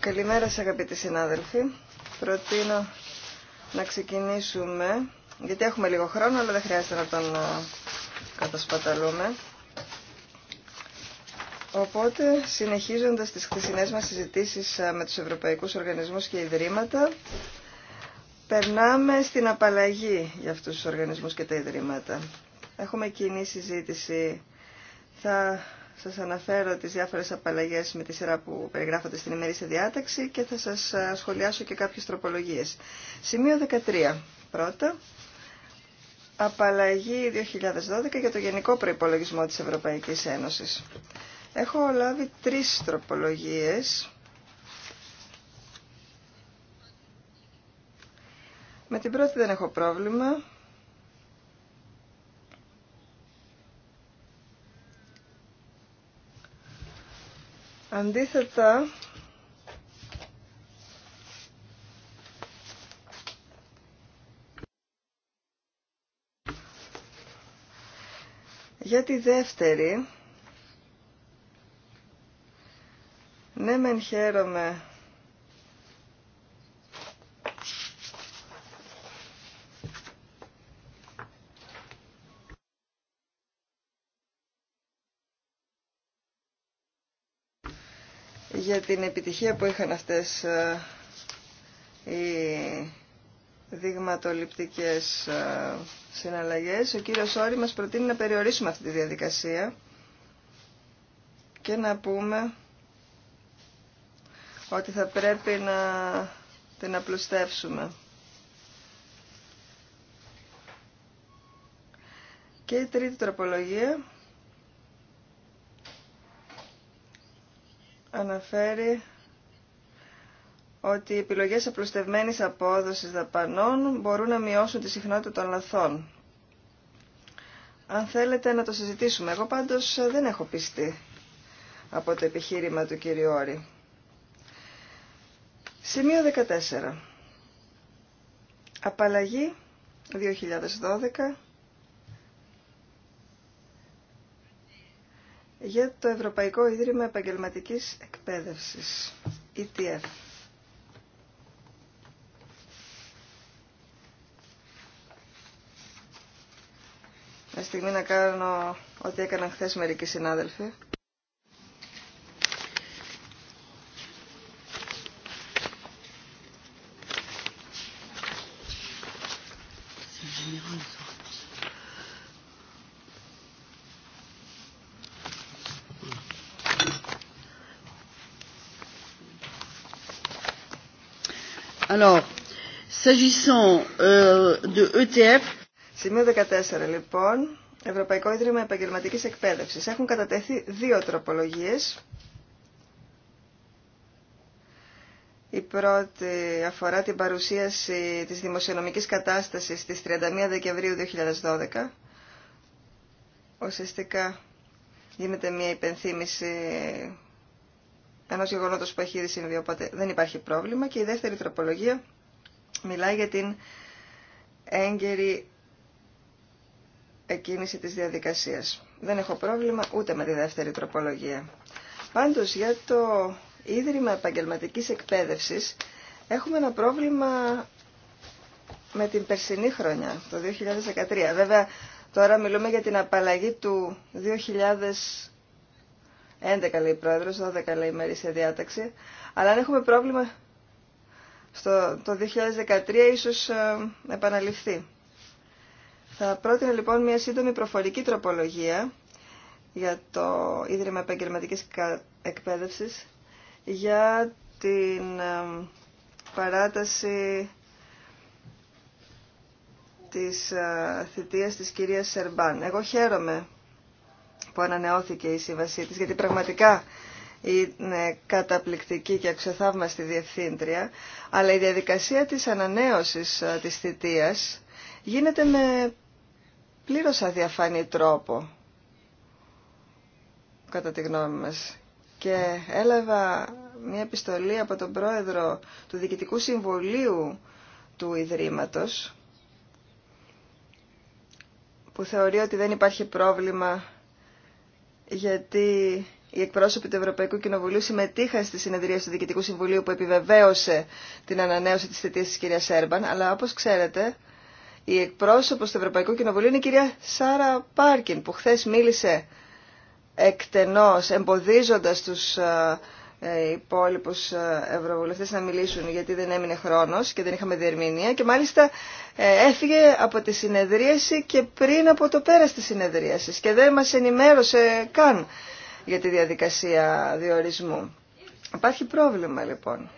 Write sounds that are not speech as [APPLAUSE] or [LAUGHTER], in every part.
Καλημέρα σας αγαπητοί συνάδελφοι. Προτείνω να ξεκινήσουμε, γιατί έχουμε λίγο χρόνο, αλλά δεν χρειάζεται να τον ε, κατασπαταλούμε. Οπότε, συνεχίζοντας τις χθεσινές μας συζητήσεις ε, με τους ευρωπαϊκούς οργανισμούς και ιδρύματα, περνάμε στην απαλλαγή για αυτούς τους οργανισμούς και τα ιδρύματα. Έχουμε κοινή συζήτηση. Θα σας αναφέρω τις διάφορες απαλλαγές με τη σειρά που περιγράφονται στην ημερήσια διάταξη και θα σας ε, σχολιάσω και κάποιες τροπολογίες. Σημείο 13. Πρώτα, απαλλαγή 2012 για το Γενικό Προϋπολογισμό της Ευρωπαϊκής Ένωσης. Έχω λάβει τρεις τροπολογίες Με την πρώτη δεν έχω πρόβλημα. Αντίθετα, για τη δεύτερη, ναι μεν χαίρομαι για την επιτυχία που είχαν αυτές ε, οι δειγματοληπτικές ε, συναλλαγές. Ο κύριος Όρη μας προτείνει να περιορίσουμε αυτή τη διαδικασία και να πούμε ότι θα πρέπει να την απλουστεύσουμε. Και η τρίτη τροπολογία αναφέρει ότι οι επιλογές απλουστευμένης απόδοσης δαπανών μπορούν να μειώσουν τη συχνότητα των λαθών. Αν θέλετε να το συζητήσουμε, εγώ πάντως δεν έχω πιστεί από το επιχείρημα του κυρίου Όρη. Σημείο 14. Απαλλαγή 2012 για το Ευρωπαϊκό Ίδρυμα Επαγγελματικής Εκπαίδευσης, ETF. Μια στιγμή να κάνω ό,τι έκαναν χθες μερικοί συνάδελφοι. s'agissant euh, de ETF. Σημείο 14 λοιπόν. Ευρωπαϊκό Ίδρυμα Επαγγελματικής Εκπαίδευσης. Έχουν κατατεθεί δύο τροπολογίες. Η πρώτη αφορά την παρουσίαση της δημοσιονομικής κατάστασης της 31 Δεκεμβρίου 2012. Ουσιαστικά γίνεται μια υπενθύμηση Ενό γεγονότο που έχει ήδη συμβεί, οπότε δεν υπάρχει πρόβλημα. Και η δεύτερη τροπολογία μιλάει για την έγκαιρη εκκίνηση της διαδικασίας. Δεν έχω πρόβλημα ούτε με τη δεύτερη τροπολογία. Πάντως για το Ίδρυμα Επαγγελματικής Εκπαίδευσης έχουμε ένα πρόβλημα με την περσινή χρονιά, το 2013. Βέβαια τώρα μιλούμε για την απαλλαγή του 2013 11 λέει πρόεδρο, 12 λέει μέρη σε διάταξη. Αλλά αν έχουμε πρόβλημα στο, το 2013 ίσως ε, επαναληφθεί. Θα πρότεινα λοιπόν μια σύντομη προφορική τροπολογία για το Ίδρυμα Επαγγελματικής Εκπαίδευσης για την ε, παράταση της ε, θητείας της κυρίας Σερμπάν. Εγώ χαίρομαι που ανανεώθηκε η σύμβασή της, γιατί πραγματικά είναι καταπληκτική και αξιοθαύμαστη διευθύντρια, αλλά η διαδικασία της ανανέωσης ε, της θητείας γίνεται με πλήρως αδιαφανή τρόπο, κατά τη γνώμη μας. Και έλαβα μια επιστολή από τον πρόεδρο του Διοικητικού Συμβουλίου του Ιδρύματος, που θεωρεί ότι δεν υπάρχει πρόβλημα γιατί οι εκπρόσωποι του Ευρωπαϊκού Κοινοβουλίου συμμετείχαν στη συνεδρία του Διοικητικού Συμβουλίου που επιβεβαίωσε την ανανέωση της θητείας της κυρίας Σέρμπαν, αλλά όπως ξέρετε η εκπρόσωπος του Ευρωπαϊκού Κοινοβουλίου είναι η κυρία Σάρα Πάρκιν που χθες μίλησε εκτενώς εμποδίζοντας τους ε, ε, υπόλοιπου ε, ευρωβουλευτέ να μιλήσουν γιατί δεν έμεινε χρόνο και δεν είχαμε διερμηνία και μάλιστα ε, έφυγε από τη συνεδρίαση και πριν από το πέρα τη συνεδρίαση και δεν μα ενημέρωσε καν για τη διαδικασία διορισμού. Υπάρχει πρόβλημα λοιπόν.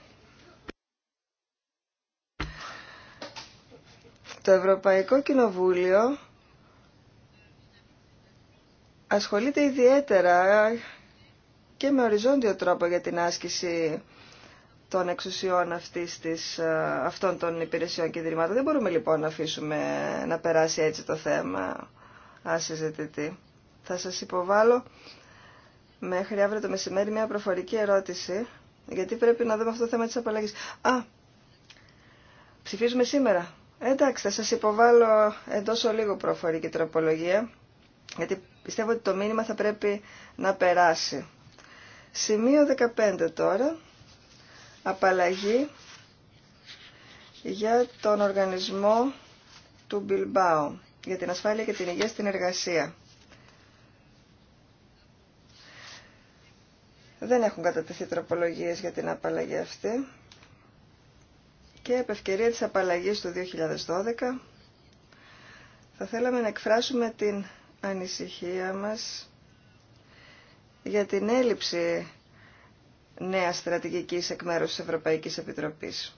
Το Ευρωπαϊκό Κοινοβούλιο ασχολείται ιδιαίτερα και με οριζόντιο τρόπο για την άσκηση των εξουσιών αυτής της, ε, αυτών των υπηρεσιών και ιδρυμάτων. Δεν μπορούμε λοιπόν να αφήσουμε να περάσει έτσι το θέμα ασυζητητή. Θα σας υποβάλω μέχρι αύριο το μεσημέρι μια προφορική ερώτηση, γιατί πρέπει να δούμε αυτό το θέμα της απαλλαγής. Α, ψηφίζουμε σήμερα. Εντάξει, θα σας υποβάλω εντός ολίγου προφορική τροπολογία, γιατί πιστεύω ότι το μήνυμα θα πρέπει να περάσει. Σημείο 15 τώρα. Απαλλαγή για τον οργανισμό του Μπιλμπάου για την ασφάλεια και την υγεία στην εργασία. Δεν έχουν κατατεθεί τροπολογίες για την απαλλαγή αυτή και επ' ευκαιρία της απαλλαγής του 2012 θα θέλαμε να εκφράσουμε την ανησυχία μας για την έλλειψη νέας στρατηγικής εκ μέρους της Ευρωπαϊκής Επιτροπής.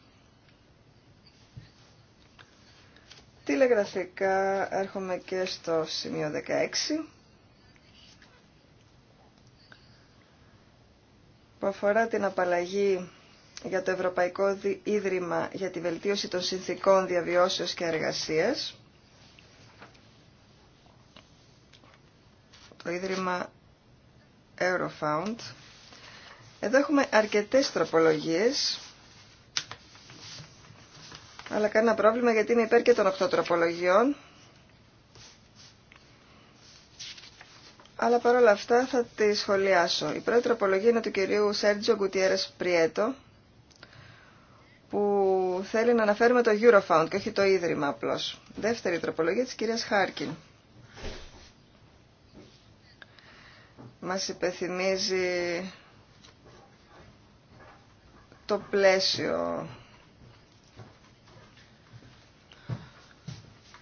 Τηλεγραφικά έρχομαι και στο σημείο 16 που αφορά την απαλλαγή για το Ευρωπαϊκό Ίδρυμα για τη Βελτίωση των Συνθήκων Διαβιώσεως και Εργασίας. Το Ίδρυμα Eurofound. Εδώ έχουμε αρκετές τροπολογίες, αλλά κανένα πρόβλημα γιατί είναι υπέρ και των 8 τροπολογιών. Αλλά παρόλα αυτά θα τη σχολιάσω. Η πρώτη τροπολογία είναι του κυρίου Σέρτζο Γκουτιέρες Πριέτο, που θέλει να αναφέρουμε το Eurofound και όχι το Ίδρυμα απλώς. Δεύτερη τροπολογία της κυρίας Χάρκιν. μας υπεθυμίζει το πλαίσιο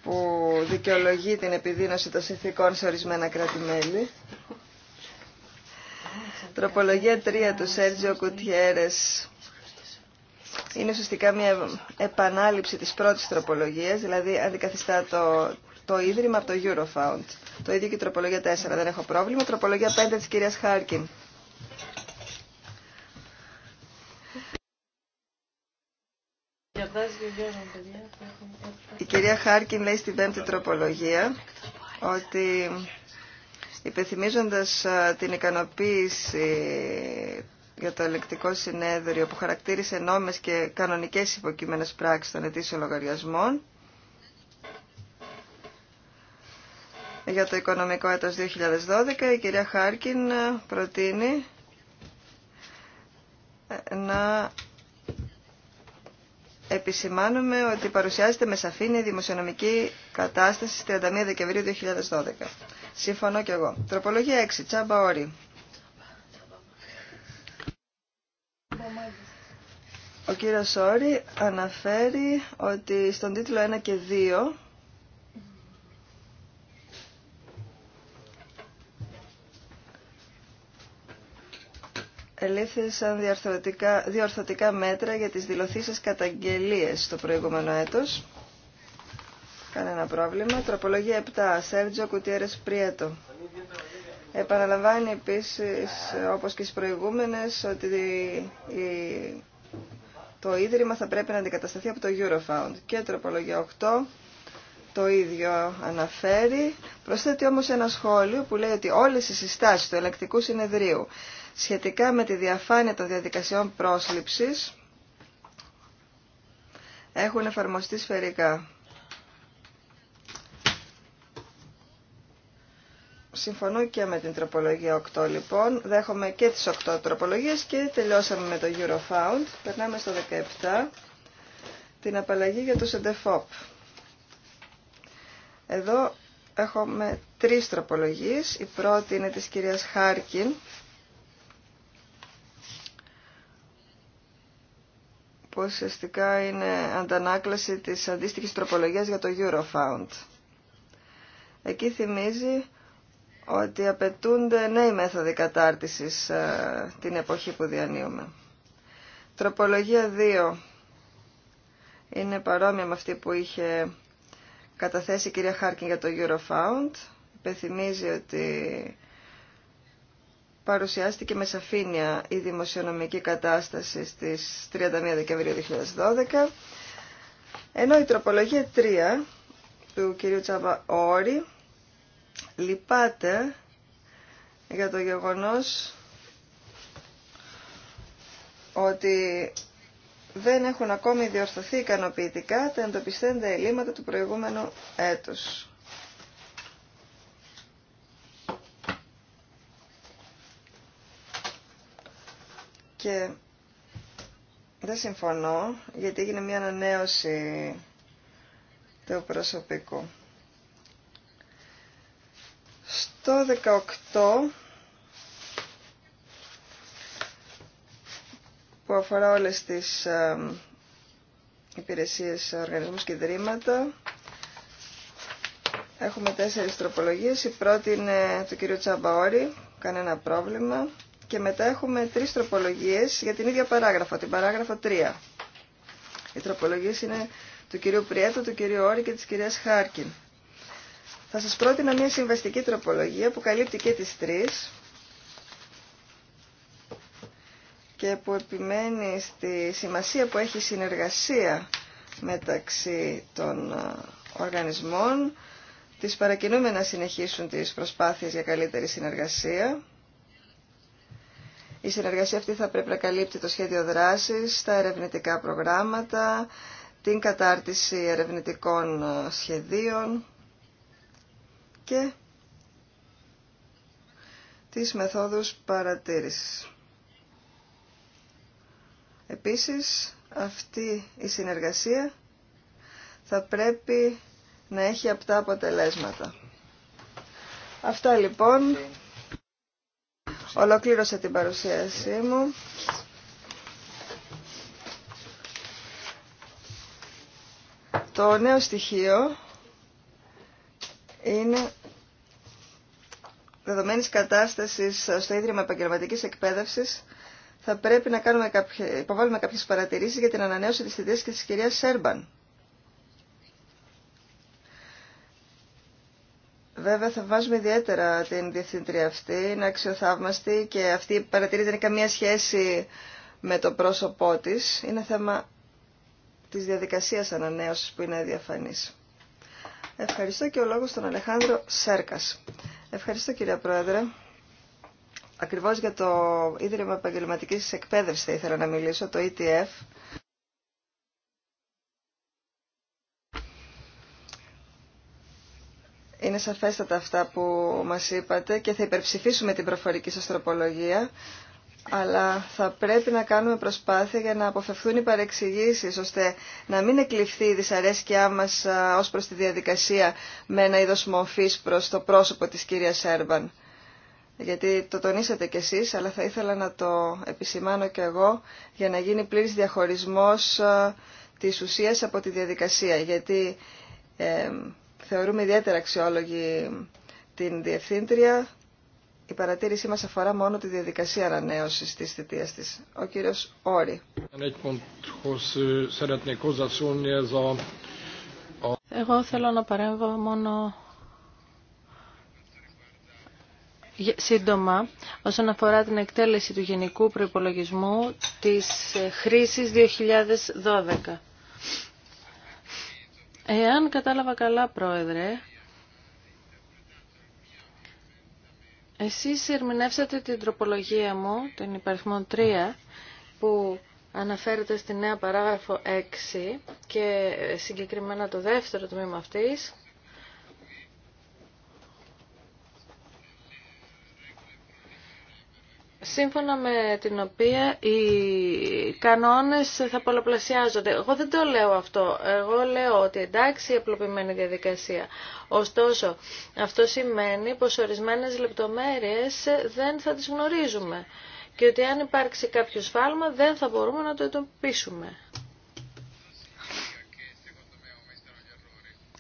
που δικαιολογεί την επιδείνωση των συνθήκων σε ορισμένα κράτη-μέλη. Τροπολογία 3 του Σέρτζιο Κουτιέρες είναι ουσιαστικά μια επανάληψη της πρώτης τροπολογίας, δηλαδή αντικαθιστά το, το Ίδρυμα από το Eurofound. Το ίδιο και η τροπολογία 4. Δεν έχω πρόβλημα. Τροπολογία 5 της κυρίας Χάρκιν. Η κυρία Χάρκιν λέει στην πέμπτη τροπολογία ότι υπενθυμίζοντας την ικανοποίηση για το ελεκτικό συνέδριο που χαρακτήρισε νόμες και κανονικές υποκείμενες πράξεις των ετήσιων λογαριασμών, για το οικονομικό έτος 2012. Η κυρία Χάρκιν ε, προτείνει ε, να επισημάνουμε ότι παρουσιάζεται με σαφήνεια η δημοσιονομική κατάσταση 31 Δεκεμβρίου 2012. Συμφωνώ κι εγώ. Τροπολογία 6. Τσάμπα όρη. Ο κύριος Όρη αναφέρει ότι στον τίτλο 1 και 2 ελήφθησαν διορθωτικά, μέτρα για τις δηλωθήσεις καταγγελίες το προηγούμενο έτος. Κανένα πρόβλημα. Τροπολογία 7. Σέρτζο Κουτιέρες Πριέτο. Επαναλαμβάνει επίσης, όπως και στις προηγούμενες, ότι το Ίδρυμα θα πρέπει να αντικατασταθεί από το Eurofound. Και τροπολογία 8 το ίδιο αναφέρει. Προσθέτει όμως ένα σχόλιο που λέει ότι όλες οι συστάσεις του ελεκτικού συνεδρίου σχετικά με τη διαφάνεια των διαδικασιών πρόσληψης έχουν εφαρμοστεί σφαιρικά. Συμφωνώ και με την τροπολογία 8 λοιπόν. Δέχομαι και τις 8 τροπολογίες και τελειώσαμε με το Eurofound. Περνάμε στο 17. Την απαλλαγή για το Σεντεφόπ. Εδώ έχουμε τρεις τροπολογίες. Η πρώτη είναι της κυρίας Χάρκιν που ουσιαστικά είναι αντανάκλαση της αντίστοιχης τροπολογίας για το Eurofound. Εκεί θυμίζει ότι απαιτούνται νέοι μέθοδοι κατάρτισης ε, την εποχή που διανύουμε. Τροπολογία 2 είναι παρόμοια με αυτή που είχε καταθέσει η κυρία Χάρκιν για το Eurofound. Υπενθυμίζει ότι παρουσιάστηκε με σαφήνεια η δημοσιονομική κατάσταση στις 31 Δεκεμβρίου 2012, ενώ η τροπολογία 3 του κυρίου Τσάβα Όρη λυπάται για το γεγονός ότι δεν έχουν ακόμη διορθωθεί ικανοποιητικά τα εντοπιστέντα ελλείμματα του προηγούμενου έτους. Και δεν συμφωνώ, γιατί έγινε μια ανανέωση του προσωπικού. Στο 18, που αφορά όλες τις ε, υπηρεσίες, οργανισμούς και ιδρύματα, έχουμε τέσσερις τροπολογίες. Η πρώτη είναι του κ. Τσαμπαόρη, κανένα πρόβλημα. Και μετά έχουμε τρεις τροπολογίες για την ίδια παράγραφο, την παράγραφο 3. Οι τροπολογίες είναι του κυρίου Πριέτο, του κυρίου Όρη και της κυρίας Χάρκιν. Θα σας πρότεινα μια συμβαστική τροπολογία που καλύπτει και τις τρεις και που επιμένει στη σημασία που έχει η συνεργασία μεταξύ των ε, οργανισμών. Τις παρακινούμε να συνεχίσουν τις προσπάθειες για καλύτερη συνεργασία η συνεργασία αυτή θα πρέπει να καλύπτει το σχέδιο δράσης, τα ερευνητικά προγράμματα, την κατάρτιση ερευνητικών ε, σχεδίων και τις μεθόδους παρατήρησης. Επίσης, αυτή η συνεργασία θα πρέπει να έχει απτά αποτελέσματα. Αυτά λοιπόν. Ολοκλήρωσα την παρουσίασή μου. Το νέο στοιχείο είναι δεδομένη κατάστασης στο Ίδρυμα επαγγελματική εκπαίδευση. θα πρέπει να κάνουμε υποβάλουμε κάποιες παρατηρήσεις για την ανανέωση της θητεία και της κυρίας Σέρμπαν. Βέβαια θα βάζουμε ιδιαίτερα την διευθύντρια αυτή, είναι αξιοθαύμαστη και αυτή παρατηρείται δεν έχει καμία σχέση με το πρόσωπό της. Είναι θέμα της διαδικασίας ανανέωσης που είναι διαφανής. Ευχαριστώ και ο λόγος των Αλεχάνδρο Σέρκας. Ευχαριστώ κύριε Πρόεδρε. Ακριβώς για το Ίδρυμα Επαγγελματικής Εκπαίδευσης θα ήθελα να μιλήσω, το ETF. Είναι σαφέστατα αυτά που μας είπατε και θα υπερψηφίσουμε την προφορική σας τροπολογία, αλλά θα πρέπει να κάνουμε προσπάθεια για να αποφευθούν οι παρεξηγήσεις, ώστε να μην εκλειφθεί η δυσαρέσκειά μας ως προς τη διαδικασία με ένα είδος μοφής προς το πρόσωπο της κυρίας Σέρμπαν. Γιατί το τονίσατε κι εσείς, αλλά θα ήθελα να το επισημάνω κι εγώ για να γίνει πλήρης διαχωρισμός της ουσίας από τη διαδικασία. Γιατί ε, θεωρούμε ιδιαίτερα αξιόλογη την Διευθύντρια. Η παρατήρησή μας αφορά μόνο τη διαδικασία ανανέωσης της θητείας της. Ο κύριος Όρη. Εγώ θέλω να παρέμβω μόνο σύντομα όσον αφορά την εκτέλεση του Γενικού Προϋπολογισμού της ε, χρήσης 2012. Εάν κατάλαβα καλά, Πρόεδρε, εσείς ερμηνεύσατε την τροπολογία μου, την υπαριθμό 3, που αναφέρεται στη νέα παράγραφο 6 και συγκεκριμένα το δεύτερο τμήμα αυτής, σύμφωνα με την οποία οι κανόνες θα πολλαπλασιάζονται. Εγώ δεν το λέω αυτό. Εγώ λέω ότι εντάξει η απλοποιημένη διαδικασία. Ωστόσο, αυτό σημαίνει πως ορισμένες λεπτομέρειες δεν θα τις γνωρίζουμε και ότι αν υπάρξει κάποιο σφάλμα δεν θα μπορούμε να το εντοπίσουμε.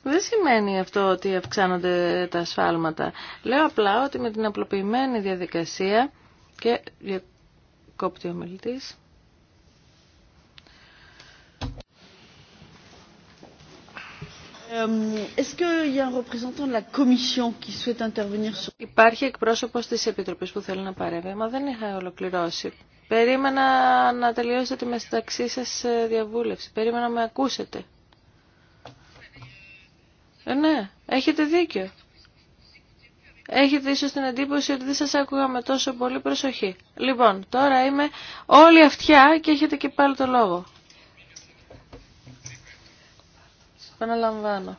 Δεν σημαίνει αυτό ότι αυξάνονται τα σφάλματα. Λέω απλά ότι με την απλοποιημένη διαδικασία και διακόπτει ο μιλητής. Υπάρχει εκπρόσωπος της Επιτροπής που θέλει να παρέμβει. μα δεν είχα ολοκληρώσει. Περίμενα να τελειώσετε με μεταξύ σας ε, διαβούλευση. Περίμενα να με ακούσετε. Ε, ναι, έχετε δίκιο έχετε ίσως την εντύπωση ότι δεν σας άκουγα με τόσο πολύ προσοχή. Λοιπόν, τώρα είμαι όλη αυτιά και έχετε και πάλι το λόγο. Παναλαμβάνω.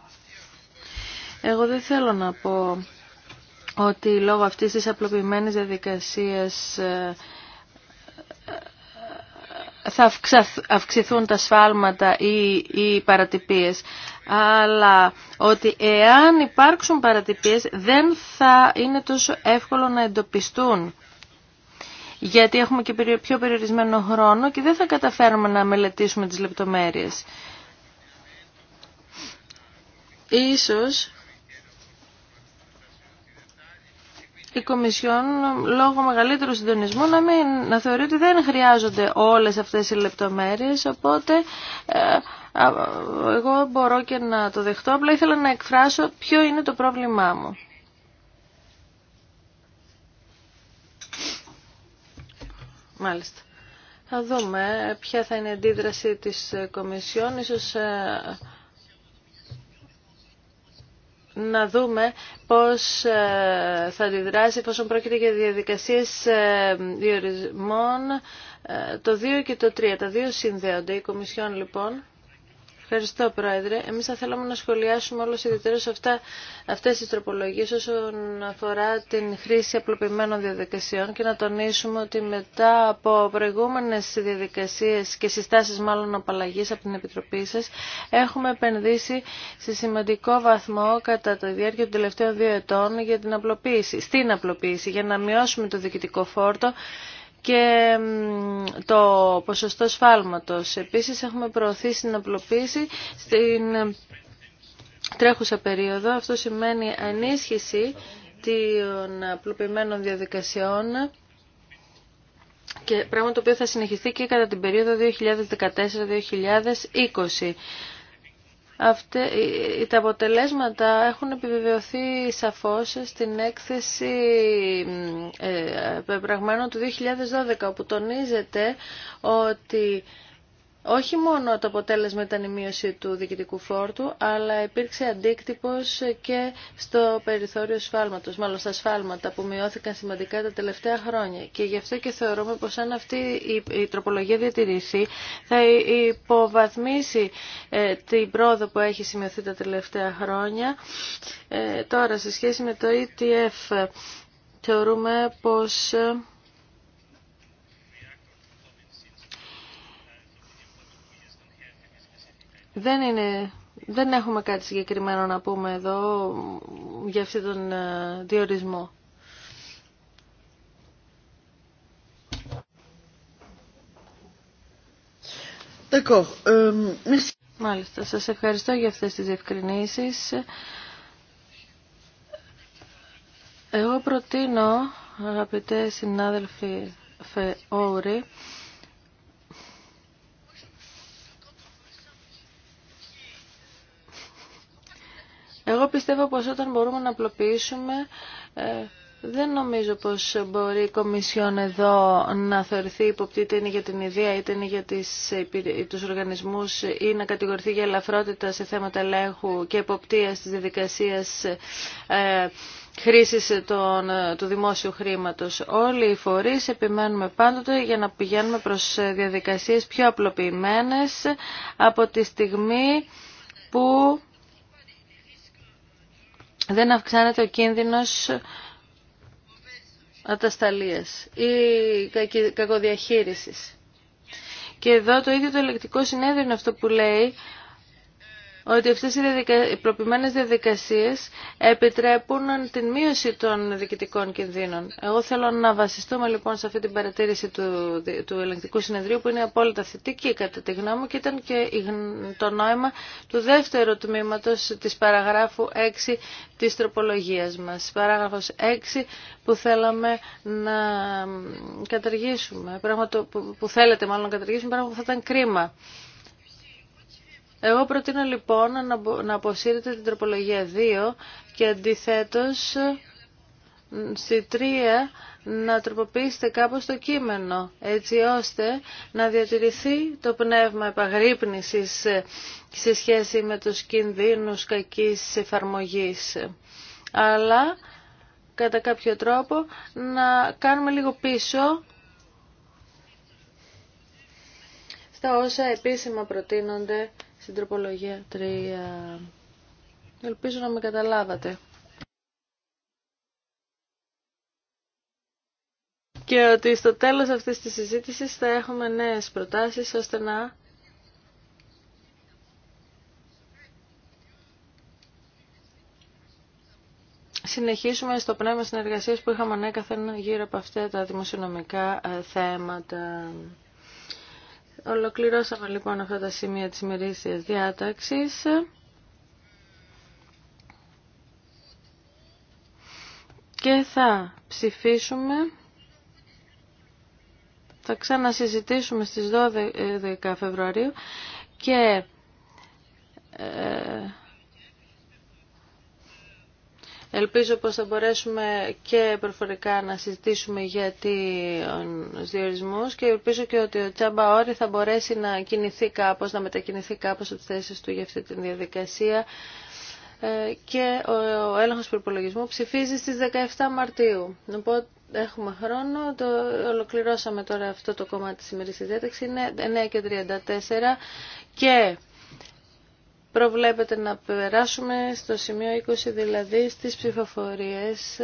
Εγώ δεν θέλω να πω ότι λόγω αυτής της απλοποιημένης διαδικασίας ε, ε, ε, θα αυξηθούν τα σφάλματα ή οι παρατυπίες αλλά ότι εάν υπάρξουν παρατυπίες δεν θα είναι τόσο εύκολο να εντοπιστούν γιατί έχουμε και πιο περιορισμένο χρόνο και δεν θα καταφέρουμε να μελετήσουμε τις λεπτομέρειες. Ίσως η Κομισιόν λόγω μεγαλύτερου συντονισμού να, μην, να θεωρεί ότι δεν χρειάζονται όλες αυτές οι λεπτομέρειες οπότε ε, εγώ μπορώ και να το δεχτώ απλά ήθελα να εκφράσω ποιο είναι το πρόβλημά μου. Μάλιστα. Θα δούμε ποια θα είναι η αντίδραση της Κομισιόν. Ίσως ε, να δούμε πώς ε, θα αντιδράσει, πόσο πρόκειται για διαδικασίες ε, διορισμών ε, το 2 και το 3. Τα δύο συνδέονται. Η Κομισιόν λοιπόν Ευχαριστώ, Πρόεδρε. Εμείς θα θέλαμε να σχολιάσουμε όλες ιδιαίτερως αυτά, αυτές τις τροπολογίες όσον αφορά την χρήση απλοποιημένων διαδικασιών και να τονίσουμε ότι μετά από προηγούμενες διαδικασίες και συστάσεις μάλλον απαλλαγή από την Επιτροπή σας, έχουμε επενδύσει σε σημαντικό βαθμό κατά τη διάρκεια των τελευταίων δύο ετών για την απλοποίηση, στην απλοποίηση, για να μειώσουμε το διοικητικό φόρτο και το ποσοστό σφάλματος. Επίσης έχουμε προωθήσει την απλοποίηση στην ε, τρέχουσα περίοδο. Αυτό σημαίνει ενίσχυση των απλοποιημένων διαδικασιών και πράγμα το οποίο θα συνεχιστεί και κατά την περίοδο 2014-2020 τα αποτελέσματα έχουν επιβεβαιωθεί σαφώς στην έκθεση ε, ε του 2012 όπου τονίζεται ότι όχι μόνο το αποτέλεσμα ήταν η μείωση του διοικητικού φόρτου, αλλά υπήρξε αντίκτυπος και στο περιθώριο σφάλματος, μάλλον στα σφάλματα που μειώθηκαν σημαντικά τα τελευταία χρόνια. Και γι' αυτό και θεωρούμε πως αν αυτή η τροπολογία διατηρηθεί, θα υποβαθμίσει ε, την πρόοδο που έχει σημειωθεί τα τελευταία χρόνια. Ε, τώρα, σε σχέση με το ETF, θεωρούμε πως... Ε, Δεν, είναι, δεν έχουμε κάτι συγκεκριμένο να πούμε εδώ για αυτόν τον ε, διορισμό. Euh, Μάλιστα, σας ευχαριστώ για αυτές τις ευκρινήσεις. Εγώ προτείνω, αγαπητέ συνάδελφοι Φεόρη, Εγώ πιστεύω πως όταν μπορούμε να απλοποιήσουμε ε, δεν νομίζω πως μπορεί η Κομισιόν εδώ να θεωρηθεί υποπτή είτε είναι για την ιδέα είτε είναι για τις, τους οργανισμούς ή να κατηγορηθεί για ελαφρότητα σε θέματα ελέγχου και υποπτία της διαδικασίας ε, χρήσης των, του δημόσιου χρήματος. Όλοι οι φορείς επιμένουμε πάντοτε για να πηγαίνουμε προς διαδικασίες πιο απλοποιημένες από τη στιγμή που δεν αυξάνεται ο κίνδυνος ατασταλίας ή κακοδιαχείρισης. Και εδώ το ίδιο το ελεκτικό συνέδριο είναι αυτό που λέει ότι αυτές οι, προπημένε οι διαδικασίες επιτρέπουν την μείωση των διοικητικών κινδύνων. Εγώ θέλω να βασιστούμε λοιπόν σε αυτή την παρατήρηση του, του ελεγκτικού συνεδρίου που είναι απόλυτα θετική κατά τη γνώμη μου και ήταν και το νόημα του δεύτερου τμήματος της παραγράφου 6 της τροπολογίας μας. Παράγραφος 6 που θέλαμε να καταργήσουμε, πράγμα που θέλετε μάλλον να καταργήσουμε, πράγμα που θα ήταν κρίμα. Εγώ προτείνω λοιπόν να αποσύρετε την τροπολογία 2 και αντιθέτως στη 3 να τροποποιήσετε κάπως το κείμενο έτσι ώστε να διατηρηθεί το πνεύμα επαγρύπνησης σε σχέση με τους κινδύνους κακής εφαρμογής. Αλλά κατά κάποιο τρόπο να κάνουμε λίγο πίσω στα όσα επίσημα προτείνονται στην τροπολογία 3. Ελπίζω να με καταλάβατε. Και ότι στο τέλος αυτής της συζήτησης θα έχουμε νέες προτάσεις ώστε να συνεχίσουμε στο πνεύμα συνεργασίας που είχαμε ανέκαθεν ναι, γύρω από αυτά τα δημοσιονομικά ε, θέματα. Ολοκληρώσαμε λοιπόν αυτά τα σημεία της ημερήσιας διάταξης. Και θα ψηφίσουμε, θα ξανασυζητήσουμε στις 12 Φεβρουαρίου και ε, Ελπίζω πως θα μπορέσουμε και προφορικά να συζητήσουμε για τους διορισμούς και ελπίζω και ότι ο Τσάμπα Όρη θα μπορέσει να κινηθεί κάπως, να μετακινηθεί κάπως από τις θέσεις του για αυτή τη διαδικασία ε, και ο έλεγχος προπολογισμού ψηφίζει στις 17 Μαρτίου. Οπότε λοιπόν, έχουμε χρόνο, το ολοκληρώσαμε τώρα αυτό το κομμάτι της σημερινής διέταξης. είναι 9 και 34 και προβλέπεται να περάσουμε στο σημείο 20, δηλαδή στις ψηφοφορίες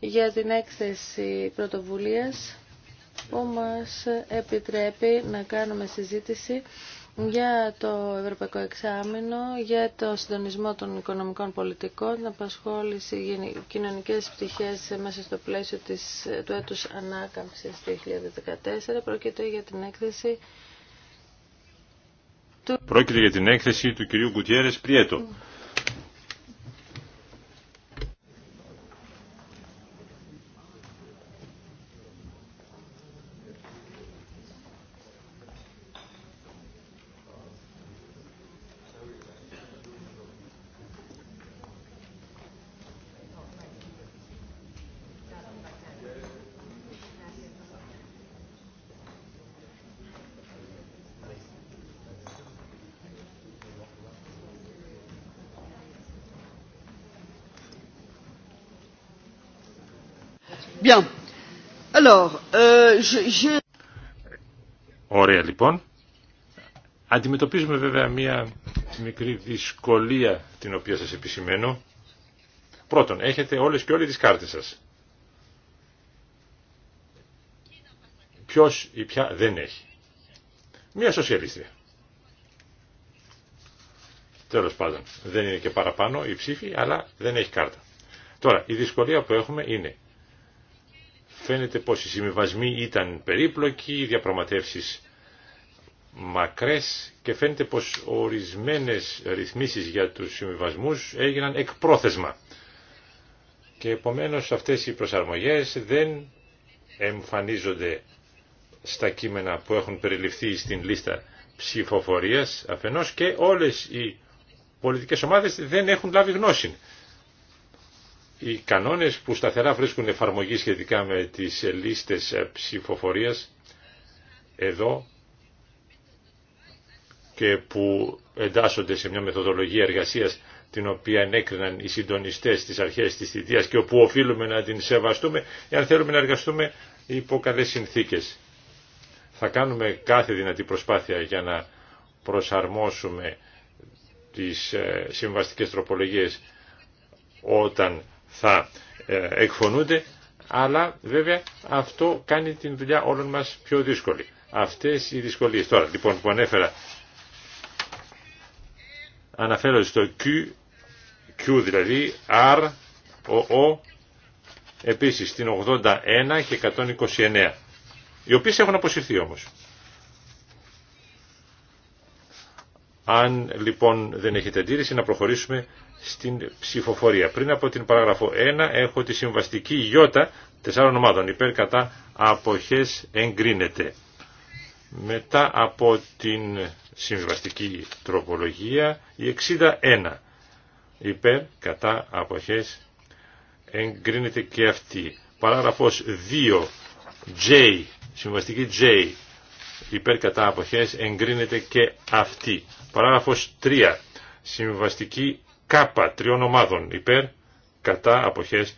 για την έκθεση πρωτοβουλίας που μας επιτρέπει να κάνουμε συζήτηση για το Ευρωπαϊκό Εξάμεινο, για το συντονισμό των οικονομικών πολιτικών, την απασχόληση κοινωνικές πτυχές μέσα στο πλαίσιο της, του έτους ανάκαμψης 2014. Πρόκειται για την έκθεση Πρόκειται για την έκθεση του κυρίου Γκουτιέρες Πριέτο. Alors, euh, Ωραία λοιπόν. Αντιμετωπίζουμε βέβαια μία μικρή δυσκολία την οποία σας επισημαίνω. Πρώτον, έχετε όλες και όλοι τις κάρτες σας. Ποιος ή ποια δεν έχει. Μία σοσιαλίστρια. Τέλος πάντων, δεν είναι και παραπάνω η ψήφη, αλλά δεν έχει κάρτα. Τώρα, η δυσκολία που έχουμε είναι Φαίνεται πως οι συμβιβασμοί ήταν περίπλοκοι, οι διαπραγματεύσεις μακρές και φαίνεται πως ορισμένες ρυθμίσεις για τους συμβιβασμούς έγιναν εκπρόθεσμα. Και επομένως αυτές οι προσαρμογές δεν εμφανίζονται στα κείμενα που έχουν περιληφθεί στην λίστα ψηφοφορίας αφενός και όλες οι πολιτικές ομάδες δεν έχουν λάβει γνώση οι κανόνες που σταθερά βρίσκουν εφαρμογή σχετικά με τις λίστες ε, ψηφοφορίας εδώ και που εντάσσονται σε μια μεθοδολογία εργασίας την οποία ενέκριναν οι συντονιστές στις αρχές της θητείας και όπου οφείλουμε να την σεβαστούμε εάν θέλουμε να εργαστούμε υπό καλές συνθήκες. Θα κάνουμε κάθε δυνατή προσπάθεια για να προσαρμόσουμε τις ε, συμβαστικές τροπολογίες όταν θα ε, εκφωνούνται, αλλά βέβαια αυτό κάνει την δουλειά όλων μας πιο δύσκολη. Αυτές οι δυσκολίες τώρα, λοιπόν, που ανέφερα, αναφέρω στο Q, Q δηλαδή, R, O, O, επίσης στην 81 και 129, οι οποίες έχουν αποσυρθεί όμως. Αν λοιπόν δεν έχετε αντίρρηση να προχωρήσουμε στην ψηφοφορία. Πριν από την παράγραφο 1 έχω τη συμβαστική Ι τεσσάρων ομάδων. Υπέρ κατά αποχές εγκρίνεται. Μετά από την συμβαστική τροπολογία η 61. Υπέρ κατά αποχές εγκρίνεται και αυτή. Παράγραφος 2. J. Συμβαστική J. Υπέρ κατά αποχές εγκρίνεται και αυτή. Παράγραφος 3. Συμβαστική κάπα τριών ομάδων υπέρ, κατά, αποχές,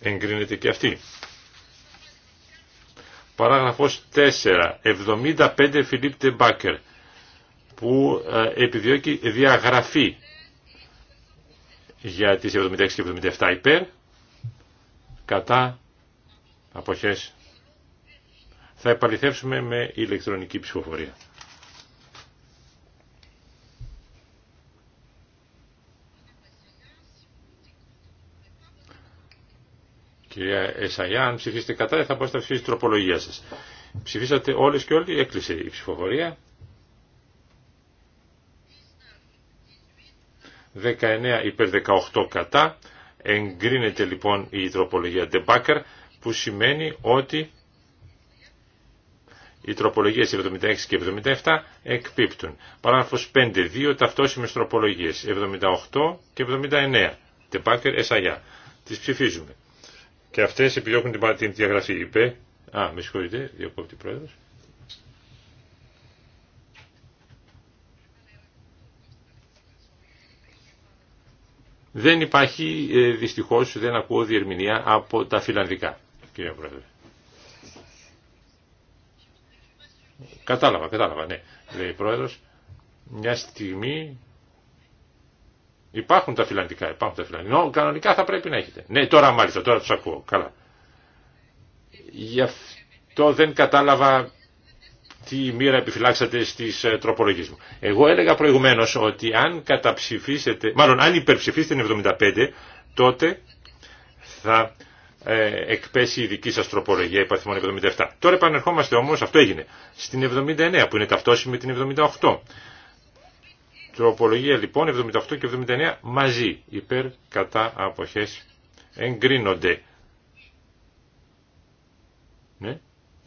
εγκρίνεται και αυτή. Παράγραφος 4. 75 Φιλίπ Μπάκερ που ε, επιδιώκει διαγραφή για τις 76 και 77 υπέρ κατά αποχές θα επαληθεύσουμε με ηλεκτρονική ψηφοφορία. Κυρία Εσαγιά, αν ψηφίσετε κατά, θα μπορέσετε να ψηφίσετε τροπολογία σας. Ψηφίσατε όλες και όλοι, έκλεισε η ψηφοφορία. 19 υπέρ 18 κατά. Εγκρίνεται λοιπόν η τροπολογία DeBacker, που σημαίνει ότι οι τροπολογίες 76 και 77 εκπίπτουν. Παράγραφος 5, 2 ταυτόσιμες τροπολογίες 78 και 79. DeBacker, Εσαγιά. Τις ψηφίζουμε. Και αυτέ επιδιώκουν την διαγραφή Είπε. Α, με συγχωρείτε, διακόπτη πρόεδρος. Δεν υπάρχει, ε, δυστυχώς, δεν ακούω διερμηνία από τα φιλανδικά, κύριε Πρόεδρε. Κατάλαβα, κατάλαβα, ναι, λέει η Πρόεδρος. Μια στιγμή Υπάρχουν τα φιλανδικά, υπάρχουν τα φιλανδικά. Κανονικά θα πρέπει να έχετε. Ναι, τώρα μάλιστα, τώρα του ακούω. Καλά. Γι' αυτό δεν κατάλαβα τι μοίρα επιφυλάξατε στις ε, τροπολογίε μου. Εγώ έλεγα προηγουμένω ότι αν καταψηφίσετε, μάλλον αν υπερψηφίσετε την 75, τότε θα ε, εκπέσει η δική σα τροπολογία η παθημόνη 77. Τώρα επανερχόμαστε όμω, αυτό έγινε, στην 79 που είναι ταυτόσιμη με την 78. Τροπολογία λοιπόν 78 και 79 μαζί υπέρ κατά αποχές εγκρίνονται. Ναι,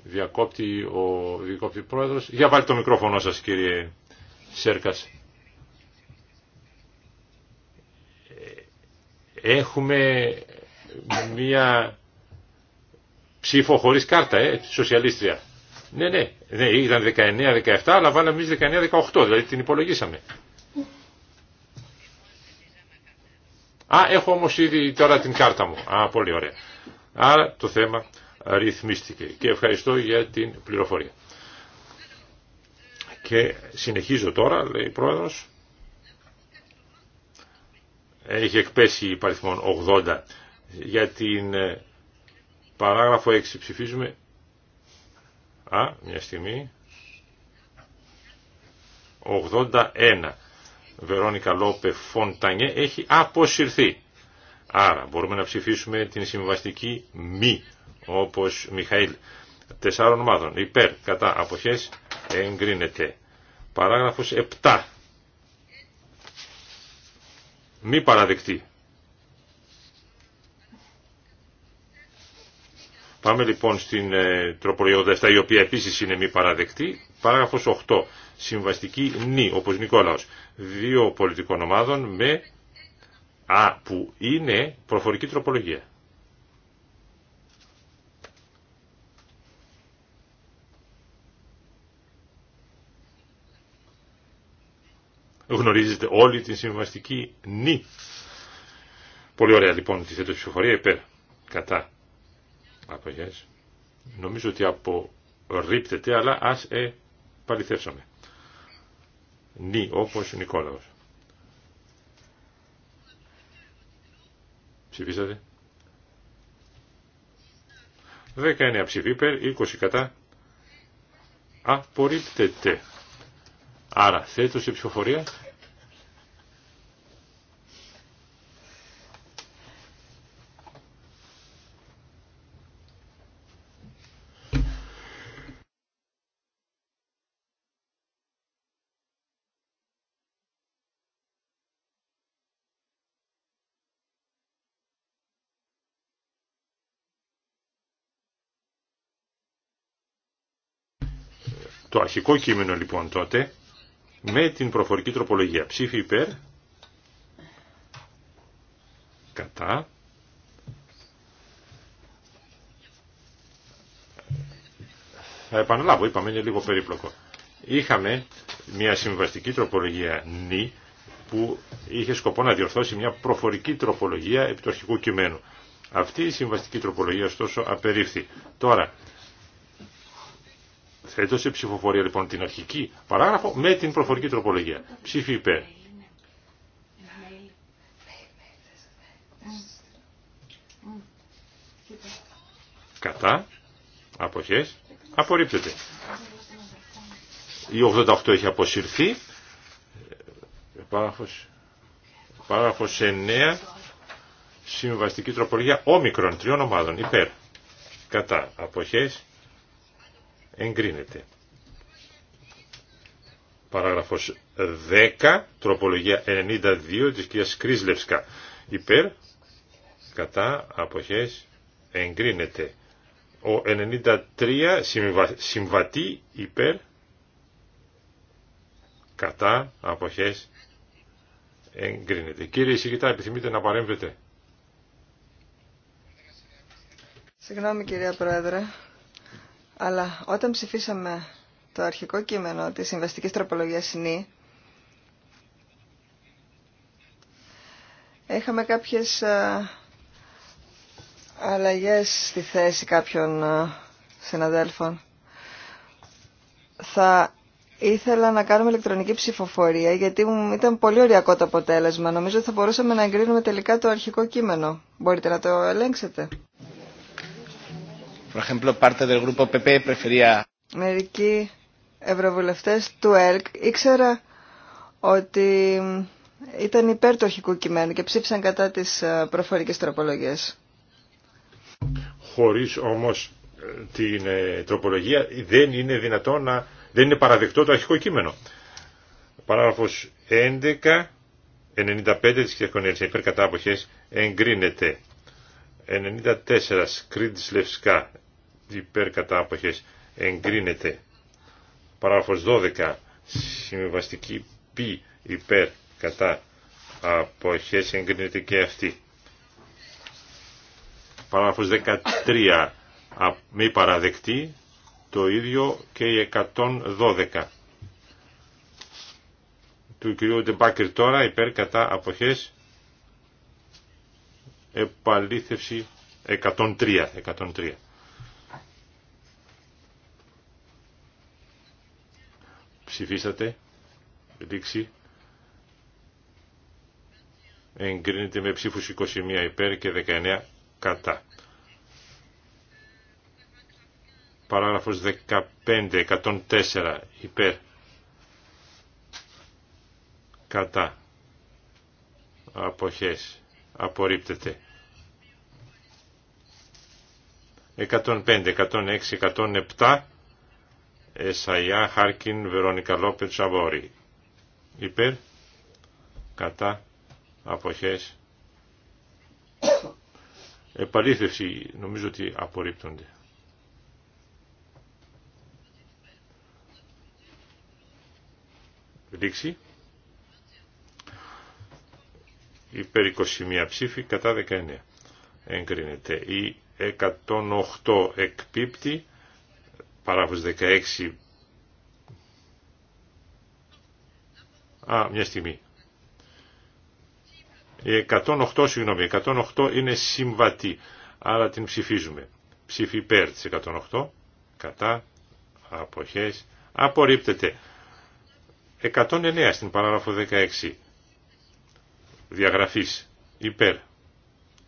διακόπτει ο διακόπτει πρόεδρος. Για βάλτε το μικρόφωνο σας κύριε Σέρκας. Ε, έχουμε μία ψήφο χωρίς κάρτα, ε, σοσιαλίστρια. Ναι, ναι, ναι, ήταν 19-17, αλλά βάλαμε εμείς 19-18, δηλαδή την υπολογίσαμε. Α, έχω όμως ήδη τώρα την κάρτα μου. Α, πολύ ωραία. Άρα το θέμα ρυθμίστηκε και ευχαριστώ για την πληροφορία. Και συνεχίζω τώρα, λέει η πρόεδρος. Έχει εκπέσει παριθμόν 80. Για την ε, παράγραφο 6 ψηφίζουμε. Α, μια στιγμή. 81. Βερόνικα Λόπε Φοντανιέ έχει αποσυρθεί. Άρα μπορούμε να ψηφίσουμε την συμβαστική μη, όπως Μιχαήλ, τεσσάρων ομάδων. Υπέρ, κατά, αποχές, εγκρίνεται. Παράγραφος 7. Μη παραδεκτή. Πάμε λοιπόν στην ε, τροπολογία 7, η οποία επίσης είναι μη παραδεκτή. Παράγραφος 8. Συμβαστική νη, όπως Νικόλαος, δύο πολιτικών ομάδων με α, που είναι προφορική τροπολογία. Γνωρίζετε όλη την συμβαστική νη. Πολύ ωραία λοιπόν τη θέτω ψηφοφορία υπέρ. Κατά. Απογιάζει. Νομίζω ότι απορρίπτεται αλλά ας ε, παληθεύσαμε. Νι, όπως Νικόλαος. Ψηφίσατε. 19 ψηφί περ, 20 κατά. Απορρίπτεται. Άρα θέτω σε ψηφοφορία Το αρχικό κείμενο λοιπόν τότε με την προφορική τροπολογία ψήφι υπέρ κατά θα επαναλάβω, είπαμε είναι λίγο περίπλοκο. Είχαμε μια συμβαστική τροπολογία νη που είχε σκοπό να διορθώσει μια προφορική τροπολογία επί του αρχικού κειμένου. Αυτή η συμβαστική τροπολογία ωστόσο απερίφθη. Τώρα, Θέτω σε ψηφοφορία λοιπόν την αρχική παράγραφο με την προφορική τροπολογία. Ψήφι υπέρ. Κατά. Αποχές. Απορρίπτεται. Η 88 έχει αποσυρθεί. Παράγραφος, 9. Συμβαστική τροπολογία όμικρον τριών ομάδων. Υπέρ. Κατά. Αποχές εγκρίνεται. Παράγραφος 10, τροπολογία 92 της κυρίας Κρίσλευσκα. Υπέρ, κατά, αποχές, εγκρίνεται. Ο 93 συμβατή υπέρ, κατά, αποχές, εγκρίνεται. Κύριε Ισηγητά, επιθυμείτε να παρέμβετε. Συγγνώμη κυρία Πρόεδρε. Αλλά όταν ψηφίσαμε το αρχικό κείμενο της συμβαστικής τροπολογίας ΝΗ, είχαμε κάποιες ε, αλλαγές στη θέση κάποιων ε, συναδέλφων. Θα ήθελα να κάνουμε ηλεκτρονική ψηφοφορία γιατί ήταν πολύ ωριακό το αποτέλεσμα. Νομίζω ότι θα μπορούσαμε να εγκρίνουμε τελικά το αρχικό κείμενο. Μπορείτε να το ελέγξετε. Por ejemplo, Μερικοί ευρωβουλευτέ του ΕΛΚ ήξερα ότι ήταν υπέρ του αρχικού κειμένου και ψήφισαν κατά τι ε, προφορικέ τροπολογίε. Χωρί όμω ε, την ε, τροπολογία δεν είναι δυνατό να... δεν είναι παραδεκτό το αρχικό κείμενο. Παράγραφο 11, 95 της Κυριακονίας υπέρ εγκρίνεται. 94 κρίτης Λευσκά υπέρ κατά αποχές εγκρίνεται παράγραφος 12 Συμβαστική π υπέρ κατά αποχές εγκρίνεται και αυτή παράγραφος 13 μη παραδεκτή το ίδιο και η 112 του κυρίου Ντεμπάκερ τώρα υπέρ κατά αποχές επαλήθευση 103. 103. Ψηφίσατε. Λήξη. Εγκρίνεται με ψήφους 21 υπέρ και 19 κατά. Παράγραφος 15, 104 υπέρ. Κατά. Αποχές απορρίπτεται. 105, 106, 107 Εσαϊά, Χάρκιν, Βερονικά Λόπετ, Σαβόρη. Υπέρ, κατά, αποχές. Επαλήθευση, νομίζω ότι απορρίπτονται. Λήξη υπέρ 21 ψήφι κατά 19 εγκρίνεται η 108 εκπίπτει παράγραφος 16 α μια στιγμή η 108 συγγνώμη 108 είναι συμβατή άρα την ψηφίζουμε ψήφι υπέρ της 108 κατά αποχές απορρίπτεται 109 στην παράγραφο 16 διαγραφής υπέρ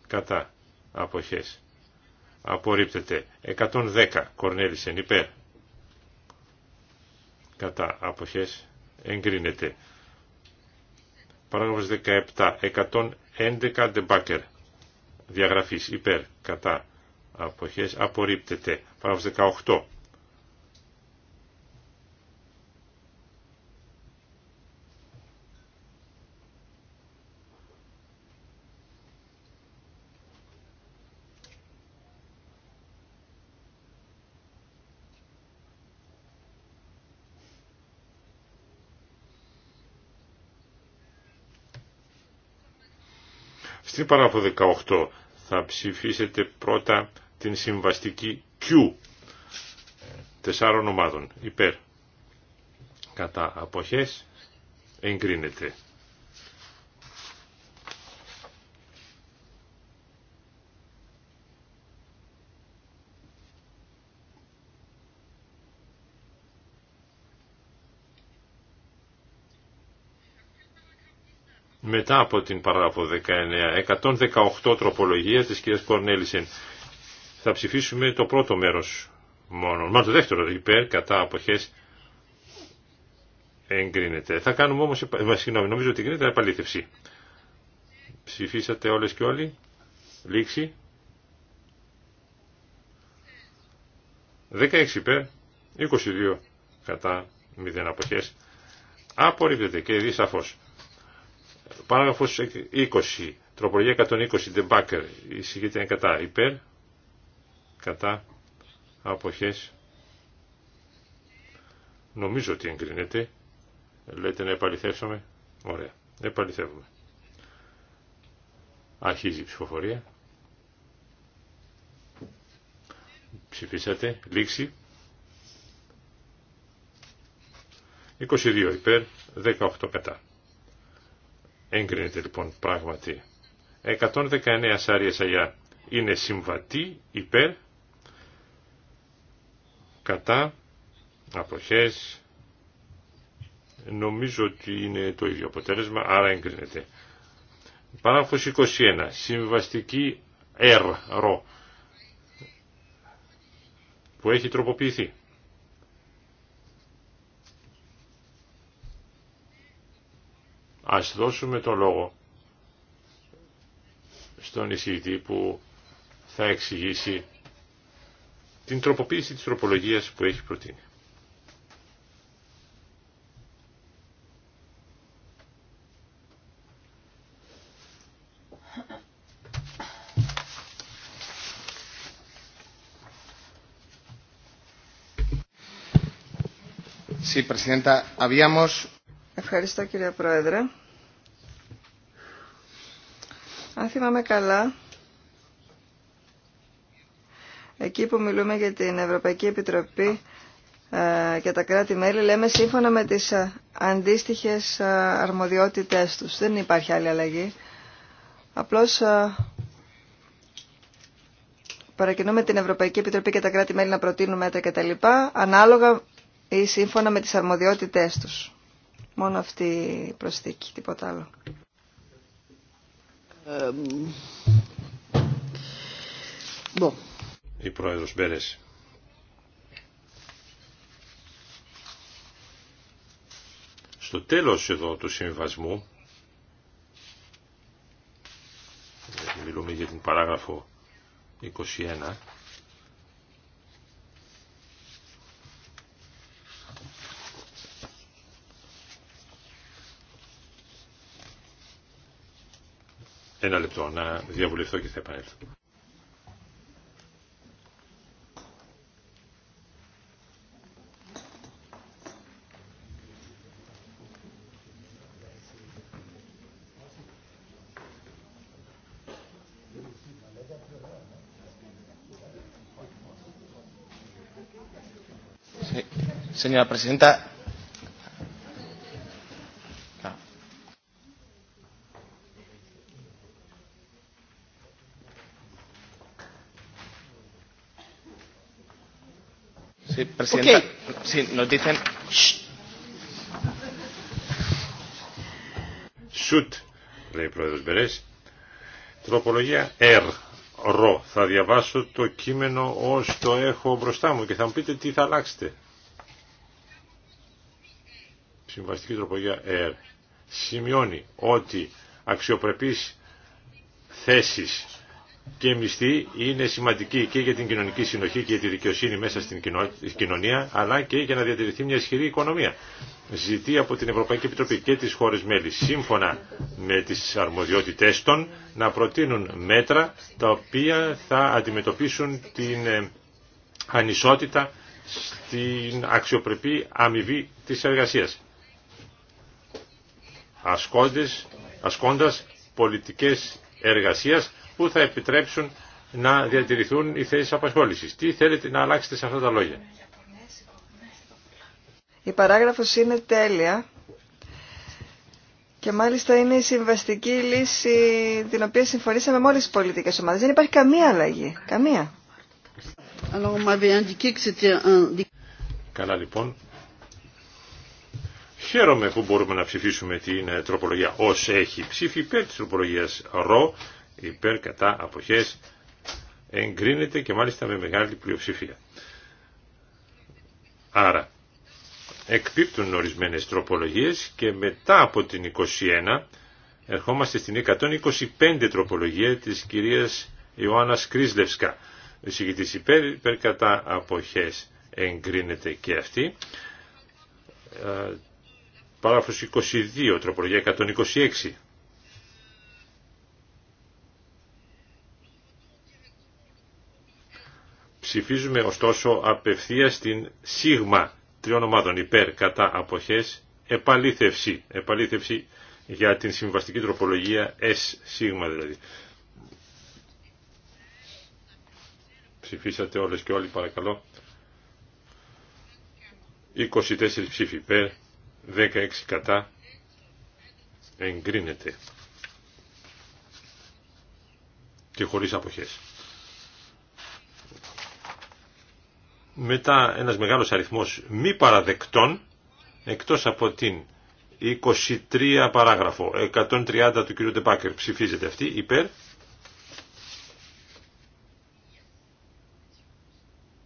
κατά αποχές απορρίπτεται 110 Κορνέλισεν υπέρ κατά αποχές εγκρίνεται παράγραφος 17 111 Ντεμπάκερ διαγραφής υπέρ κατά αποχές απορρίπτεται παράγραφος 18 στην παράγραφο 18 θα ψηφίσετε πρώτα την συμβαστική Q τεσσάρων ομάδων υπέρ κατά αποχές εγκρίνεται μετά από την παράγραφο 19, 118 τροπολογία της κυρίας Κορνέλησεν. Θα ψηφίσουμε το πρώτο μέρος μόνο, μα το δεύτερο, υπέρ, κατά, αποχές, εγκρίνεται. Θα κάνουμε όμως, συγγνώμη, νομίζω ότι γίνεται επαλήθευση. Ψηφίσατε όλες και όλοι. Λήξη. 16 υπέρ, 22 κατά, 0 αποχές. Απορρίπτεται και δει Παράγραφο 20. Τροπολογία 120. Δεμπάκερ. Η είναι κατά. Υπέρ. Κατά. Αποχές. Νομίζω ότι εγκρίνεται. Λέτε να επαληθεύσουμε. Ωραία. Επαληθεύουμε. Αρχίζει η ψηφοφορία. Ψηφίσατε. Λήξη. 22 υπέρ, 18 κατά. Έγκρινεται λοιπόν πράγματι. 119 σάρια σαγιά είναι συμβατή υπέρ κατά αποχές νομίζω ότι είναι το ίδιο αποτέλεσμα άρα εγκρίνεται παράγραφος 21 συμβαστική R ρο που έχει τροποποιηθεί Ας δώσουμε το λόγο στον εισηγητή που θα εξηγήσει την τροποποίηση της τροπολογίας που έχει προτείνει. Sí, Presidenta, habíamos Ευχαριστώ κύριε Πρόεδρε. Αν θυμάμαι καλά, εκεί που μιλούμε για την Ευρωπαϊκή Επιτροπή ε, και τα κράτη-μέλη, λέμε σύμφωνα με τις ε, αντίστοιχες ε, αρμοδιότητές τους. Δεν υπάρχει άλλη αλλαγή. Απλώς παρακινούμε την Ευρωπαϊκή Επιτροπή και τα κράτη-μέλη να προτείνουν μέτρα κτλ. ανάλογα ή σύμφωνα με τις αρμοδιότητές τους. Μόνο αυτή η προσθήκη, τίποτα άλλο. Ε, Η πρόεδρος Μπέρες. Στο τέλος εδώ του συμβασμού, μιλούμε για την παράγραφο 21, Ένα λεπτό να διαβουλευτώ και θα επανέλθω. Señora Presidenta, Presidenta, okay. sí, nos dicen... Σουτ, λέει ο πρόεδρος Μπερές. Τροπολογία R, ρο. Θα διαβάσω το κείμενο ως το έχω μπροστά μου και θα μου πείτε τι θα αλλάξετε. Συμβαστική τροπολογία R. Σημειώνει ότι αξιοπρεπείς θέσεις και μισθοί είναι σημαντική και για την κοινωνική συνοχή και για τη δικαιοσύνη μέσα στην κοινωνία, αλλά και για να διατηρηθεί μια ισχυρή οικονομία. Ζητεί από την Ευρωπαϊκή Επιτροπή και τις χώρες μέλη, σύμφωνα με τις αρμοδιότητές των, να προτείνουν μέτρα τα οποία θα αντιμετωπίσουν την ε, ανισότητα στην αξιοπρεπή αμοιβή της εργασίας. Ασκώντας, ασκώντας πολιτικές εργασίας που θα επιτρέψουν να διατηρηθούν οι θέσεις απασχόλησης. Τι θέλετε να αλλάξετε σε αυτά τα λόγια. Η παράγραφος είναι τέλεια και μάλιστα είναι η συμβαστική λύση την οποία συμφωνήσαμε με όλες τις πολιτικές ομάδες. Δεν υπάρχει καμία αλλαγή. Καμία. Καλά λοιπόν. Χαίρομαι που μπορούμε να ψηφίσουμε την τροπολογία ως έχει ψήφι υπέρ της τροπολογίας ρο υπέρ κατά αποχές εγκρίνεται και μάλιστα με μεγάλη πλειοψηφία. Άρα εκπίπτουν ορισμένες τροπολογίες και μετά από την 21 ερχόμαστε στην 125 τροπολογία της κυρίας Ιωάννας Κρίσλευσκα. Εισηγητής υπέρ, υπέρ κατά αποχές εγκρίνεται και αυτή. Ε, παράγραφος 22, τροπολογία 126 Ψηφίζουμε ωστόσο απευθεία την σίγμα τριών ομάδων υπέρ κατά αποχές επαλήθευση, επαλήθευση για την συμβαστική τροπολογία S σίγμα δηλαδή. Ψηφίσατε όλες και όλοι παρακαλώ. 24 ψήφοι υπέρ, 16 κατά, εγκρίνεται και χωρίς αποχές. μετά ένας μεγάλος αριθμός μη παραδεκτών εκτός από την 23 παράγραφο 130 του κ. Ντεπάκερ, ψηφίζεται αυτή υπέρ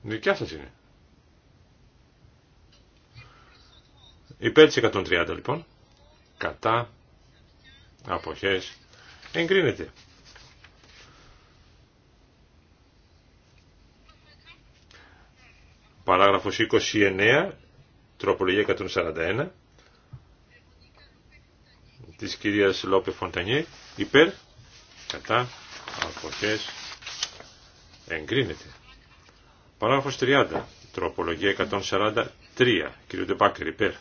δικιά ναι, σας είναι υπέρ της 130 λοιπόν κατά αποχές εγκρίνεται Παράγραφος 29, τροπολογία 141, της κυρίας Λόπε Φοντανιέ, υπέρ, κατά, αποχές, εγκρίνεται. Παράγραφος 30, τροπολογία 143, κύριο Ντεπάκρη, υπέρ,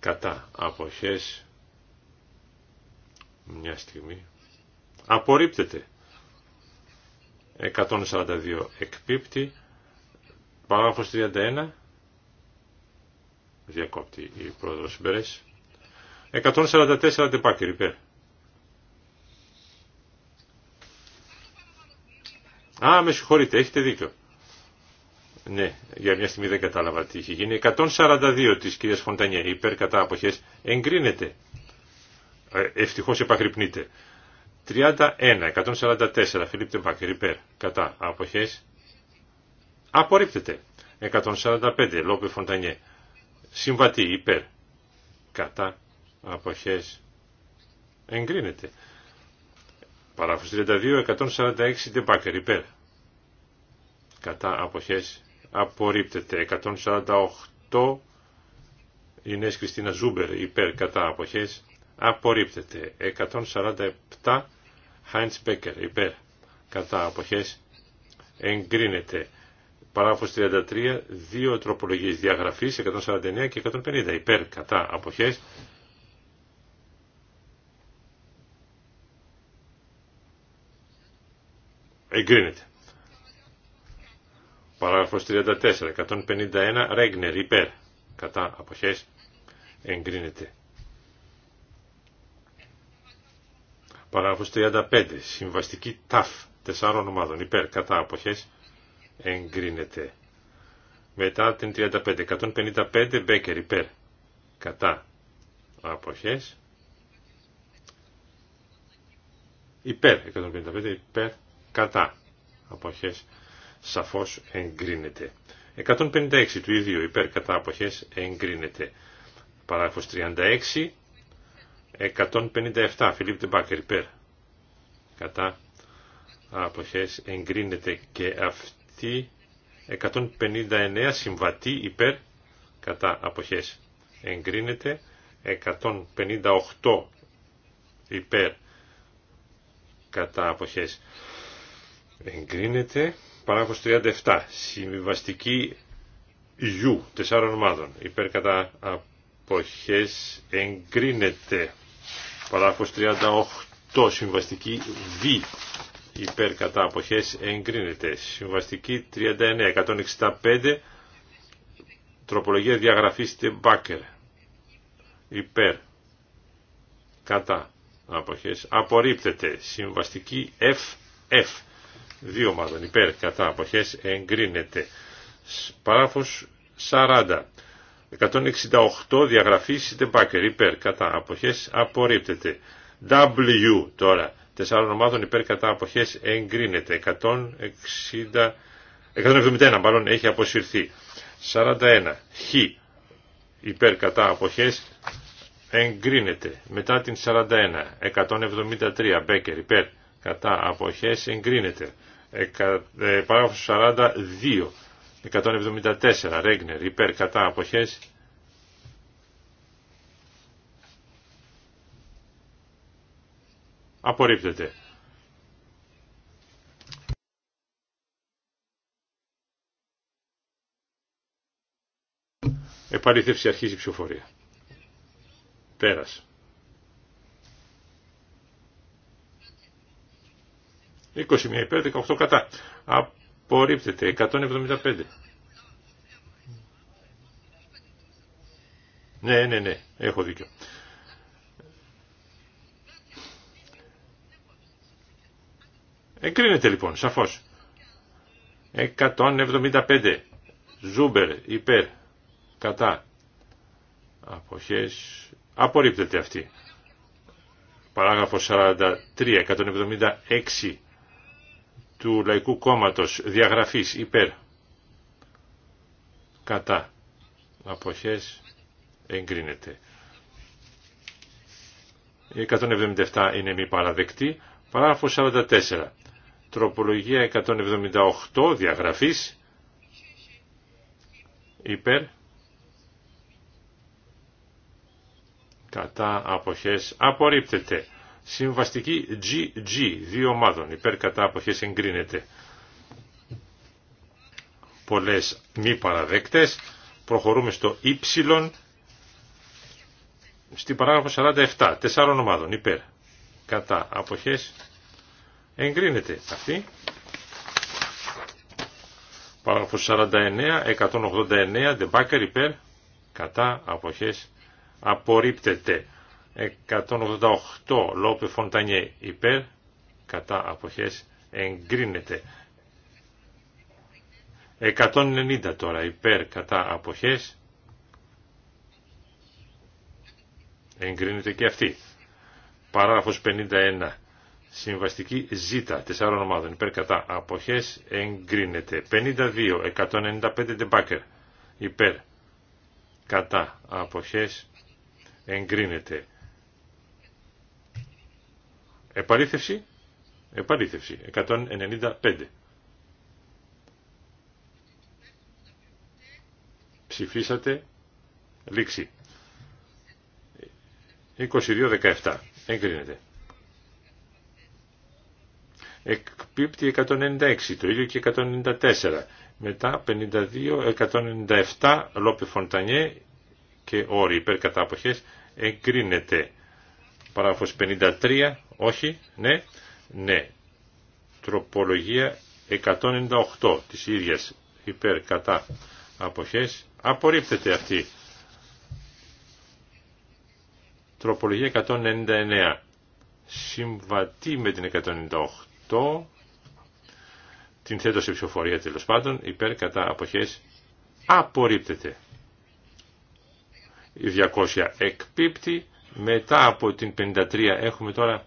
κατά, αποχές, μια στιγμή, απορρίπτεται. 142 εκπίπτει, Παράγραφος 31. Διακόπτει η πρόεδρο Μπερές. 144 τεπάκερ υπέρ. Α, με συγχωρείτε, έχετε δίκιο. Ναι, για μια στιγμή δεν κατάλαβα τι είχε γίνει. 142 της κυρίας Φοντανιέ, υπέρ κατά αποχές, εγκρίνεται. Ε, ευτυχώς επαγρυπνείται. 31, 144, Φιλίπ Τεμπάκερ, κατά αποχές, Απορρίπτεται. 145. Λόπε Φοντανιέ. Συμβατή. Υπέρ. Κατά. Αποχές. Εγκρίνεται. Παράφος 32. 146. Δεμπάκερ, Υπέρ. Κατά. Αποχές. Απορρίπτεται. 148. Ινές Κριστίνα Ζούμπερ. Υπέρ. Κατά. Αποχές. Απορρίπτεται. 147. Χάιντς Μπέκερ. Υπέρ. Κατά. Αποχές. Εγκρίνεται. Παράγραφος 33, δύο τροπολογίες διαγραφής, 149 και 150, υπέρ, κατά, αποχές. Εγκρίνεται. Παράγραφος 34, 151, Ρέγνερ, υπέρ, κατά, αποχές. Εγκρίνεται. Παράγραφος 35, συμβαστική ταφ, τεσσάρων ομάδων, υπέρ, κατά, αποχές εγκρίνεται. Μετά την 35, 155 μπέκερ υπέρ, κατά αποχές, υπέρ, 155 υπέρ, κατά αποχές, σαφώς εγκρίνεται. 156 του ίδιου υπέρ κατά αποχές εγκρίνεται. Παράγραφος 36, 157 Φιλίπ Τεμπάκερ υπέρ κατά αποχές εγκρίνεται και αυτή αυτή 159 συμβατή υπέρ κατά αποχές εγκρίνεται 158 υπέρ κατά αποχές εγκρίνεται παράγραφος 37 συμβαστική γιου τεσσάρων ομάδων υπέρ κατά αποχές εγκρίνεται παράγραφος 38 συμβαστική β υπέρ κατά αποχές εγκρίνεται. Συμβαστική 39, 165, τροπολογία διαγραφής Τεμπάκερ, υπέρ κατά αποχές απορρίπτεται. Συμβαστική FF, δύο μάλλον υπέρ κατά αποχές εγκρίνεται. Παράφος 40. 168 διαγραφή Τεμπάκερ υπέρ κατά αποχές απορρίπτεται. W τώρα τεσσάρων ομάδων υπέρ κατά αποχές εγκρίνεται. 160, 171 μάλλον έχει αποσυρθεί. 41. Χ υπέρ κατά αποχές εγκρίνεται. Μετά την 41. 173. Μπέκερ υπέρ κατά αποχές εγκρίνεται. Ε, παράγραφος 42. 174. Ρέγνερ υπέρ κατά αποχές Απορρίπτεται. Επαλήθευση αρχίζει η ψηφοφορία. Πέρας. 21 υπέρ, 18 κατά. Απορρίπτεται. 175. Ναι, ναι, ναι. Έχω δίκιο. Εγκρίνεται λοιπόν, σαφώς. 175. Ζούμπερ, υπέρ, κατά. Αποχές. Απορρίπτεται αυτή. Παράγραφο 43, 176 του Λαϊκού Κόμματος, διαγραφής, υπέρ, κατά. Αποχές. Εγκρίνεται. 177 είναι μη παραδεκτή. Παράγραφο 44. Τροπολογία 178 διαγραφής υπέρ κατά αποχές απορρίπτεται. Συμβαστική GG, δύο ομάδων, υπέρ κατά αποχές εγκρίνεται. Πολλές μη παραδέκτες. Προχωρούμε στο Y, στην παράγραφο 47, τεσσάρων ομάδων, υπέρ κατά αποχές εγκρίνεται αυτή. Παράγραφος 49, 189, δεμπάκερ υπέρ, κατά αποχές απορρίπτεται. 188, Λόπε Φοντανιέ υπέρ, κατά αποχές εγκρίνεται. 190 τώρα υπέρ κατά αποχές εγκρίνεται και αυτή. Παράγραφος 51 Συμβαστική Ζ τεσσάρων ομάδων υπέρ κατά αποχές εγκρίνεται. 52, 195 τεμπάκερ υπέρ κατά αποχές εγκρίνεται. Επαλήθευση, επαλήθευση, 195. Ψηφίσατε, λήξη. 22-17, εγκρίνεται εκπίπτει 196, το ίδιο και 194. Μετά 52, 197 Λόπε Φοντανιέ και όροι υπέρ κατά αποχές εγκρίνεται. Παράγραφος 53, όχι, ναι, ναι. Τροπολογία 198 της ίδιας υπέρ κατά αποχές απορρίπτεται αυτή. Τροπολογία 199 συμβατή με την 198 την θέτω σε ψηφοφορία τέλο πάντων υπέρ κατά αποχές απορρίπτεται. Η 200 εκπίπτει μετά από την 53 έχουμε τώρα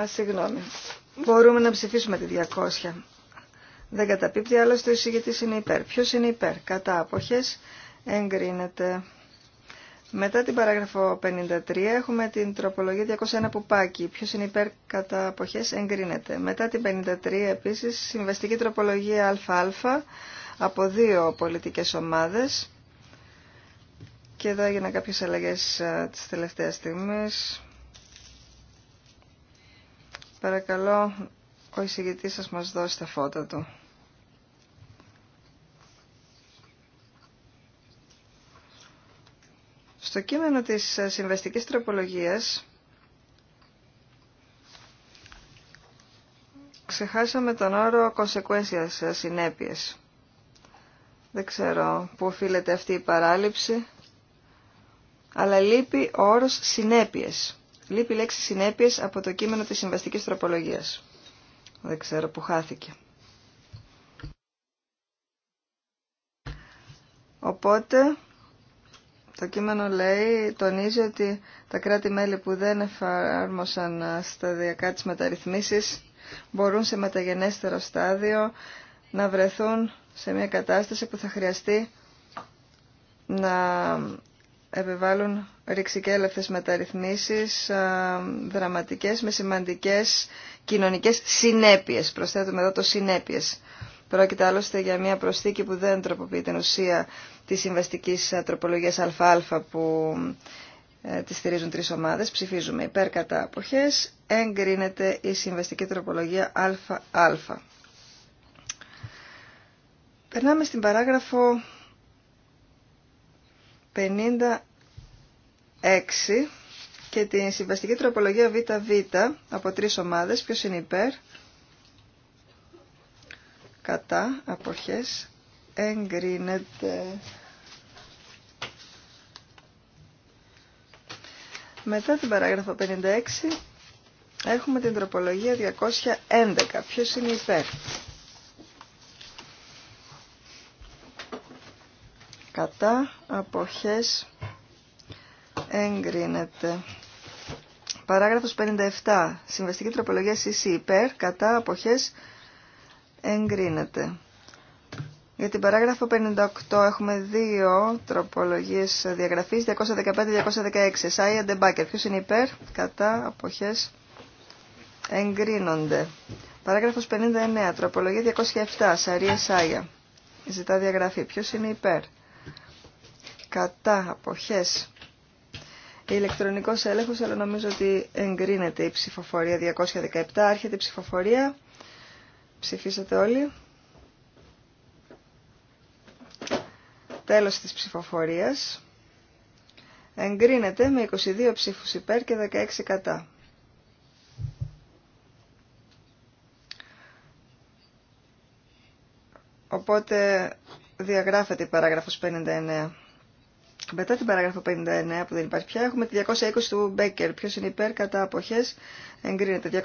Α, συγγνώμη. Μπορούμε να ψηφίσουμε τη 200. Δεν καταπίπτει, άλλωστε ο εισηγητής είναι υπέρ. Ποιος είναι υπέρ. Κατά αποχές εγκρίνεται. Μετά την παράγραφο 53 έχουμε την τροπολογία 201 που πάκι. Ποιο είναι υπέρ κατά αποχέ εγκρίνεται. Μετά την 53 επίσης συμβαστική τροπολογία ΑΑ από δύο πολιτικές ομάδες. Και εδώ έγιναν κάποιες αλλαγές ε, τη τελευταία στιγμή. Παρακαλώ ο εισηγητής σας μας δώσει τα φώτα του. Στο κείμενο της ε, συμβαστικής τροπολογίας ξεχάσαμε τον όρο consequences, ε, συνέπειες. Δεν ξέρω πού οφείλεται αυτή η παράληψη, αλλά λείπει ο όρος συνέπειες. Λείπει η λέξη συνέπειες από το κείμενο της συμβαστικής τροπολογίας. Δεν ξέρω που χάθηκε. Οπότε το κείμενο λέει, τονίζει ότι τα κράτη-μέλη που δεν εφάρμοσαν σταδιακά τις μεταρρυθμίσεις μπορούν σε μεταγενέστερο στάδιο να βρεθούν σε μια κατάσταση που θα χρειαστεί να επιβάλλουν ρηξικέλευτες μεταρρυθμίσεις δραματικές με σημαντικές κοινωνικές συνέπειες. Προσθέτουμε εδώ το συνέπειες Πρόκειται άλλωστε για μια προσθήκη που δεν τροποποιεί την ουσία της συμβαστικής ε, τροπολογίας ΑΑ που ε, τη στηρίζουν τρεις ομάδες. Ψηφίζουμε υπέρ κατά αποχές. Εγκρίνεται η συμβαστική τροπολογία ΑΑ. Περνάμε στην παράγραφο 56 και τη συμβαστική τροπολογία ΒΒ από τρεις ομάδες. Ποιος είναι υπέρ, κατά αποχές εγκρίνεται. Μετά την παράγραφο 56 έχουμε την τροπολογία 211. Ποιος είναι υπέρ. Κατά αποχές εγκρίνεται. Παράγραφος 57. Συμβαστική τροπολογία CC υπέρ. Κατά αποχές εγκρίνεται. Για την παράγραφο 58 έχουμε δύο τροπολογίες διαγραφής, 215-216. Σάι Αντεμπάκερ. Ποιος είναι υπέρ, κατά, αποχές, εγκρίνονται. Παράγραφος 59, τροπολογία 207, Σαρία Σάια. Ζητά διαγραφή. Ποιος είναι υπέρ, κατά, αποχές. Ηλεκτρονικός έλεγχος, αλλά νομίζω ότι εγκρίνεται η ψηφοφορία 217. Άρχεται η ψηφοφορία. Ψηφίσατε όλοι. Τέλος της ψηφοφορίας. Εγκρίνεται με 22 ψήφους υπέρ και 16 κατά. Οπότε διαγράφεται η παράγραφος 59. Μετά την παράγραφο 59 που δεν υπάρχει πια έχουμε τη 220 του Μπέκερ. Ποιο είναι υπέρ κατά αποχές εγκρίνεται.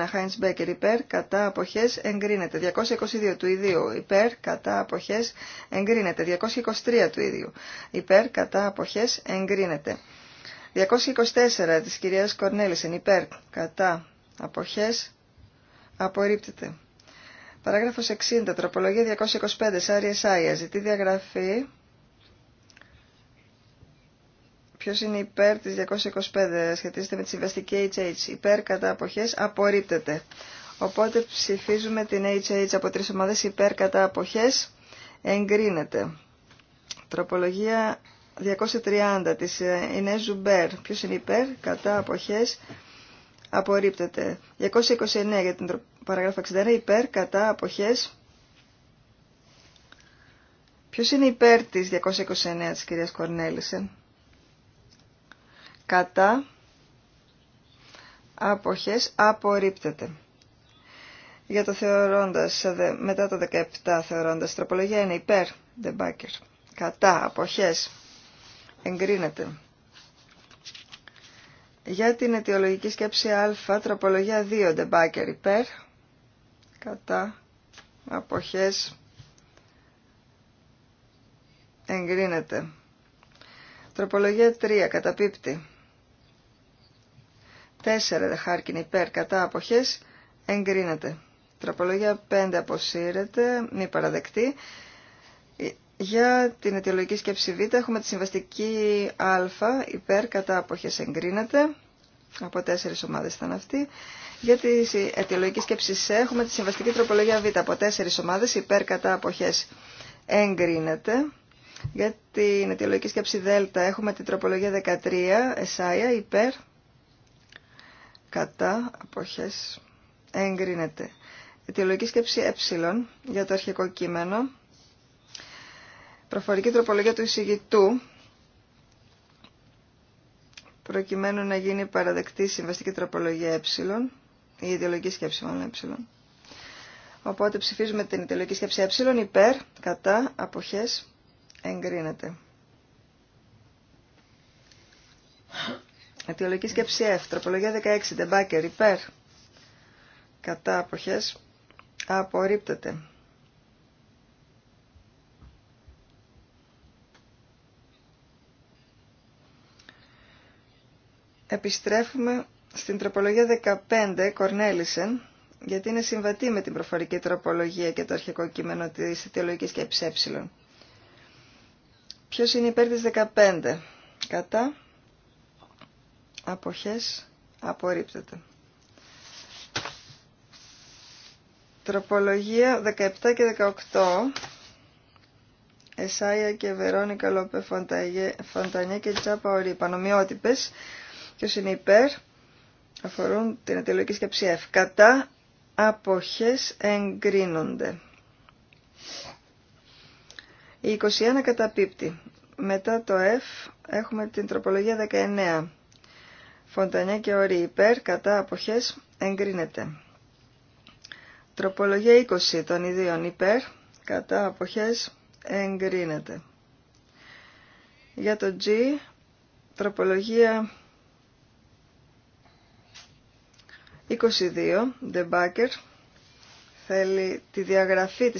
221 Χάιντ Μπέκερ υπέρ κατά αποχές εγκρίνεται. 222 του ιδίου υπέρ κατά αποχές εγκρίνεται. 223 του ίδιου υπέρ κατά αποχές εγκρίνεται. 224 της κυρίας Κορνέλησεν υπέρ κατά αποχές απορρίπτεται. Παράγραφος 60. Τροπολογία 225. Σάρια Σάια. Ζητή διαγραφή Ποιος είναι υπέρ της 225, σχετίζεται με τη συμβαστική HH. Υπέρ κατά αποχές απορρίπτεται. Οπότε ψηφίζουμε την HH από τρεις ομάδες υπέρ κατά αποχές εγκρίνεται. Τροπολογία 230 της ε, Ινέ Ζουμπέρ. Ποιος είναι υπέρ κατά αποχές απορρίπτεται. 229 για την παραγράφα 61 υπέρ κατά αποχές Ποιος είναι υπέρ της 229 της κυρίας Κορνέλησεν κατά αποχές απορρίπτεται. Για το θεωρώντας, μετά το 17 θεωρώντας, τροπολογία είναι υπέρ, backer. κατά αποχές εγκρίνεται. Για την αιτιολογική σκέψη α, τροπολογία 2, backer, υπέρ, κατά αποχές εγκρίνεται. Τροπολογία 3, καταπίπτει. 4 δε χάρκιν υπέρ κατά αποχές εγκρίνεται. Τροπολογία 5 αποσύρεται, μη παραδεκτή. Για την αιτιολογική σκέψη Β έχουμε τη συμβαστική Α υπέρ κατά αποχές εγκρίνεται. Από τέσσερι ομάδε ήταν αυτή. Για τη αιτιολογική σκέψη Σ έχουμε τη συμβαστική τροπολογία Β από τέσσερι ομάδε, υπέρ κατά αποχές εγκρίνεται. Για την αιτιολογική σκέψη Δ έχουμε την τροπολογία 13 εσάια υπέρ κατά αποχές εγκρίνεται. Αιτιολογική σκέψη ε για το αρχικό κείμενο. Προφορική τροπολογία του εισηγητού προκειμένου να γίνει παραδεκτή συμβαστική τροπολογία ε, η ιδεολογική σκέψη μάλλον ε. Οπότε ψηφίζουμε την ιδεολογική σκέψη ε υπέρ, κατά, αποχές, εγκρίνεται. Αιτιολογική σκέψη F. Τροπολογία 16. Ντεμπάκερ. Υπέρ. Κατά αποχές. Απορρίπτεται. Επιστρέφουμε στην τροπολογία 15. Κορνέλισεν. Γιατί είναι συμβατή με την προφορική τροπολογία και το αρχικό κείμενο της αιτιολογικής σκέψης ε. Ποιος είναι υπέρ της 15. Κατά αποχές απορρίπτεται. Τροπολογία 17 και 18 Εσάια και Βερόνικα Λόπε Φοντανιέ και Τσάπα Ορή Πανομοιότυπες και είναι υπέρ αφορούν την αιτιολογική σκέψη F Κατά αποχές εγκρίνονται Η 21 καταπίπτει Μετά το F έχουμε την τροπολογία 19 Φωντανιά και όρη υπέρ, κατά αποχές εγκρίνεται. Τροπολογία 20 των ιδίων υπέρ, κατά αποχές εγκρίνεται. Για το G, τροπολογία 22, The Bucker, θέλει τη διαγραφή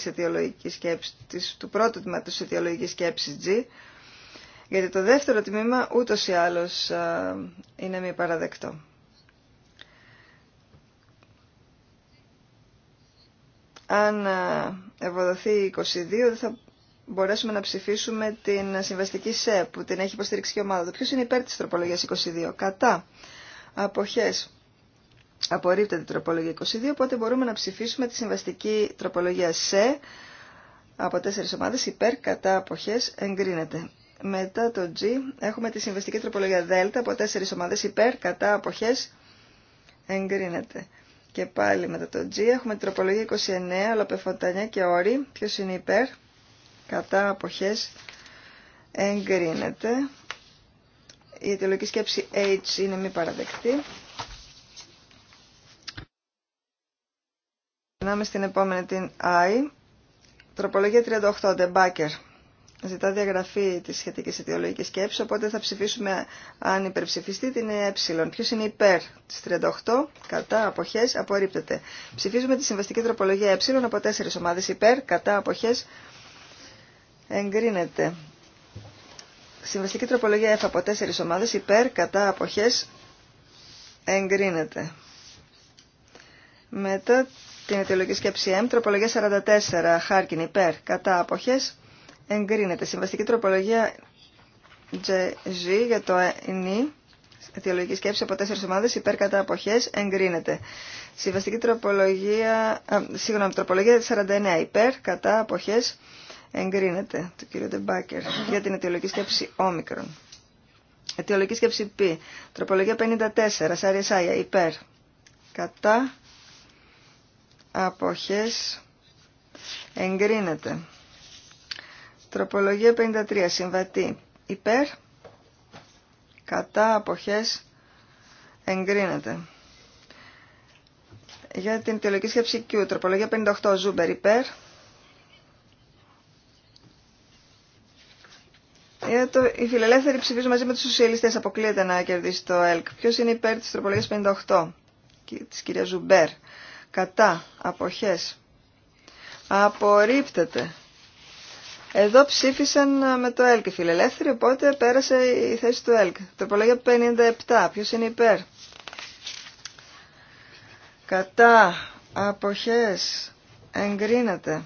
της του πρώτου τμήματος της αιτιολογικής σκέψης G, γιατί το δεύτερο τμήμα ούτως ή άλλως είναι μη παραδεκτό. Αν ευοδοθεί 22 δεν θα μπορέσουμε να ψηφίσουμε την συμβαστική ΣΕ που την έχει υποστηρίξει και η ομάδα. Το ποιος είναι υπέρ της τροπολογίας 22. Κατά. Αποχές. Απορρίπτεται η τροπολογία 22, οπότε μπορούμε να ψηφίσουμε τη συμβαστική τροπολογία ΣΕ από τέσσερις ομάδες υπέρ κατά αποχές εγκρίνεται. Μετά το G έχουμε τη συμβαστική τροπολογία Δ από τέσσερις ομάδες υπέρ, κατά, αποχές, εγκρίνεται. Και πάλι μετά το G έχουμε την τροπολογία 29, ολοπεφωτανιά και όρη. Ποιο είναι υπέρ, κατά, αποχές, εγκρίνεται. Η αιτιολογική σκέψη H είναι μη παραδεκτή. Περνάμε στην επόμενη την I. Τροπολογία 38, Debacker ζητά διαγραφή της σχετικής αιτιολογικής σκέψη, οπότε θα ψηφίσουμε αν υπερψηφιστεί την ε. Ποιος είναι υπέρ της 38, κατά, αποχές, απορρίπτεται. Ψηφίζουμε τη συμβαστική τροπολογία ε από τέσσερις ομάδες υπέρ, κατά, αποχές, εγκρίνεται. Συμβαστική τροπολογία ε από τέσσερις ομάδες υπέρ, κατά, αποχές, εγκρίνεται. Μετά την αιτιολογική σκέψη M, τροπολογία 44, χάρκιν υπέρ, κατά, αποχές, εγκρίνεται. Συμβαστική τροπολογία GG για το ΕΝΗ, αιτιολογική σκέψη από τέσσερι ομάδε, υπέρ κατά αποχέ, εγκρίνεται. Συμβαστική τροπολογία, α, συγγνώμη, τροπολογία 49, υπέρ κατά αποχέ, εγκρίνεται του κ. Ντεμπάκερ για την αιτιολογική σκέψη όμικρον. Αιτιολογική σκέψη Π, τροπολογία 54, Σάρια Σάια, υπέρ κατά αποχές εγκρίνεται. Τροπολογία 53. Συμβατή. Υπέρ. Κατά αποχές εγκρίνεται. Για την τελική σκέψη Q. Τροπολογία 58. Ζούμπερ. Υπέρ. Για το, οι φιλελεύθεροι μαζί με τους σοσιαλιστές. Αποκλείεται να κερδίσει το ΕΛΚ. Ποιος είναι υπέρ της τροπολογίας 58. Της κυρία Ζουμπέρ. Κατά. Αποχές. Απορρίπτεται. Εδώ ψήφισαν ε, με το ΕΛΚ οι φιλελεύθεροι, οπότε πέρασε η θέση του ΕΛΚ. Τροπολογία 57. Ποιος είναι υπέρ. Κατά. Αποχές. Εγκρίνεται.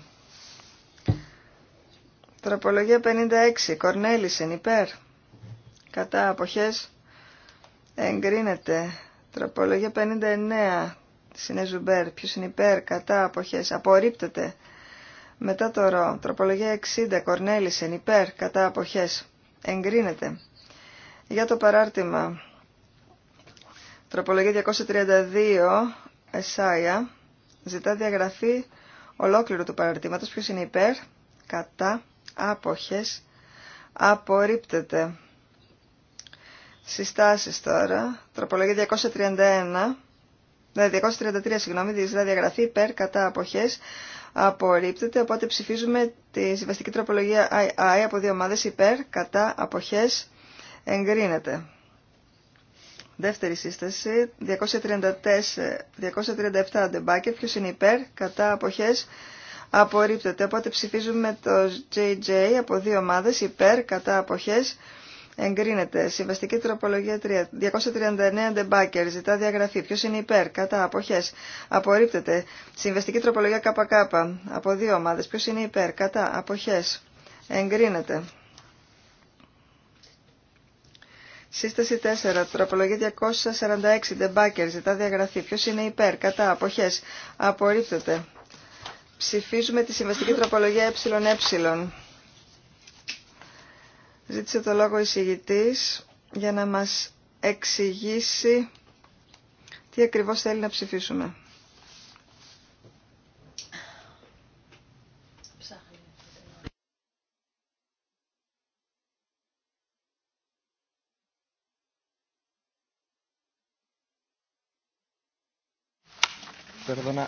Τροπολογία 56. είναι υπέρ. Κατά. Αποχές. Εγκρίνεται. Τροπολογία 59. Συνέζουμπερ. Ποιος είναι υπέρ. Κατά. Αποχές. Απορρίπτεται. Μετά το ρο, τροπολογία 60, Κορνέλησεν. υπέρ, κατά αποχές, εγκρίνεται. Για το παράρτημα, τροπολογία 232, Εσάια, ζητά διαγραφή ολόκληρου του παραρτήματος, ποιος είναι υπέρ, κατά, άποχες, απορρίπτεται. Συστάσεις τώρα, τροπολογία 231, δηλαδή 233, συγγνώμη, δηλαδή διαγραφή υπέρ, κατά, αποχές, απορρίπτεται, οπότε ψηφίζουμε τη συμβαστική τροπολογία II από δύο ομάδες υπέρ, κατά, αποχές, εγκρίνεται. Δεύτερη σύσταση, 234, 237 αντεμπάκερ. ποιος είναι υπέρ, κατά, αποχές, απορρίπτεται. Οπότε ψηφίζουμε το JJ από δύο ομάδες υπέρ, κατά, αποχές, εγκρίνεται Εγκρίνεται. Συμβαστική τροπολογία 3. 239 ντεμπάκερ. Ζητά διαγραφή. Ποιο είναι υπέρ. Κατά. Αποχέ. Απορρίπτεται. Συμβαστική τροπολογία ΚΚ. Από δύο ομάδε. Ποιο είναι υπέρ. Κατά. Αποχέ. Εγκρίνεται. Σύσταση 4. Τροπολογία 246 ντεμπάκερ. Ζητά διαγραφή. Ποιο είναι υπέρ. Κατά. Αποχέ. Απορρίπτεται. Ψηφίζουμε τη συμβαστική τροπολογία ΕΕ. Ζήτησε το λόγο εισηγητής για να μας εξηγήσει τι ακριβώς θέλει να ψηφίσουμε. Perdona,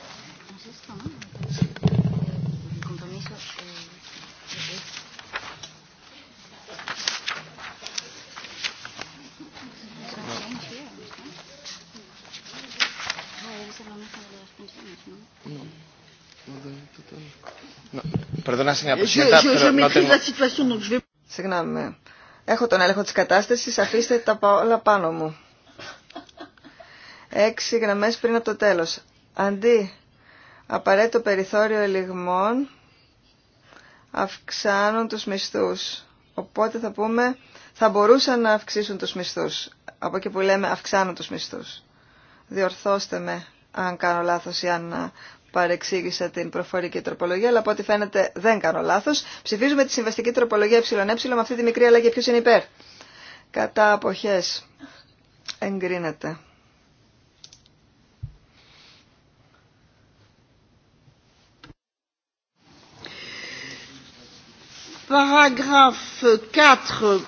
Ε, Συγγνώμη. Έχω τον έλεγχο τη κατάσταση. αφήστε τα όλα πάνω μου. Έξι γραμμέ πριν από το τέλος. Αντί απαραίτητο περιθώριο ελιγμών αυξάνουν τους μισθούς. Οπότε θα πούμε θα μπορούσαν να αυξήσουν τους μισθούς. Από εκεί που λέμε αυξάνουν τους μισθούς. Διορθώστε με αν κάνω λάθος ή αν παρεξήγησα την προφορική τροπολογία, αλλά από ό,τι φαίνεται δεν κάνω λάθο. Ψηφίζουμε τη συμβαστική τροπολογία ΕΕ με αυτή τη μικρή αλλαγή. Ποιο είναι υπέρ. Κατά αποχέ. Εγκρίνεται. Παράγραφος 4.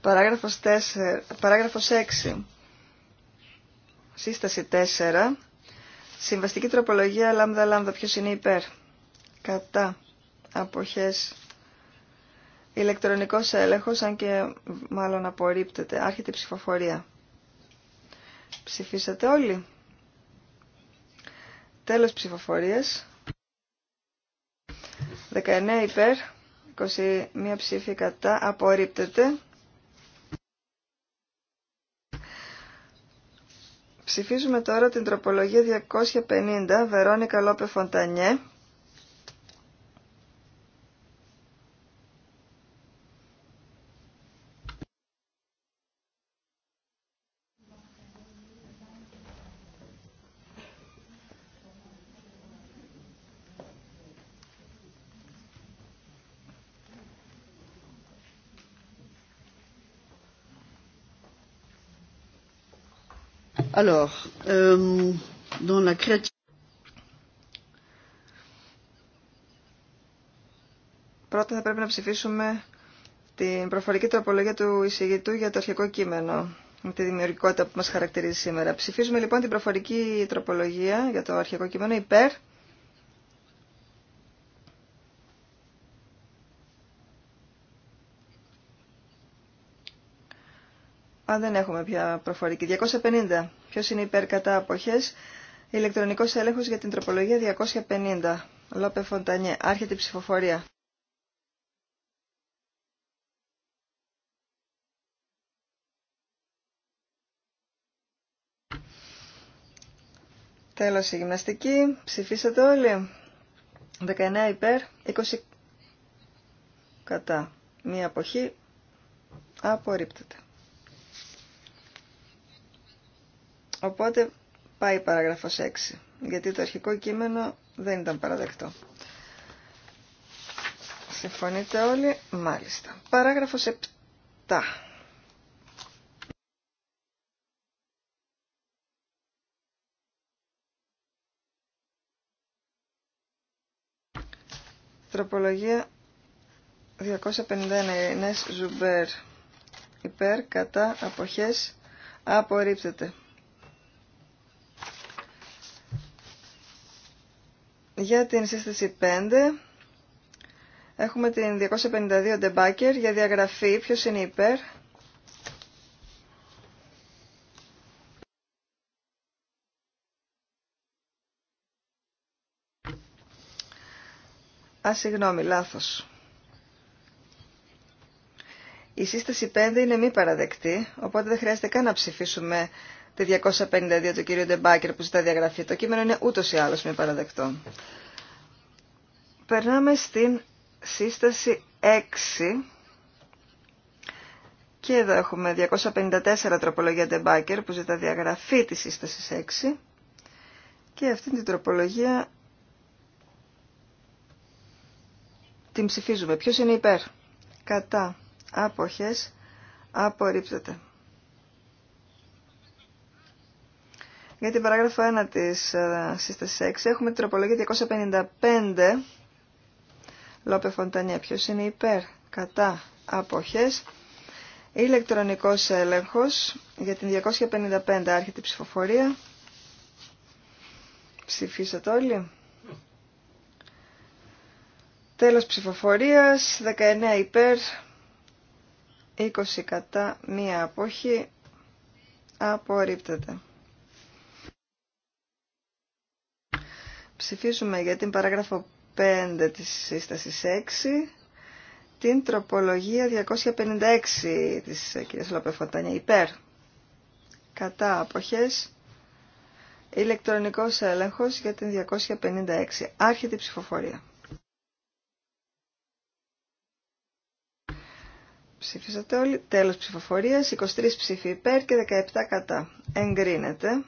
Παράγραφος 4. Παράγραφος 6. Σύσταση 4 Συμβαστική τροπολογία λάμδα λάμδα. ποιο είναι υπέρ. Κατά. Αποχές. Ηλεκτρονικός έλεγχος, αν και μάλλον απορρίπτεται. Άρχεται η ψηφοφορία. Ψηφίσατε όλοι. Τέλος ψηφοφορίας. 19 υπέρ, 21 ψήφι κατά, απορρίπτεται. Ψηφίζουμε τώρα την τροπολογία 250 Βερόνικα Λόπε Φοντανιέ Alors, euh, dans la créativité. Πρώτα θα πρέπει να ψηφίσουμε την προφορική τροπολογία του εισηγητού για το αρχικό κείμενο, τη δημιουργικότητα που μας χαρακτηρίζει σήμερα. Ψηφίζουμε λοιπόν την προφορική τροπολογία για το αρχικό κείμενο υπέρ δεν έχουμε πια προφορική. 250. Ποιο είναι υπέρ κατά αποχέ. Ηλεκτρονικός έλεγχο για την τροπολογία 250. Λόπε Φοντανιέ. Άρχεται η ψηφοφορία. Τέλος η γυμναστική. Ψηφίσατε όλοι. 19 υπέρ, 20 κατά. Μία αποχή απορρίπτεται. Οπότε πάει παράγραφος 6, γιατί το αρχικό κείμενο δεν ήταν παραδεκτό. Συμφωνείτε όλοι, μάλιστα. Παράγραφος 7. Τροπολογία 251 Ινές Ζουμπέρ. Υπέρ, κατά, αποχές, απορρίπτεται. Για την σύσταση 5 έχουμε την 252 debugger για διαγραφή. Ποιος είναι υπέρ. Α, συγγνώμη, λάθος. Η σύσταση 5 είναι μη παραδεκτή, οπότε δεν χρειάζεται καν να ψηφίσουμε τη 252 του κύριου Ντεμπάκερ που ζητά διαγραφή. Το κείμενο είναι ούτως ή άλλως μη παραδεκτό. Περνάμε στην σύσταση 6. Και εδώ έχουμε 254 τροπολογία Ντεμπάκερ που ζητά διαγραφή της σύστασης 6. Και αυτή την τροπολογία την ψηφίζουμε. Ποιος είναι υπέρ. Κατά. Αποχές. Απορρίπτεται. Για την παράγραφο 1 της ε, σύστασης 6 έχουμε την τροπολογία 255 Λόπε Φοντανία. ποιο είναι υπέρ, κατά, αποχές. Ηλεκτρονικός έλεγχος για την 255 άρχεται η ψηφοφορία. Ψηφίσατε όλοι. Τέλος ψηφοφορίας, 19 υπέρ, 20 κατά, μία απόχη, απορρίπτεται. Ψηφίζουμε για την παράγραφο 5 της σύστασης 6 την τροπολογία 256 της κυρίας Λαπεφωτάνια υπέρ κατά αποχές ηλεκτρονικός έλεγχος για την 256 άρχεται η ψηφοφορία ψηφίσατε όλοι τέλος ψηφοφορίας 23 ψήφοι υπέρ και 17 κατά εγκρίνεται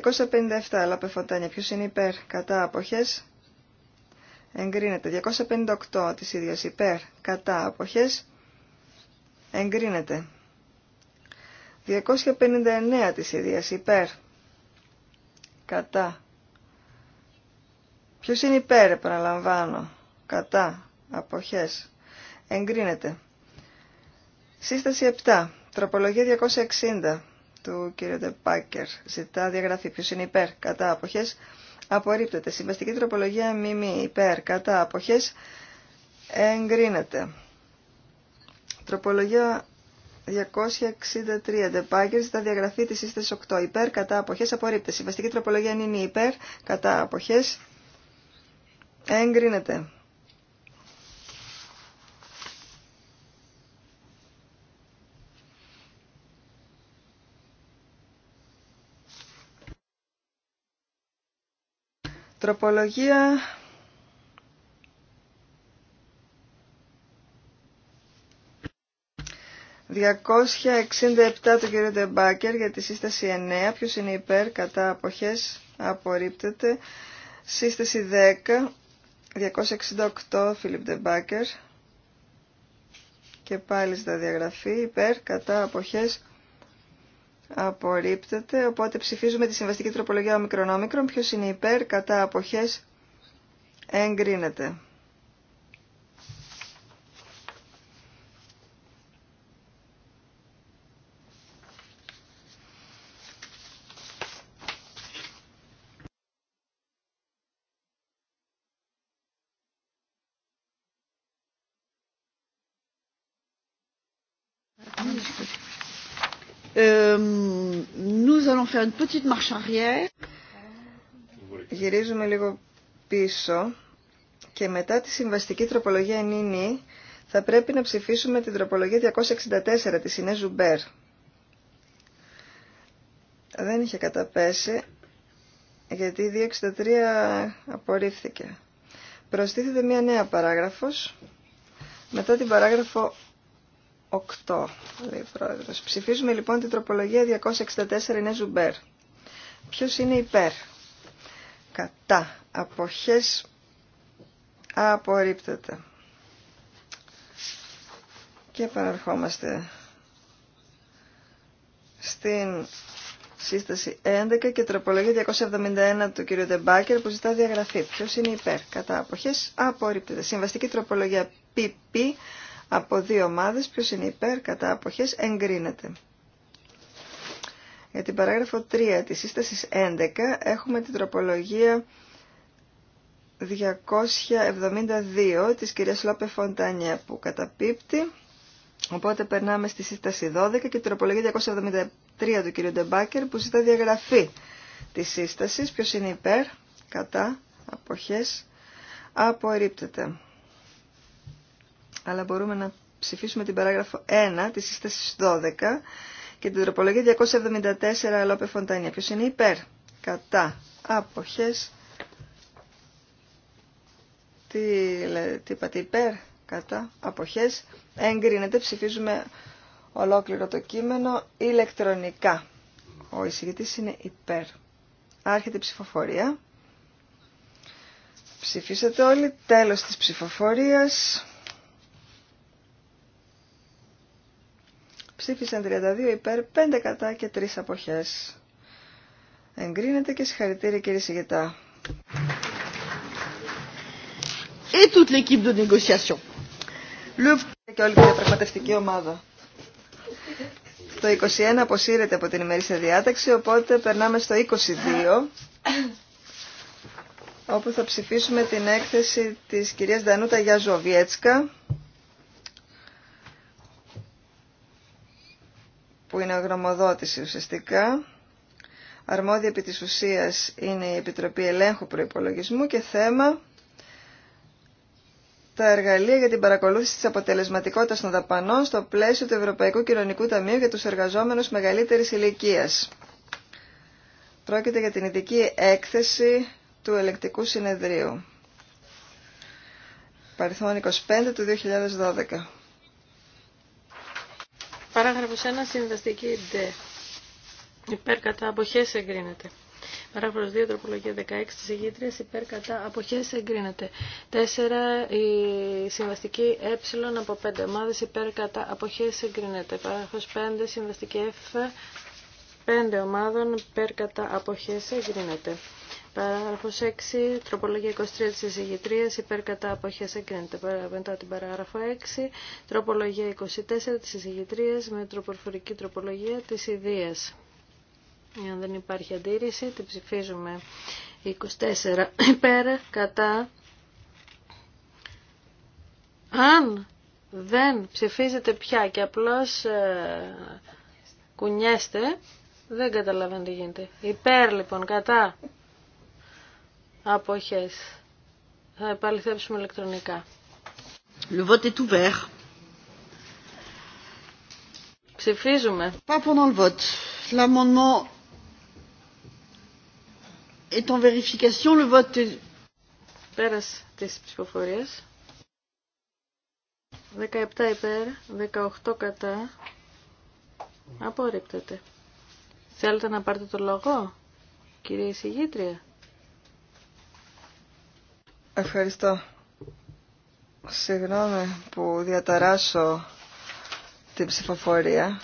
257 Λαπε Φοντάνια. Ποιος είναι υπέρ. Κατά αποχές. Εγκρίνεται. 258 της ίδιας υπέρ. Κατά αποχές. Εγκρίνεται. 259 της ίδιας υπέρ. Κατά. Ποιο είναι υπέρ επαναλαμβάνω. Κατά. Αποχές. Εγκρίνεται. Σύσταση 7. Τροπολογία 260 του κ. Ντεπάκερ. Ζητά διαγραφή. Ποιο είναι υπέρ, κατά, αποχές. Απορρίπτεται. Συμβαστική τροπολογία μήμη υπέρ, κατά, αποχές. Εγκρίνεται. Τροπολογία 263. Ντεπάκερ ζητά διαγραφή τη σύσταση 8. Υπέρ, κατά, αποχέ Απορρίπτεται. Συμβαστική τροπολογία είναι υπέρ, κατά, αποχές. Εγκρίνεται. Τροπολογία 267 του κ. Ντεμπάκερ για τη σύσταση 9. Ποιος είναι υπέρ, κατά, αποχές, απορρίπτεται. Σύσταση 10, 268 Φίλιπ Ντεμπάκερ. Και πάλι στα διαγραφή, υπέρ, κατά, αποχές, απορρίπτεται, οπότε ψηφίζουμε τη συμβαστική τροπολογία ομικρονόμικρον, ποιος είναι υπέρ, κατά αποχές, εγκρίνεται. Γυρίζουμε λίγο πίσω και μετά τη συμβαστική τροπολογία νίνη θα πρέπει να ψηφίσουμε την τροπολογία 264 της Ινέζου Μπέρ. Δεν είχε καταπέσει γιατί η 263 απορρίφθηκε. Προστίθεται μια νέα παράγραφος μετά την παράγραφο 8, λέει πρόεδρος. Ψηφίζουμε λοιπόν την τροπολογία 264 είναι Ζουμπέρ. Ποιος είναι υπέρ. Κατά. Αποχές απορρίπτεται. Και παραρχόμαστε στην σύσταση 11 και τροπολογία 271 του κ. Ντεμπάκερ που ζητά διαγραφή. Ποιος είναι υπέρ. Κατά αποχές απορρίπτεται. Συμβαστική τροπολογία PP από δύο ομάδες. Ποιος είναι υπέρ, κατά αποχές, εγκρίνεται. Για την παράγραφο 3 της σύστασης 11 έχουμε την τροπολογία 272 της κυρίας Λόπε Φοντάνια που καταπίπτει. Οπότε περνάμε στη σύσταση 12 και την τροπολογία 273 του κυρίου Ντεμπάκερ που ζητά διαγραφή της σύστασης. Ποιος είναι υπέρ, κατά, αποχές, απορρίπτεται αλλά μπορούμε να ψηφίσουμε την παράγραφο 1 της σύστασης 12 και την τροπολογία 274 Λόπε Φοντανία. Ποιος είναι υπέρ, κατά, αποχές, τι, τι είπατε υπέρ, κατά, αποχές, εγκρίνεται, ψηφίζουμε ολόκληρο το κείμενο ηλεκτρονικά. Ο εισηγητής είναι υπέρ. Άρχεται η ψηφοφορία. Ψηφίσατε όλοι. Τέλος της ψηφοφορίας. Ψήφισαν 32 υπέρ, 5 κατά και 3 αποχές. Εγκρίνεται και συγχαρητήρια κύριε Σιγητά. Et toute l'équipe de négociation. Le... Και όλη η διαπραγματευτική ομάδα. Το 21 αποσύρεται από την ημερήσια διάταξη, οπότε περνάμε στο 22, όπου θα ψηφίσουμε την έκθεση της κυρίας Δανούτα Γιαζοβιέτσκα που είναι γνωμοδότηση ουσιαστικά. Αρμόδια επί της ουσίας είναι η Επιτροπή Ελέγχου Προϋπολογισμού και θέμα τα εργαλεία για την παρακολούθηση της αποτελεσματικότητας των δαπανών στο πλαίσιο του Ευρωπαϊκού Κοινωνικού Ταμείου για τους εργαζόμενους μεγαλύτερης ηλικίας. Πρόκειται για την ειδική έκθεση του Ελεκτικού Συνεδρίου. Παριθμόν 25 του 2012. Παράγραφος 1. Συμβαστική D. Υπέρ κατά αποχές εγκρίνεται. Παράγραφος 2. Τροπολογία 16 τη Αιγύτριας. Υπέρ κατά αποχές εγκρίνεται. 4. Η συμβαστική ε από 5 ομάδες. Υπέρ κατά αποχές εγκρίνεται. Παράγραφος 5. Συμβαστική F. 5 ομάδων. Υπέρ κατά αποχές εγκρίνεται. Παράγραφο 6, τροπολογία 23 της εισηγητρίας, υπέρ κατά αποχές εγκρίνεται. Μετά την παράγραφο 6, τροπολογία 24 της εισηγητρίας με τροπορφορική τροπολογία της ιδίας. Αν δεν υπάρχει αντίρρηση, την ψηφίζουμε 24 υπέρ κατά. Αν δεν ψηφίζετε πια και απλώς ε, κουνιέστε, δεν καταλαβαίνω τι γίνεται. Υπέρ λοιπόν κατά αποχές. Θα επαληθεύσουμε ηλεκτρονικά. Le vote est ouvert. Ψηφίζουμε. Pas pendant le vote. L'amendement est en vérification. Le vote est... Πέρασε τις ψηφοφορίες. 17 υπέρ, 18 κατά. Απορρίπτεται. Θέλετε να πάρετε το λόγο, κυρία εισηγήτρια. Ευχαριστώ. Συγγνώμη που διαταράσω την ψηφοφορία,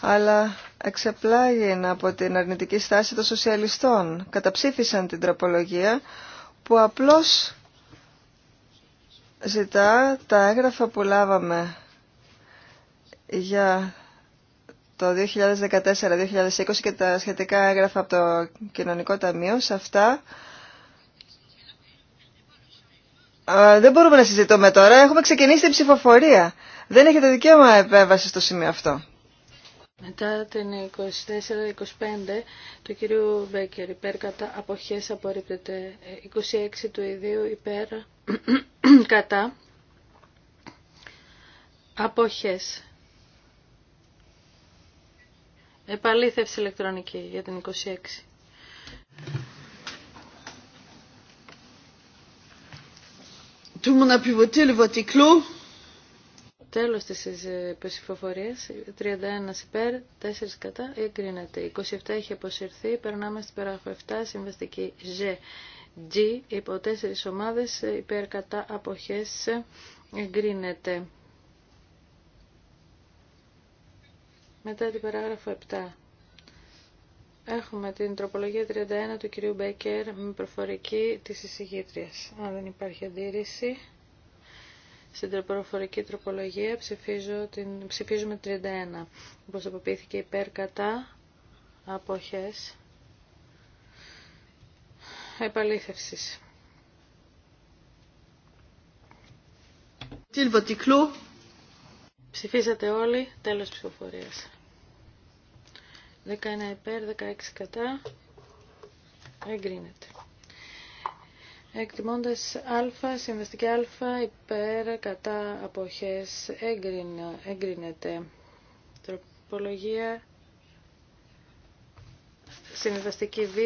αλλά εξεπλάγει από την αρνητική στάση των σοσιαλιστών. Καταψήφισαν την τροπολογία που απλώς ζητά τα έγγραφα που λάβαμε για το 2014-2020 και τα σχετικά έγγραφα από το Κοινωνικό Ταμείο. Σε αυτά δεν μπορούμε να συζητούμε τώρα. Έχουμε ξεκινήσει την ψηφοφορία. Δεν έχετε δικαίωμα επέμβαση στο σημείο αυτό. Μετά την 24-25 του κυρίου Μπέκερ υπέρ κατά αποχές απορρίπτεται 26 του ιδίου υπέρ [CLEARS THROAT] κατά αποχές. Επαλήθευση ηλεκτρονική για την 26. Tout le monde a pu voter, le vote est clos. Τέλος της ε, ψηφοφορίας, 31 υπέρ, 4 κατά, εγκρίνεται. 27 έχει αποσυρθεί, περνάμε στην παράγραφο 7, συμβαστική G. G, υπό 4 ομάδες, ε, υπέρ κατά αποχές, ε, εγκρίνεται. Μετά την παράγραφο 7. Έχουμε την τροπολογία 31 του κυρίου Μπέκερ με προφορική της εισηγήτριας. Αν δεν υπάρχει αντίρρηση, στην προφορική τροπολογία ψηφίζω την, ψηφίζουμε 31. Όπως αποποιήθηκε υπέρ κατά αποχές επαλήθευσης. Ψηφίσατε όλοι, τέλος ψηφοφορίας. 11 υπέρ, 16 κατά. Εγκρίνεται. Εκτιμώντας α, συμβαστική α, υπέρ, κατά, αποχές, εγκρίνεται. Τροπολογία, συμβαστική β,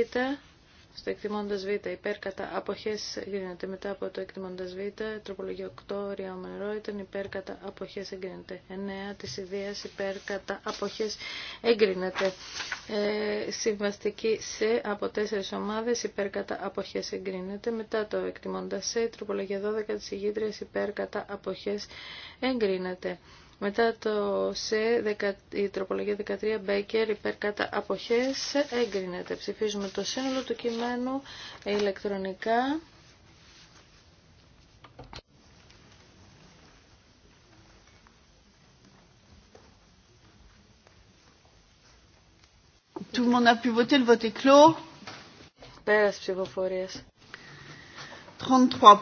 στο εκτιμώντας β, υπέρ κατά αποχές εγκρίνεται. Μετά από το εκτιμώντας β, τροπολογία 8, ριάμενρο, ήταν υπέρ κατά αποχές εγκρίνεται. 9, της ιδείας υπέρ κατά αποχές εγκρίνεται. Ε, συμβαστική σε από τέσσερις ομάδες υπέρ κατά αποχές εγκρίνεται. Μετά το εκτιμώντας σε, τροπολογία 12, της ηγήτριας υπέρ κατά αποχές εγκρίνεται. Μετά το ΣΕ, η τροπολογία 13 Μπέκερ υπέρ κατά αποχές εγκρίνεται. Ψηφίζουμε το σύνολο του κειμένου ηλεκτρονικά. Tout le monde a pu voter, le vote est clos. 33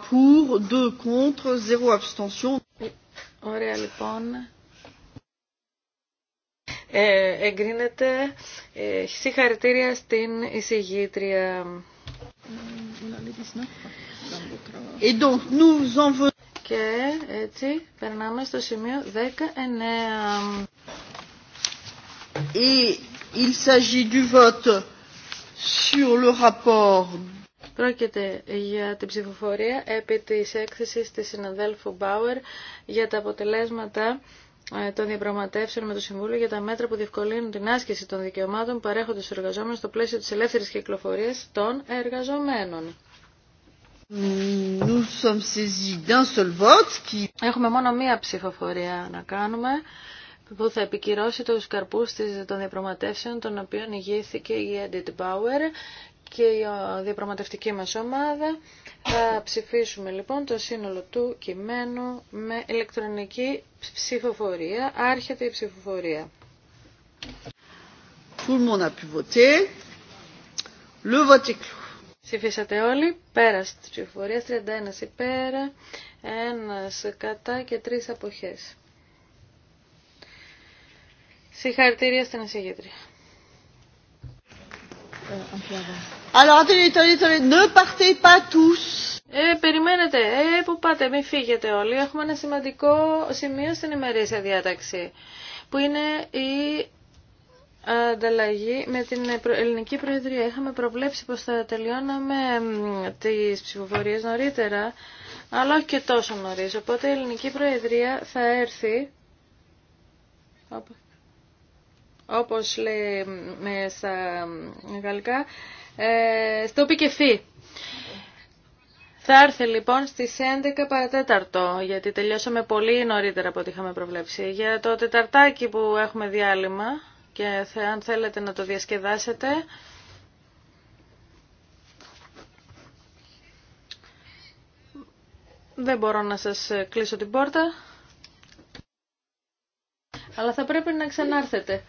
pour, 2 contre, 0 abstention. Ε, Ωραία λοιπόν. Ε, εγκρίνεται ε, συγχαρητήρια στην εισηγήτρια. Και έτσι περνάμε στο σημείο 19. Et il s'agit du vote sur le rapport Πρόκειται για την ψηφοφορία επί της έκθεσης της συναδέλφου Μπάουερ για τα αποτελέσματα ε, των διαπραγματεύσεων με το Συμβούλιο για τα μέτρα που διευκολύνουν την άσκηση των δικαιωμάτων που παρέχονται στους εργαζόμενους στο πλαίσιο της ελεύθερης κυκλοφορίας των εργαζομένων. Έχουμε μόνο μία ψηφοφορία να κάνουμε που θα επικυρώσει τους καρπούς των διαπραγματεύσεων των οποίων ηγήθηκε η Edith Bauer και η διαπραγματευτική μας ομάδα. Θα ψηφίσουμε λοιπόν το σύνολο του κειμένου με ηλεκτρονική ψηφοφορία. Άρχεται η ψηφοφορία. Ψηφίσατε όλοι. Πέρασε τη ψηφοφορία. 31 υπέρ, 1 κατά και 3 αποχές. Συγχαρητήρια στην εισηγήτρια. Ε, Alors, attendez, attendez, attendez, ne partez pas tous. Ε, περιμένετε, ε, που πάτε, μην φύγετε όλοι. Έχουμε ένα σημαντικό σημείο στην ημερήσια διάταξη, που είναι η ανταλλαγή με την ελληνική προεδρία. Είχαμε προβλέψει πως θα τελειώναμε τις ψηφοφορίες νωρίτερα, αλλά όχι και τόσο νωρίς. Οπότε η ελληνική προεδρία θα έρθει όπως λέει στα γαλλικά, ε, στο πικεφί. Θα έρθει λοιπόν στις 11 παρατέταρτο, γιατί τελειώσαμε πολύ νωρίτερα από ό,τι είχαμε προβλέψει. Για το τεταρτάκι που έχουμε διάλειμμα και αν θέλετε να το διασκεδάσετε, δεν μπορώ να σας κλείσω την πόρτα, αλλά θα πρέπει να ξανάρθετε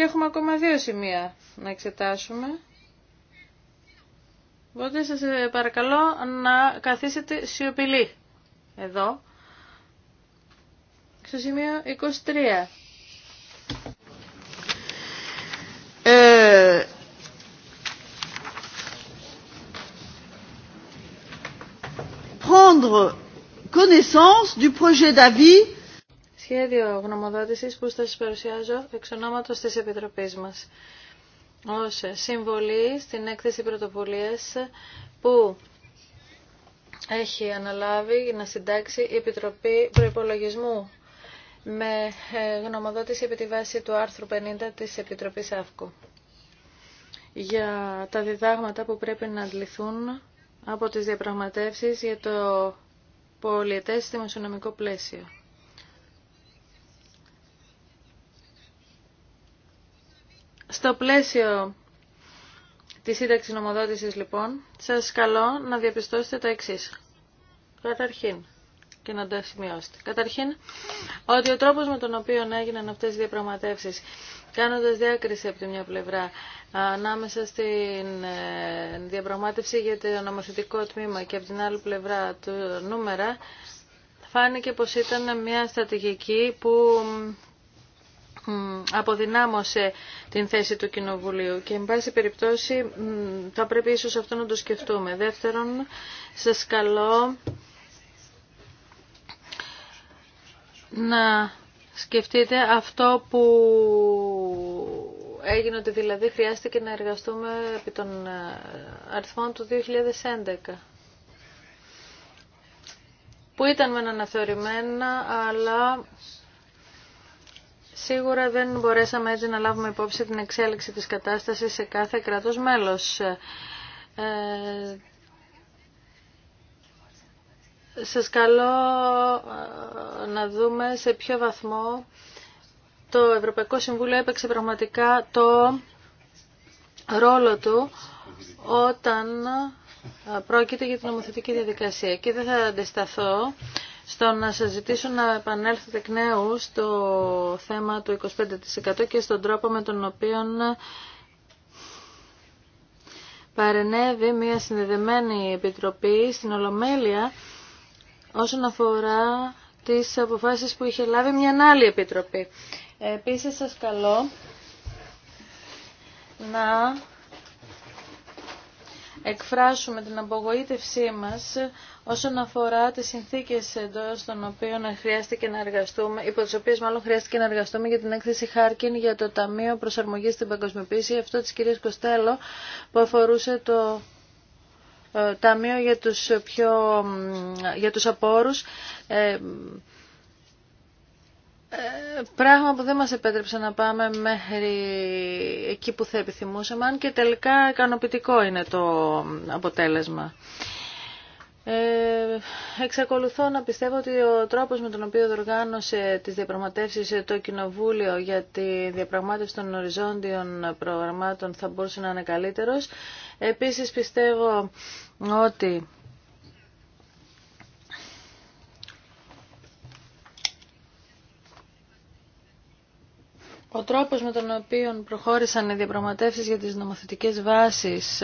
και έχουμε ακόμα δύο σημεία να εξετάσουμε. Οπότε σας ε, παρακαλώ να καθίσετε σιωπηλή. εδώ, στο σημείο 23. Ε... Prendre connaissance du projet d'avis σχέδιο γνωμοδότησης που σα παρουσιάζω εξ ονόματος της Επιτροπής μας ως συμβολή στην έκθεση πρωτοβουλίας που έχει αναλάβει να συντάξει η Επιτροπή προπολογισμού με ε, γνωμοδότηση επί τη βάση του άρθρου 50 της Επιτροπής ΑΦΚΟ για τα διδάγματα που πρέπει να αντληθούν από τις διαπραγματεύσεις για το πολιετές δημοσιονομικό πλαίσιο. Στο πλαίσιο της σύνταξης νομοδότησης λοιπόν, σας καλώ να διαπιστώσετε το εξής. Καταρχήν, και να τα σημειώσετε. Καταρχήν, ότι ο τρόπος με τον οποίο έγιναν αυτές οι διαπραγματεύσεις, κάνοντας διάκριση από τη μια πλευρά, ανάμεσα στην ε, διαπραγμάτευση για το νομοθετικό τμήμα και από την άλλη πλευρά του νούμερα, φάνηκε πως ήταν μια στρατηγική που αποδυνάμωσε την θέση του Κοινοβουλίου και εν πάση περιπτώσει θα πρέπει ίσως αυτό να το σκεφτούμε. Δεύτερον, σας καλώ να σκεφτείτε αυτό που έγινε ότι δηλαδή χρειάστηκε να εργαστούμε επί των ε, αριθμών του 2011 που ήταν με αναθεωρημένα αλλά Σίγουρα δεν μπορέσαμε έτσι να λάβουμε υπόψη την εξέλιξη της κατάστασης σε κάθε κράτος μέλος. Ε, σας καλώ ε, να δούμε σε ποιο βαθμό το Ευρωπαϊκό Συμβούλιο έπαιξε πραγματικά το ρόλο του όταν πρόκειται για την νομοθετική διαδικασία. Και δεν θα αντισταθώ στο να σας ζητήσω να επανέλθετε εκ νέου στο θέμα του 25% και στον τρόπο με τον οποίο παρενέβη μια συνδεδεμένη επιτροπή στην Ολομέλεια όσον αφορά τις αποφάσεις που είχε λάβει μια άλλη επιτροπή. Επίσης σας καλώ να εκφράσουμε την απογοήτευσή μας όσον αφορά τις συνθήκες εντό των οποίων χρειάστηκε να εργαστούμε, υπό τις οποίες μάλλον χρειάστηκε να εργαστούμε για την έκθεση Χάρκιν για το Ταμείο Προσαρμογής στην Παγκοσμιοποίηση, αυτό της κυρίας Κοστέλο που αφορούσε το ε, Ταμείο για τους, πιο, για τους απόρους. Ε, ε, πράγμα που δεν μας επέτρεψε να πάμε μέχρι εκεί που θα επιθυμούσαμε, αν και τελικά ικανοποιητικό είναι το αποτέλεσμα. Ε, εξακολουθώ να πιστεύω ότι ο τρόπος με τον οποίο διοργάνωσε τις διαπραγματεύσεις το Κοινοβούλιο για τη διαπραγμάτευση των οριζόντιων προγραμμάτων θα μπορούσε να είναι καλύτερος. Επίσης πιστεύω ότι Ο τρόπος με τον οποίο προχώρησαν οι διαπραγματεύσεις για τις νομοθετικές βάσεις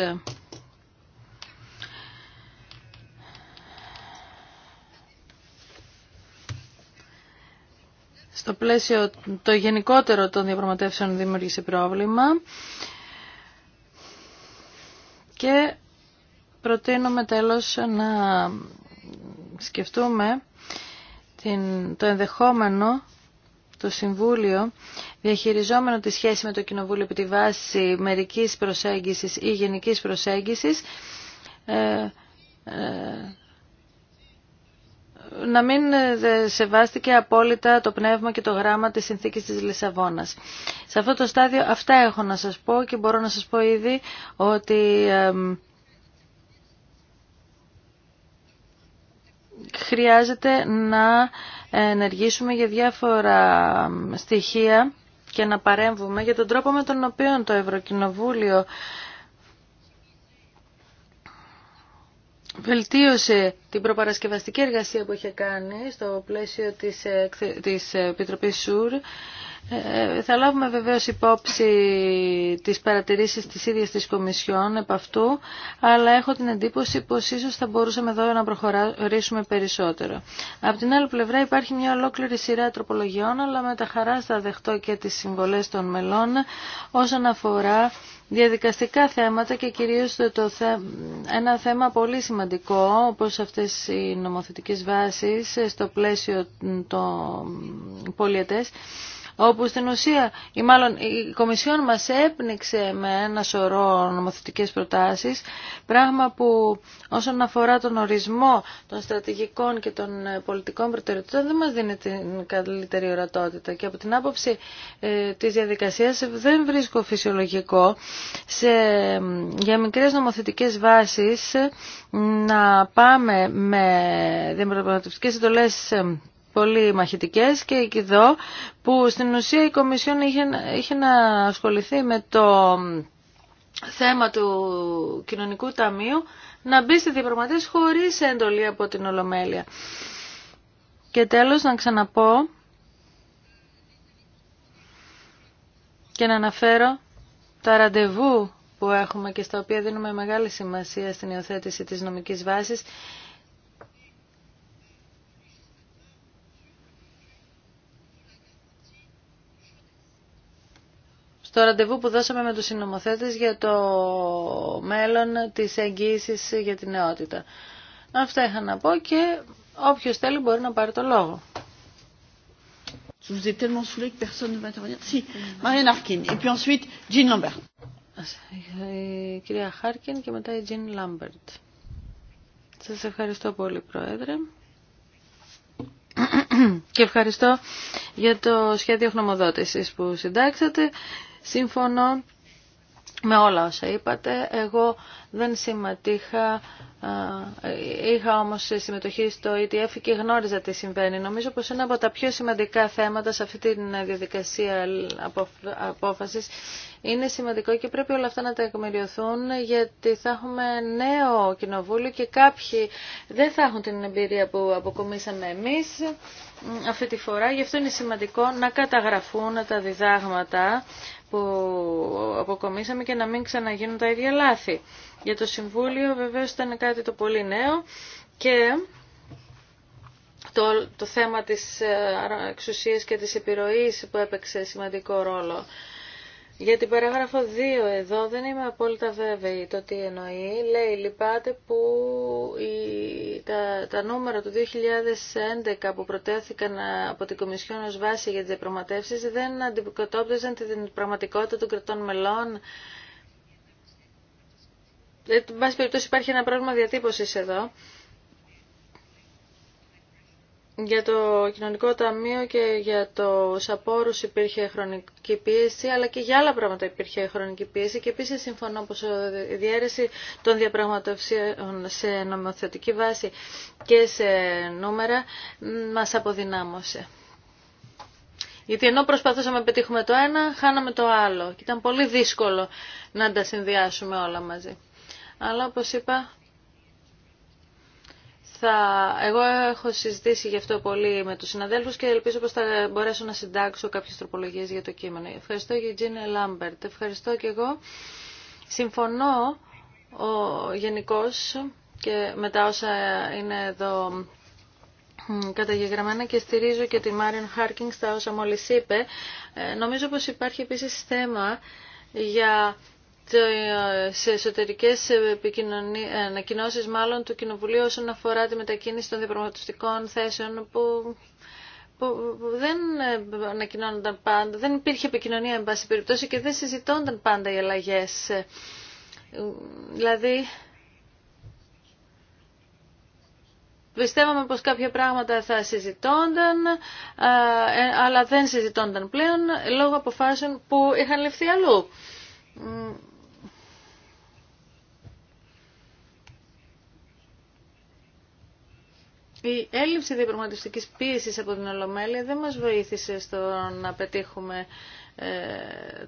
στο πλαίσιο το γενικότερο των διαπραγματεύσεων δημιούργησε πρόβλημα και προτείνουμε τέλος να σκεφτούμε την, το ενδεχόμενο το Συμβούλιο, διαχειριζόμενο τη σχέση με το Κοινοβούλιο επί τη βάση μερικής προσέγγισης ή γενικής προσέγγισης, ε, ε, να μην ε, σεβάστηκε απόλυτα το πνεύμα και το γράμμα της συνθήκης της Λισαβόνας. Σε αυτό το στάδιο αυτά έχω να σας πω και μπορώ να σας πω ήδη ότι χρειάζεται να ενεργήσουμε για διάφορα στοιχεία και να παρέμβουμε για τον τρόπο με τον οποίο το Ευρωκοινοβούλιο βελτίωσε την προπαρασκευαστική εργασία που είχε κάνει στο πλαίσιο της, της Επιτροπής ΣΟΥΡ ε, θα λάβουμε βεβαίως υπόψη τις παρατηρήσεις της ίδιας της Κομισιόν επ' αυτού, αλλά έχω την εντύπωση πως ίσως θα μπορούσαμε εδώ να προχωρήσουμε περισσότερο. Απ' την άλλη πλευρά υπάρχει μια ολόκληρη σειρά τροπολογιών, αλλά με τα χαρά θα δεχτώ και τις συμβολές των μελών όσον αφορά διαδικαστικά θέματα και κυρίως το, ένα θέμα πολύ σημαντικό όπως αυτές οι νομοθετικές βάσεις στο πλαίσιο των πολιετές όπου στην ουσία, ή μάλλον η Κομισιόν μας έπνιξε με ένα σωρό νομοθετικές προτάσεις, πράγμα που όσον αφορά τον ορισμό των στρατηγικών και των πολιτικών προτεραιοτήτων δεν μας δίνει την καλύτερη ορατότητα. Και από την άποψη ε, της διαδικασίας δεν βρίσκω φυσιολογικό σε, για μικρές νομοθετικές βάσεις να πάμε με διαπραγματευτικές εντολές ε, πολύ μαχητικές και εδώ που στην ουσία η Κομισιόν είχε, να ασχοληθεί με το θέμα του κοινωνικού ταμείου να μπει στη διαπραγματεύση χωρίς έντολη από την Ολομέλεια. Και τέλος να ξαναπώ και να αναφέρω τα ραντεβού που έχουμε και στα οποία δίνουμε μεγάλη σημασία στην υιοθέτηση της νομικής βάσης στο ραντεβού που δώσαμε με τους συνομοθέτες για το μέλλον της εγγύησης για την νεότητα. Αυτά είχα να πω και όποιος θέλει μπορεί να πάρει το λόγο. Σα ε, κυρία Χάρκιν και μετά η Τζιν Λάμπερτ. Σας ευχαριστώ πολύ, Πρόεδρε. Και ευχαριστώ για το σχέδιο χνομοδότησης που συντάξατε Σύμφωνο με όλα όσα είπατε, εγώ δεν συμμετείχα, είχα όμως συμμετοχή στο ETF και γνώριζα τι συμβαίνει. Νομίζω πως ένα από τα πιο σημαντικά θέματα σε αυτή τη διαδικασία απόφασης είναι σημαντικό και πρέπει όλα αυτά να τα εκμεριωθούν γιατί θα έχουμε νέο κοινοβούλιο και κάποιοι δεν θα έχουν την εμπειρία που αποκομίσαμε εμείς αυτή τη φορά. Γι' αυτό είναι σημαντικό να καταγραφούν τα διδάγματα που αποκομίσαμε και να μην ξαναγίνουν τα ίδια λάθη. Για το Συμβούλιο βεβαίως ήταν κάτι το πολύ νέο και το, θέμα της ε, εξουσίας και της επιρροής που έπαιξε σημαντικό ρόλο. Για την παράγραφο 2 εδώ δεν είμαι απόλυτα βέβαιη το τι εννοεί. Λέει λυπάται που η, τα, τα νούμερα του 2011 που προτέθηκαν από την Κομισιόν ως βάση για τις διαπραγματεύσεις δεν αντικατόπτυζαν την πραγματικότητα των κρατών μελών. Ε, εν πάση περιπτώσει υπάρχει ένα πρόβλημα διατύπωσης εδώ. Για το κοινωνικό ταμείο και για το Σαπόρους υπήρχε χρονική πίεση, αλλά και για άλλα πράγματα υπήρχε χρονική πίεση και επίσης συμφωνώ πως η διαίρεση των διαπραγματεύσεων σε νομοθετική βάση και σε νούμερα μας αποδυνάμωσε. Γιατί ενώ προσπαθούσαμε να πετύχουμε το ένα, χάναμε το άλλο. Και ήταν πολύ δύσκολο να τα συνδυάσουμε όλα μαζί. Αλλά όπως είπα, θα, εγώ έχω συζητήσει γι' αυτό πολύ με τους συναδέλφους και ελπίζω πως θα μπορέσω να συντάξω κάποιες τροπολογίες για το κείμενο. Ευχαριστώ Γιτζίνε Λάμπερτ. Ευχαριστώ και εγώ. Συμφωνώ ο γενικός και τα όσα είναι εδώ καταγεγραμμένα και στηρίζω και τη Μάριον Χάρκινγκ στα όσα μόλις είπε. Ε, νομίζω πως υπάρχει επίσης θέμα για ε, σε εσωτερικές ε, ανακοινώσει μάλλον του Κοινοβουλίου όσον αφορά τη μετακίνηση των διαπραγματευτικών θέσεων που που δεν ε, ανακοινώνονταν πάντα, δεν υπήρχε επικοινωνία εν πάση περιπτώσει και δεν συζητώνταν πάντα οι αλλαγέ. Δηλαδή, πιστεύαμε πως κάποια πράγματα θα συζητώνταν, αλλά δεν συζητώνταν πλέον λόγω αποφάσεων που είχαν ληφθεί αλλού. η έλλειψη διαπραγματευτικής πίεσης από την Ολομέλεια δεν μας βοήθησε στο να πετύχουμε ε,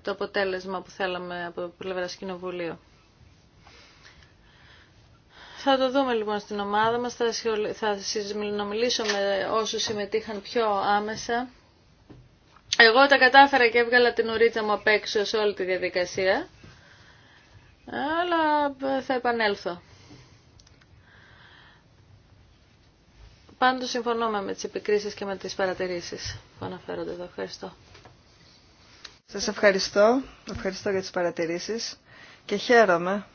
το αποτέλεσμα που θέλαμε από πλευράς Κοινοβουλίου. Θα το δούμε λοιπόν στην ομάδα μας, θα συνομιλήσω με όσους συμμετείχαν πιο άμεσα. Εγώ τα κατάφερα και έβγαλα την ουρίτσα μου απ' έξω σε όλη τη διαδικασία, αλλά θα επανέλθω. Πάντως συμφωνούμε με τις επικρίσεις και με τις παρατηρήσεις που αναφέρονται εδώ. Ευχαριστώ. Σας ευχαριστώ. Ευχαριστώ για τις παρατηρήσεις και χαίρομαι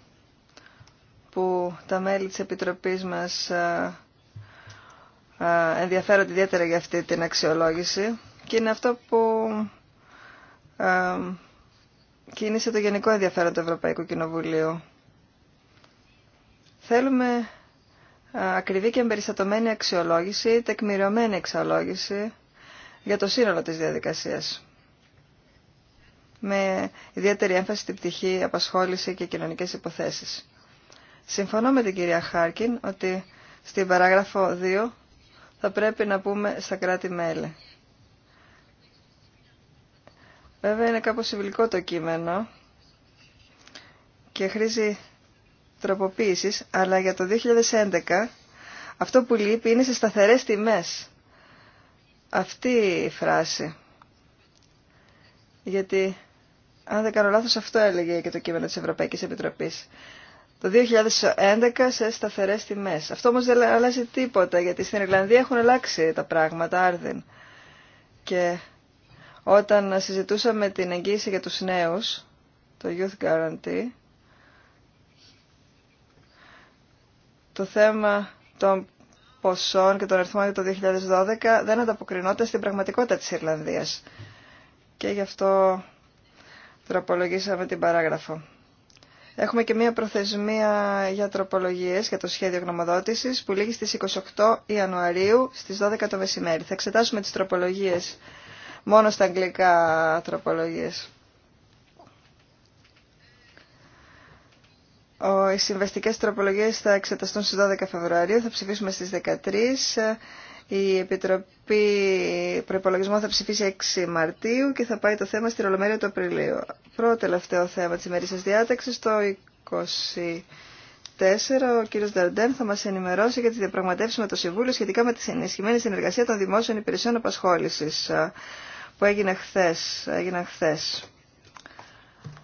που τα μέλη της Επιτροπής μας ε, ε, ενδιαφέρονται ιδιαίτερα για αυτή την αξιολόγηση και είναι αυτό που ε, κίνησε το γενικό ενδιαφέρον του Ευρωπαϊκού Κοινοβουλίου. Θέλουμε ακριβή και εμπεριστατωμένη αξιολόγηση, τεκμηριωμένη αξιολόγηση για το σύνολο της διαδικασίας. Με ιδιαίτερη έμφαση στην πτυχή απασχόληση και κοινωνικές υποθέσεις. Συμφωνώ με την κυρία Χάρκιν ότι στην παράγραφο 2 θα πρέπει να πούμε στα κράτη-μέλη. Βέβαια είναι κάπως συμβιλικό το κείμενο και χρήζει τροποποίησης, αλλά για το 2011 αυτό που λείπει είναι σε σταθερές τιμές. Αυτή η φράση. Γιατί, αν δεν κάνω αυτό έλεγε και το κείμενο της Ευρωπαϊκής Επιτροπής. Το 2011 σε σταθερές τιμές. Αυτό όμω δεν αλλάζει τίποτα, γιατί στην Ιρλανδία έχουν αλλάξει τα πράγματα άρδιν. Και όταν συζητούσαμε την εγγύηση για του νέου το Youth Guarantee, το θέμα των ποσών και των αριθμών για το 2012 δεν ανταποκρινόταν στην πραγματικότητα της Ιρλανδίας. Και γι' αυτό τροπολογήσαμε την παράγραφο. Έχουμε και μία προθεσμία για τροπολογίες για το σχέδιο γνωμοδότησης που λήγει στις 28 Ιανουαρίου στις 12 το μεσημέρι. Θα εξετάσουμε τις τροπολογίες μόνο στα αγγλικά τροπολογίες. Οι συμβαστικέ τροπολογίε θα εξεταστούν στις 12 Φεβρουαρίου, θα ψηφίσουμε στις 13. Η Επιτροπή Προπολογισμών θα ψηφίσει 6 Μαρτίου και θα πάει το θέμα στη Ρολομέρεια του Απριλίου. Πρώτο τελευταίο θέμα της σα διάταξη. το 24, ο κύριος Νταρντέν θα μα ενημερώσει για τη διαπραγματεύσει με το Συμβούλιο σχετικά με τη ενισχυμένη συνεργασία των δημόσιων υπηρεσιών απασχόληση ε, που έγινε χθε.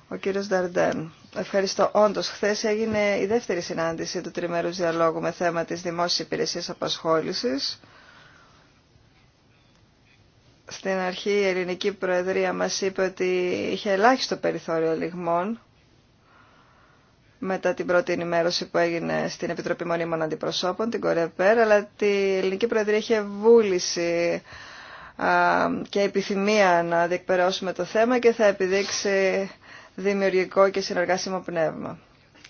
Ο κύριος Νταρντέν. Ευχαριστώ. Όντω, χθε έγινε η δεύτερη συνάντηση του τριμερούς διαλόγου με θέμα της δημόσια υπηρεσία απασχόλησης. Στην αρχή η ελληνική προεδρία μας είπε ότι είχε ελάχιστο περιθώριο λιγμών μετά την πρώτη ενημέρωση που έγινε στην Επιτροπή Μονίμων Αντιπροσώπων, την Κορεπέρ, αλλά η ελληνική προεδρία είχε βούληση και επιθυμία να διεκπαιρεώσουμε το θέμα και θα επιδείξει δημιουργικό και συνεργάσιμο πνεύμα.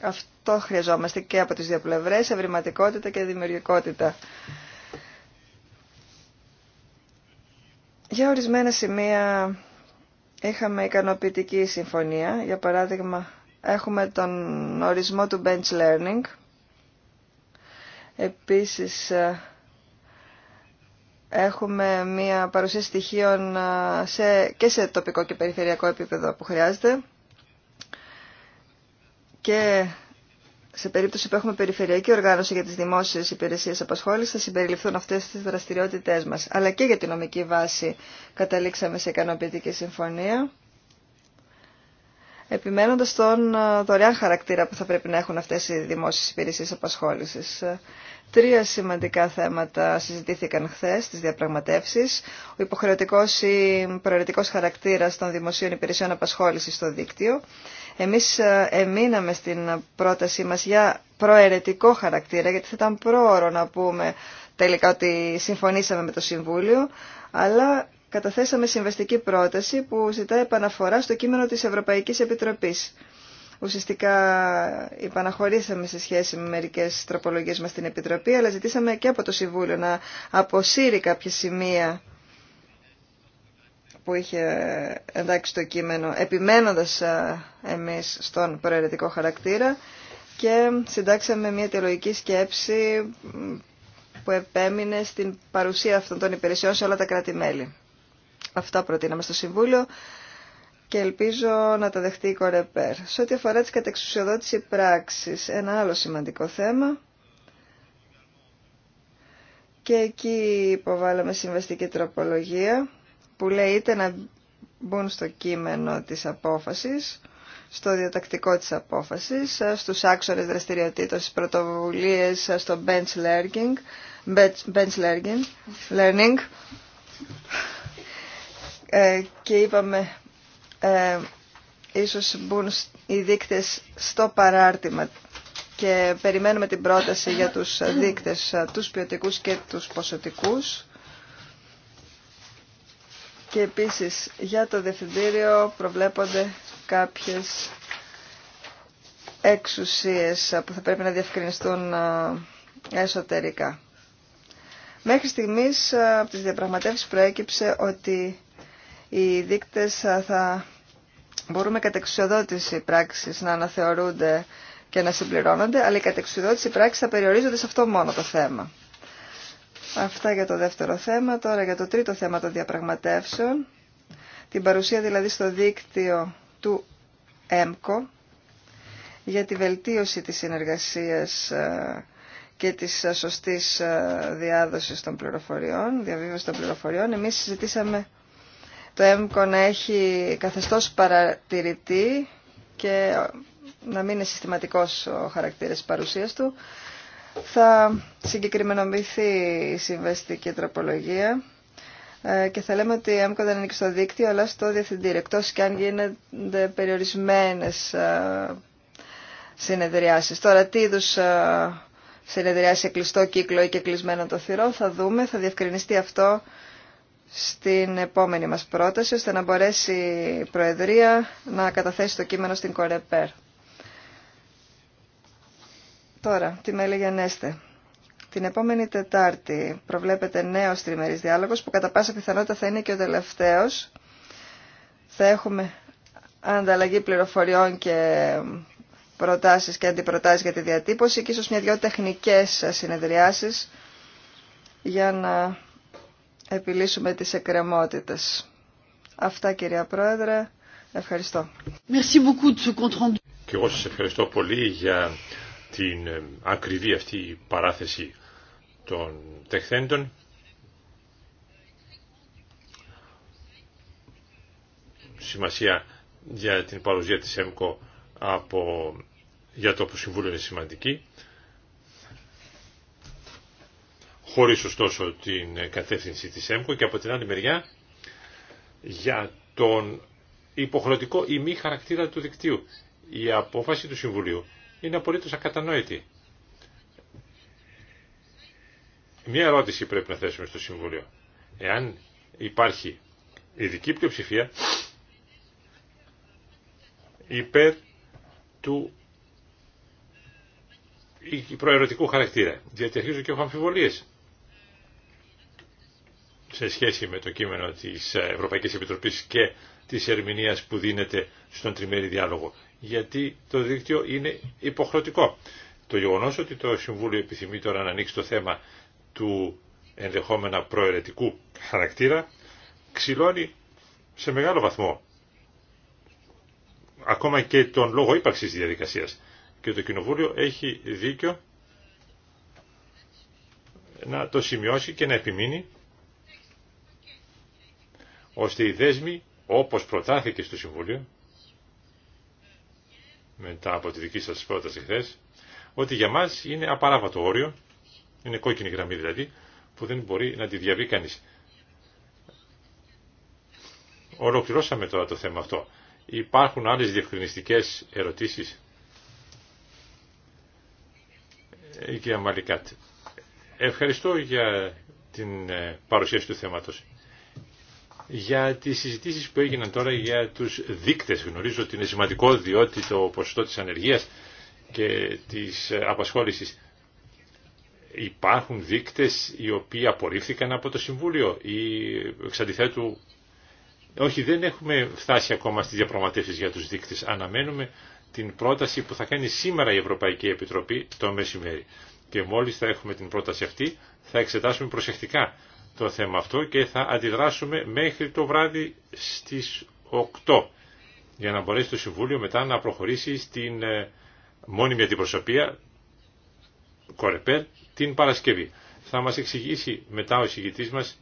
Αυτό χρειαζόμαστε και από τις δύο πλευρές, ευρηματικότητα και δημιουργικότητα. Για ορισμένα σημεία είχαμε ικανοποιητική συμφωνία. Για παράδειγμα, έχουμε τον ορισμό του bench learning. Επίσης, έχουμε μία παρουσία στοιχείων σε, και σε τοπικό και περιφερειακό επίπεδο που χρειάζεται και σε περίπτωση που έχουμε περιφερειακή οργάνωση για τις δημόσιες υπηρεσίες απασχόλησης θα συμπεριληφθούν αυτές τις δραστηριότητές μας. Αλλά και για τη νομική βάση καταλήξαμε σε ικανοποιητική συμφωνία επιμένοντας τον ε, δωρεάν χαρακτήρα που θα πρέπει να έχουν αυτές οι δημόσιες υπηρεσίες απασχόλησης. Τρία σημαντικά θέματα συζητήθηκαν χθε στις διαπραγματεύσεις. Ο υποχρεωτικός ή προαιρετικός χαρακτήρας των δημοσίων υπηρεσιών απασχόλησης στο δίκτυο, εμείς ε, εμείναμε στην πρότασή μας για προαιρετικό χαρακτήρα, γιατί θα ήταν πρόωρο να πούμε τελικά ότι συμφωνήσαμε με το Συμβούλιο, αλλά καταθέσαμε συμβαστική πρόταση που ζητά επαναφορά στο κείμενο της Ευρωπαϊκής Επιτροπής. Ουσιαστικά υπαναχωρήσαμε σε σχέση με μερικές τροπολογίες μας στην Επιτροπή, αλλά ζητήσαμε και από το Συμβούλιο να αποσύρει κάποια σημεία που είχε εντάξει το κείμενο, επιμένοντας ε, εμείς στον προαιρετικό χαρακτήρα και συντάξαμε μια τελογική σκέψη που επέμεινε στην παρουσία αυτών των υπηρεσιών σε όλα τα κράτη-μέλη. Αυτά προτείναμε στο Συμβούλιο και ελπίζω να τα δεχτεί η Κορεπέρ. Σε ό,τι αφορά τις κατεξουσιοδότηση πράξης, ένα άλλο σημαντικό θέμα, και εκεί υποβάλαμε συμβαστική τροπολογία που λέει είτε να μπουν στο κείμενο της απόφασης, στο διατακτικό της απόφασης, στους άξονες δραστηριοτήτων, στις πρωτοβουλίες, στο bench learning, bench learning, learning. Ε, και είπαμε ε, ίσως μπουν οι δείκτες στο παράρτημα και περιμένουμε την πρόταση για τους δείκτες, τους ποιοτικούς και τους ποσοτικούς και επίσης για το Διευθυντήριο προβλέπονται κάποιες εξουσίες που θα πρέπει να διευκρινιστούν εσωτερικά. Μέχρι στιγμής από τις διαπραγματεύσεις προέκυψε ότι οι δείκτες θα μπορούμε κατά εξουσιοδότηση πράξης να αναθεωρούνται και να συμπληρώνονται, αλλά οι κατεξουδότηση πράξη θα περιορίζονται σε αυτό μόνο το θέμα. Αυτά για το δεύτερο θέμα. Τώρα για το τρίτο θέμα των διαπραγματεύσεων. Την παρουσία δηλαδή στο δίκτυο του ΕΜΚΟ για τη βελτίωση της συνεργασίας ε, και της ε, σωστής ε, διάδοσης των πληροφοριών, διαβίβαση των πληροφοριών. Εμείς συζητήσαμε το ΕΜΚΟ να έχει καθεστώς παρατηρητή και να μην είναι συστηματικός ο χαρακτήρας παρουσίας του θα συγκεκριμενοποιηθεί η συμβαστική τροπολογία ε, και θα λέμε ότι η ΕΜΚΟ δεν είναι στο δίκτυο αλλά στο διευθυντήριο εκτός και αν γίνονται περιορισμένες ε, συνεδριάσεις. Τώρα τι είδους ε, συνεδριάσει κλειστό κύκλο ή και κλεισμένο το θηρό. Θα δούμε, θα διευκρινιστεί αυτό στην επόμενη μας πρόταση, ώστε να μπορέσει η Προεδρία να καταθέσει το κείμενο στην Κορεπέρ. Τώρα, τι με έλεγε Νέστε. Την επόμενη Τετάρτη προβλέπεται νέο τριμερή διάλογο που κατά πάσα πιθανότητα θα είναι και ο τελευταίο. Θα έχουμε ανταλλαγή πληροφοριών και προτάσεις και αντιπροτάσεις για τη διατύπωση και ίσως μια-δυο τεχνικές συνεδριάσεις για να επιλύσουμε τις εκκρεμότητες. Αυτά κυρία Πρόεδρε. Ευχαριστώ. Και εγώ σας ευχαριστώ πολύ για την ακριβή αυτή παράθεση των τεχθέντων. Σημασία για την παρουσία της ΕΜΚΟ από, για το Συμβούλιο είναι σημαντική. Χωρίς ωστόσο την κατεύθυνση της ΕΜΚΟ και από την άλλη μεριά για τον υποχρεωτικό ή μη χαρακτήρα του δικτύου. Η απόφαση του Συμβουλίου είναι απολύτως ακατανόητη. Μία ερώτηση πρέπει να θέσουμε στο Συμβούλιο. Εάν υπάρχει ειδική πλειοψηφία υπέρ του προερωτικού χαρακτήρα. Γιατί αρχίζω και έχω αμφιβολίες σε σχέση με το κείμενο της Ευρωπαϊκής Επιτροπής και της ερμηνείας που δίνεται στον τριμερή διάλογο γιατί το δίκτυο είναι υποχρεωτικό. Το γεγονός ότι το Συμβούλιο επιθυμεί τώρα να ανοίξει το θέμα του ενδεχόμενα προαιρετικού χαρακτήρα ξυλώνει σε μεγάλο βαθμό ακόμα και τον λόγο ύπαρξης διαδικασίας. Και το Κοινοβούλιο έχει δίκιο να το σημειώσει και να επιμείνει ώστε οι δέσμοι όπως προτάθηκε στο Συμβούλιο μετά από τη δική σας πρόταση χθε, ότι για μας είναι απαράβατο όριο, είναι κόκκινη γραμμή δηλαδή, που δεν μπορεί να τη διαβεί κανείς. Ολοκληρώσαμε τώρα το θέμα αυτό. Υπάρχουν άλλες διευκρινιστικές ερωτήσεις. Ε, κυρία ευχαριστώ για την ε, παρουσίαση του θέματος για τις συζητήσεις που έγιναν τώρα για τους δείκτες. Γνωρίζω ότι είναι σημαντικό διότι το ποσοστό της ανεργίας και της απασχόλησης υπάρχουν δείκτες οι οποίοι απορρίφθηκαν από το Συμβούλιο ή εξαντιθέτου... όχι δεν έχουμε φτάσει ακόμα στις διαπραγματεύσεις για τους δείκτες αναμένουμε την πρόταση που θα κάνει σήμερα η Ευρωπαϊκή Επιτροπή το μεσημέρι και μόλις θα έχουμε την πρόταση αυτή θα εξετάσουμε προσεκτικά το θέμα αυτό και θα αντιδράσουμε μέχρι το βράδυ στις 8 για να μπορέσει το Συμβούλιο μετά να προχωρήσει στην ε, μόνιμη αντιπροσωπεία Κορεπέρ την Παρασκευή. Θα μας εξηγήσει μετά ο εισηγητής μας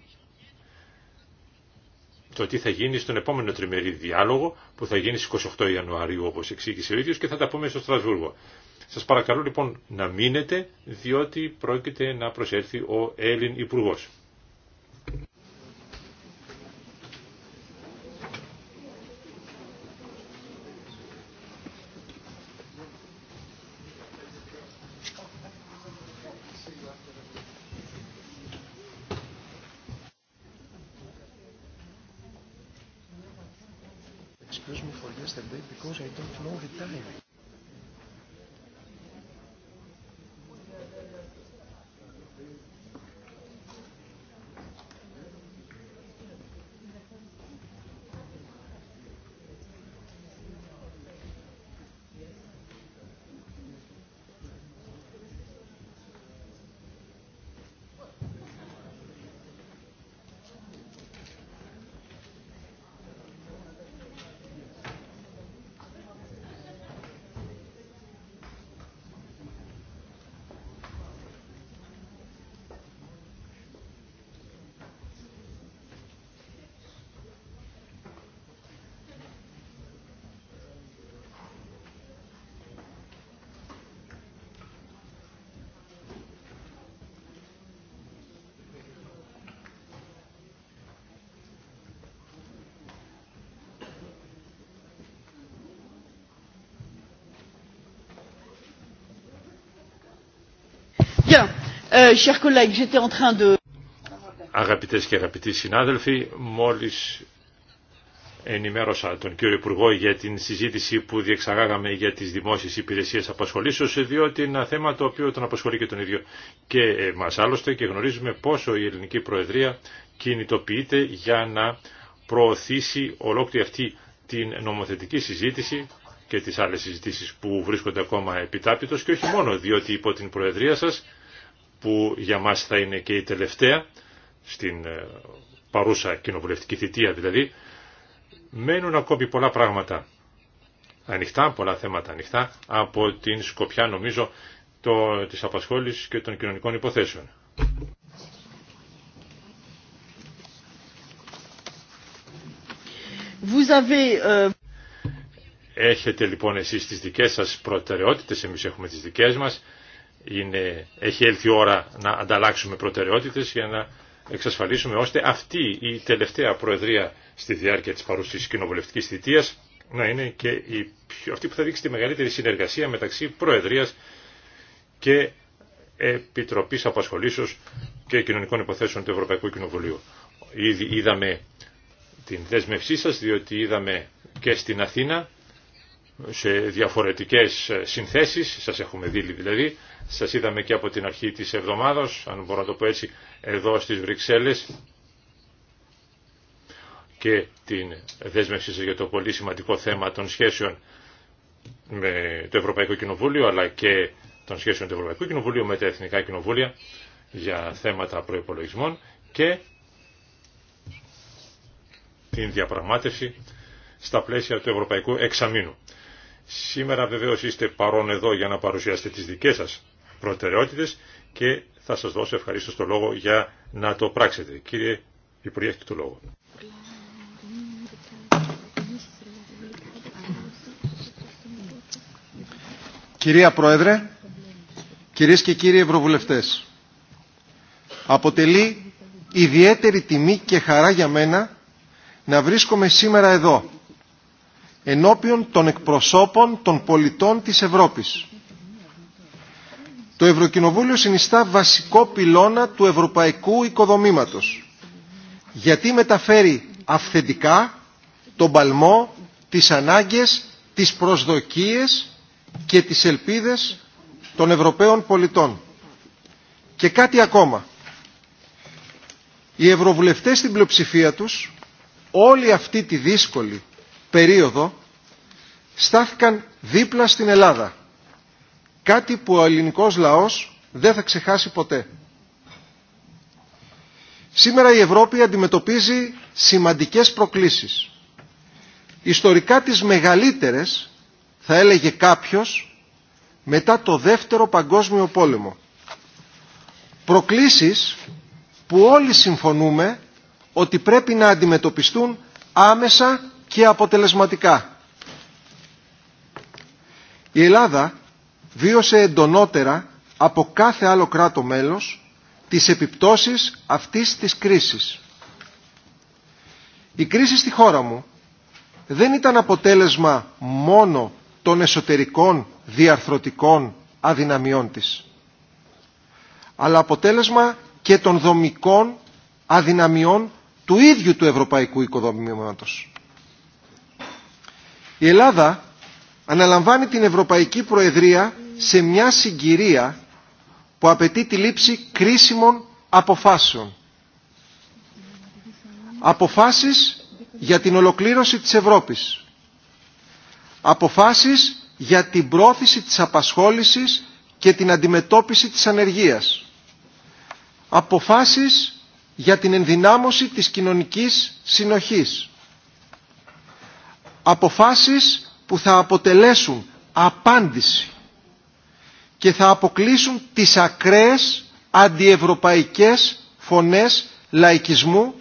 το τι θα γίνει στον επόμενο τριμερή διάλογο που θα γίνει στις 28 Ιανουαρίου όπως εξήγησε ο ίδιος και θα τα πούμε στο Στρασβούργο. Σας παρακαλώ λοιπόν να μείνετε διότι πρόκειται να προσέλθει ο Έλλην Υπουργός. j'avais Euh, Αγαπητές και αγαπητοί συνάδελφοι, μόλις ενημέρωσα τον κύριο Υπουργό για την συζήτηση που διεξαγάγαμε για τις δημόσιες υπηρεσίες απασχολήσεως, διότι είναι ένα θέμα το οποίο τον απασχολεί και τον ίδιο και μας άλλωστε και γνωρίζουμε πόσο η ελληνική Προεδρία κινητοποιείται για να προωθήσει ολόκληρη αυτή την νομοθετική συζήτηση και τις άλλες συζητήσεις που βρίσκονται ακόμα επιτάπητος και όχι μόνο διότι υπό την Προεδρία σας που για μας θα είναι και η τελευταία, στην ε, παρούσα κοινοβουλευτική θητεία δηλαδή, μένουν ακόμη πολλά πράγματα ανοιχτά, πολλά θέματα ανοιχτά, από την σκοπιά νομίζω το, της απασχόλησης και των κοινωνικών υποθέσεων. Vous avez... Euh, Έχετε λοιπόν εσείς τις δικές σας προτεραιότητες, εμείς έχουμε τις δικές μας είναι, έχει έλθει η ώρα να ανταλλάξουμε προτεραιότητες για να εξασφαλίσουμε ώστε αυτή η τελευταία προεδρία στη διάρκεια της της κοινοβουλευτικής θητείας να είναι και η αυτή που θα δείξει τη μεγαλύτερη συνεργασία μεταξύ προεδρίας και Επιτροπής Απασχολήσεως και Κοινωνικών Υποθέσεων του Ευρωπαϊκού Κοινοβουλίου. Ήδη είδαμε την δέσμευσή σας διότι είδαμε και στην Αθήνα σε διαφορετικές ε, συνθέσεις, σας έχουμε δει δηλαδή, σας είδαμε και από την αρχή της εβδομάδας, αν μπορώ να το πω έτσι, εδώ στις Βρυξέλλες και την δέσμευση σας για το πολύ σημαντικό θέμα των σχέσεων με το Ευρωπαϊκό Κοινοβούλιο αλλά και των σχέσεων του Ευρωπαϊκού Κοινοβουλίου με τα Εθνικά Κοινοβούλια για θέματα προϋπολογισμών και την διαπραγμάτευση στα πλαίσια του Ευρωπαϊκού Εξαμήνου. Σήμερα βεβαίω είστε παρόν εδώ για να παρουσιάσετε τις δικές σας προτεραιότητε, και θα σα δώσω ευχαριστώ το λόγο για να το πράξετε. Κύριε Υπουργέ, έχετε το λόγο. Κυρία Πρόεδρε, κυρίες και κύριοι Ευρωβουλευτές, αποτελεί ιδιαίτερη τιμή και χαρά για μένα να βρίσκομαι σήμερα εδώ, ενώπιον των εκπροσώπων των πολιτών της Ευρώπης. Το Ευρωκοινοβούλιο συνιστά βασικό πυλώνα του ευρωπαϊκού οικοδομήματος, γιατί μεταφέρει αυθεντικά τον παλμό, τις ανάγκες, τις προσδοκίες και τις ελπίδες των Ευρωπαίων πολιτών. Και κάτι ακόμα. Οι ευρωβουλευτές στην πλειοψηφία τους όλη αυτή τη δύσκολη περίοδο στάθηκαν δίπλα στην Ελλάδα. Κάτι που ο ελληνικός λαός δεν θα ξεχάσει ποτέ. Σήμερα η Ευρώπη αντιμετωπίζει σημαντικές προκλήσεις. Ιστορικά τις μεγαλύτερες, θα έλεγε κάποιος, μετά το Δεύτερο Παγκόσμιο Πόλεμο. Προκλήσεις που όλοι συμφωνούμε ότι πρέπει να αντιμετωπιστούν άμεσα και αποτελεσματικά. Η Ελλάδα βίωσε εντονότερα από κάθε άλλο κράτο μέλος τις επιπτώσεις αυτής της κρίσης. Η κρίση στη χώρα μου δεν ήταν αποτέλεσμα μόνο των εσωτερικών διαρθρωτικών αδυναμιών της, αλλά αποτέλεσμα και των δομικών αδυναμιών του ίδιου του ευρωπαϊκού οικοδομήματος. Η Ελλάδα αναλαμβάνει την Ευρωπαϊκή Προεδρία σε μια συγκυρία που απαιτεί τη λήψη κρίσιμων αποφάσεων. Αποφάσεις για την ολοκλήρωση της Ευρώπης. Αποφάσεις για την πρόθεση της απασχόλησης και την αντιμετώπιση της ανεργίας. Αποφάσεις για την ενδυνάμωση της κοινωνικής συνοχής αποφάσεις που θα αποτελέσουν απάντηση και θα αποκλείσουν τις ακραίες αντιευρωπαϊκές φωνές λαϊκισμού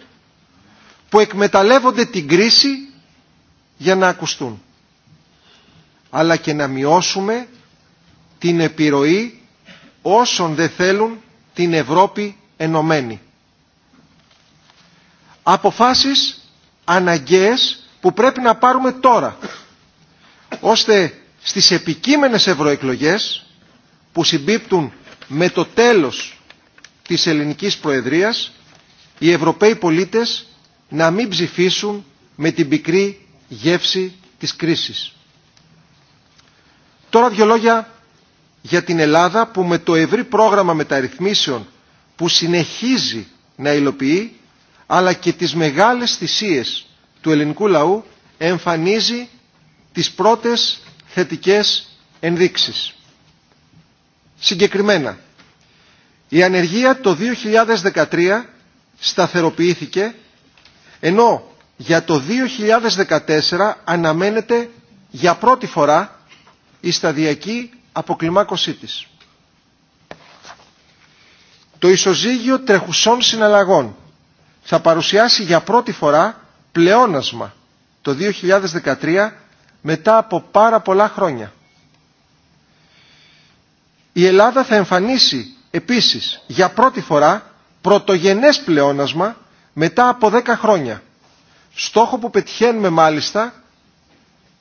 που εκμεταλλεύονται την κρίση για να ακουστούν αλλά και να μειώσουμε την επιρροή όσων δεν θέλουν την Ευρώπη ενωμένη. Αποφάσεις αναγκαίες που πρέπει να πάρουμε τώρα, ώστε στις επικείμενες ευρωεκλογές που συμπίπτουν με το τέλος της ελληνικής προεδρίας, οι Ευρωπαίοι πολίτες να μην ψηφίσουν με την πικρή γεύση της κρίσης. Τώρα δύο λόγια για την Ελλάδα που με το ευρύ πρόγραμμα μεταρρυθμίσεων που συνεχίζει να υλοποιεί αλλά και τις μεγάλες θυσίες του ελληνικού λαού εμφανίζει τις πρώτες θετικές ενδείξεις. Συγκεκριμένα, η ανεργία το 2013 σταθεροποιήθηκε, ενώ για το 2014 αναμένεται για πρώτη φορά η σταδιακή αποκλιμάκωσή της. Το ισοζύγιο τρεχουσών συναλλαγών θα παρουσιάσει για πρώτη φορά πλεόνασμα το 2013 μετά από πάρα πολλά χρόνια. Η Ελλάδα θα εμφανίσει επίσης για πρώτη φορά πρωτογενές πλεόνασμα μετά από 10 χρόνια. Στόχο που πετυχαίνουμε μάλιστα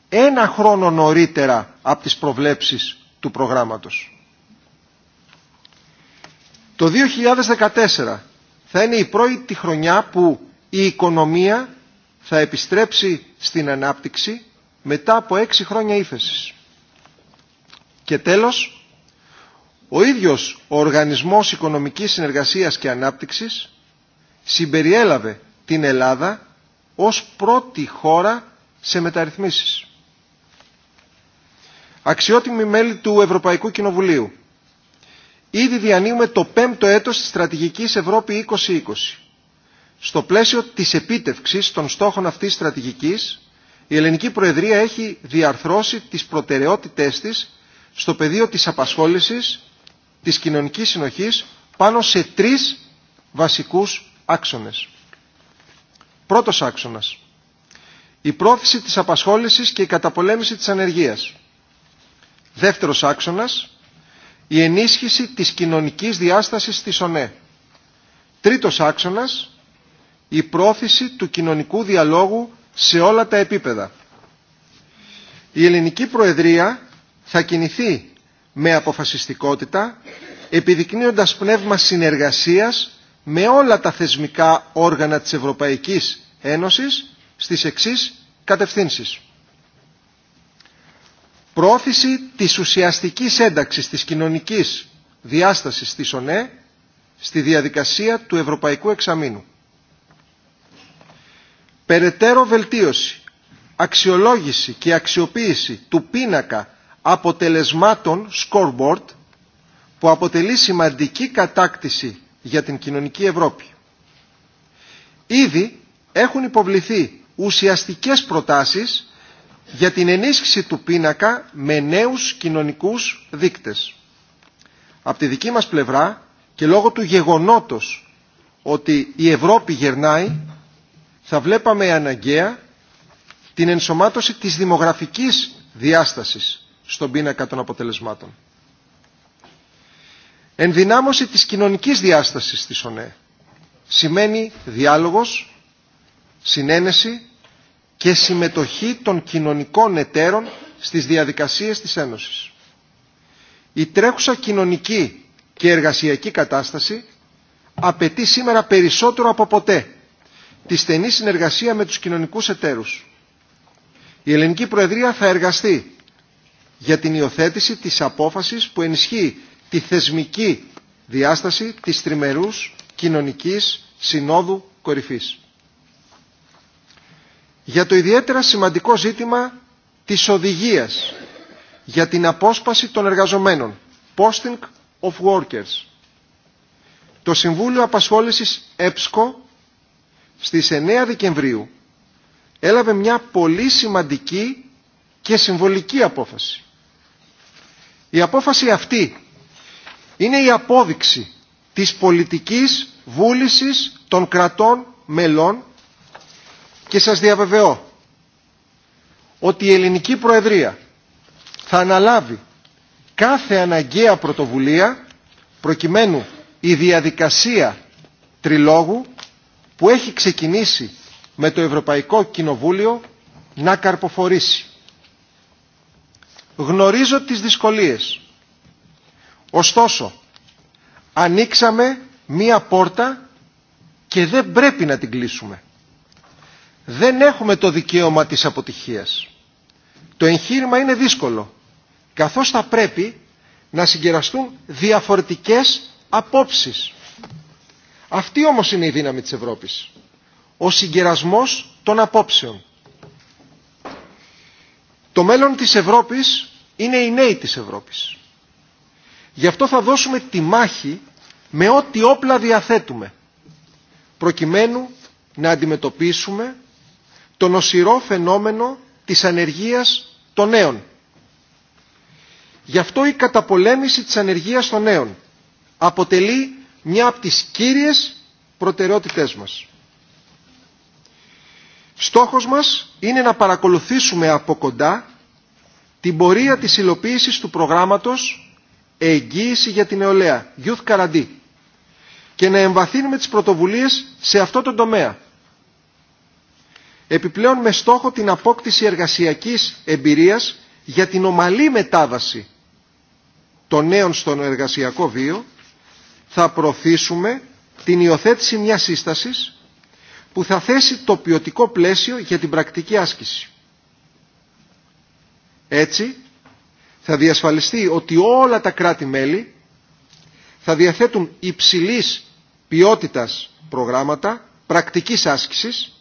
ένα χρόνο νωρίτερα από τις προβλέψεις του προγράμματος. Το 2014 θα είναι η πρώτη χρονιά που η οικονομία θα επιστρέψει στην ανάπτυξη μετά από έξι χρόνια ύφεσης. Και τέλος, ο ίδιος ο Οργανισμός Οικονομικής Συνεργασίας και Ανάπτυξης συμπεριέλαβε την Ελλάδα ως πρώτη χώρα σε μεταρρυθμίσεις. Αξιότιμη μέλη του Ευρωπαϊκού Κοινοβουλίου, ήδη διανύουμε το πέμπτο έτος της στρατηγικής Ευρώπη 2020 στο πλαίσιο της επίτευξης των στόχων αυτής στρατηγικής, η Ελληνική Προεδρία έχει διαρθρώσει τις προτεραιότητές της στο πεδίο της απασχόλησης, της κοινωνικής συνοχής, πάνω σε τρεις βασικούς άξονες. Πρώτος άξονας. Η πρόθεση της απασχόλησης και η καταπολέμηση της ανεργίας. Δεύτερος άξονας. Η ενίσχυση της κοινωνικής διάστασης της ΟΝΕ. Τρίτος άξονας η πρόθεση του κοινωνικού διαλόγου σε όλα τα επίπεδα. Η ελληνική προεδρία θα κινηθεί με αποφασιστικότητα επιδεικνύοντας πνεύμα συνεργασίας με όλα τα θεσμικά όργανα της Ευρωπαϊκής Ένωσης στις εξής κατευθύνσεις. Πρόθεση της ουσιαστικής ένταξης της κοινωνικής διάστασης της ΟΝΕ στη διαδικασία του Ευρωπαϊκού Εξαμήνου περαιτέρω βελτίωση, αξιολόγηση και αξιοποίηση του πίνακα αποτελεσμάτων scoreboard που αποτελεί σημαντική κατάκτηση για την κοινωνική Ευρώπη. Ήδη έχουν υποβληθεί ουσιαστικές προτάσεις για την ενίσχυση του πίνακα με νέους κοινωνικούς δείκτες. Από τη δική μας πλευρά και λόγω του γεγονότος ότι η Ευρώπη γερνάει θα βλέπαμε αναγκαία την ενσωμάτωση της δημογραφικής διάστασης στον πίνακα των αποτελεσμάτων. Ενδυνάμωση της κοινωνικής διάστασης της ΟΝΕ σημαίνει διάλογος, συνένεση και συμμετοχή των κοινωνικών εταίρων στις διαδικασίες της Ένωσης. Η τρέχουσα κοινωνική και εργασιακή κατάσταση απαιτεί σήμερα περισσότερο από ποτέ τη στενή συνεργασία με τους κοινωνικούς εταίρους. Η Ελληνική Προεδρία θα εργαστεί για την υιοθέτηση της απόφασης που ενισχύει τη θεσμική διάσταση της τριμερούς κοινωνικής συνόδου κορυφής. Για το ιδιαίτερα σημαντικό ζήτημα της οδηγίας για την απόσπαση των εργαζομένων, posting of workers. Το Συμβούλιο Απασχόλησης ΕΠΣΚΟ στις 9 Δεκεμβρίου έλαβε μια πολύ σημαντική και συμβολική απόφαση. Η απόφαση αυτή είναι η απόδειξη της πολιτικής βούλησης των κρατών μελών και σας διαβεβαιώ ότι η ελληνική προεδρία θα αναλάβει κάθε αναγκαία πρωτοβουλία προκειμένου η διαδικασία τριλόγου που έχει ξεκινήσει με το Ευρωπαϊκό Κοινοβούλιο να καρποφορήσει. Γνωρίζω τις δυσκολίες. Ωστόσο, ανοίξαμε μία πόρτα και δεν πρέπει να την κλείσουμε. Δεν έχουμε το δικαίωμα της αποτυχίας. Το εγχείρημα είναι δύσκολο, καθώς θα πρέπει να συγκεραστούν διαφορετικές απόψεις. Αυτή όμως είναι η δύναμη της Ευρώπης. Ο συγκερασμός των απόψεων. Το μέλλον της Ευρώπης είναι οι νέοι της Ευρώπης. Γι' αυτό θα δώσουμε τη μάχη με ό,τι όπλα διαθέτουμε, προκειμένου να αντιμετωπίσουμε το νοσηρό φαινόμενο της ανεργίας των νέων. Γι' αυτό η καταπολέμηση της ανεργίας των νέων αποτελεί μια από τις κύριες προτεραιότητές μας. Στόχος μας είναι να παρακολουθήσουμε από κοντά την πορεία της υλοποίησης του προγράμματος «Εγγύηση για την νεολαία» Youth καρατί, και να εμβαθύνουμε τις πρωτοβουλίες σε αυτό το τομέα. Επιπλέον με στόχο την απόκτηση εργασιακής εμπειρίας για την ομαλή μετάβαση των νέων στον εργασιακό βίο θα προωθήσουμε την υιοθέτηση μιας σύστασης που θα θέσει το ποιοτικό πλαίσιο για την πρακτική άσκηση. Έτσι, θα διασφαλιστεί ότι όλα τα κράτη-μέλη θα διαθέτουν υψηλής ποιότητας προγράμματα πρακτικής άσκησης,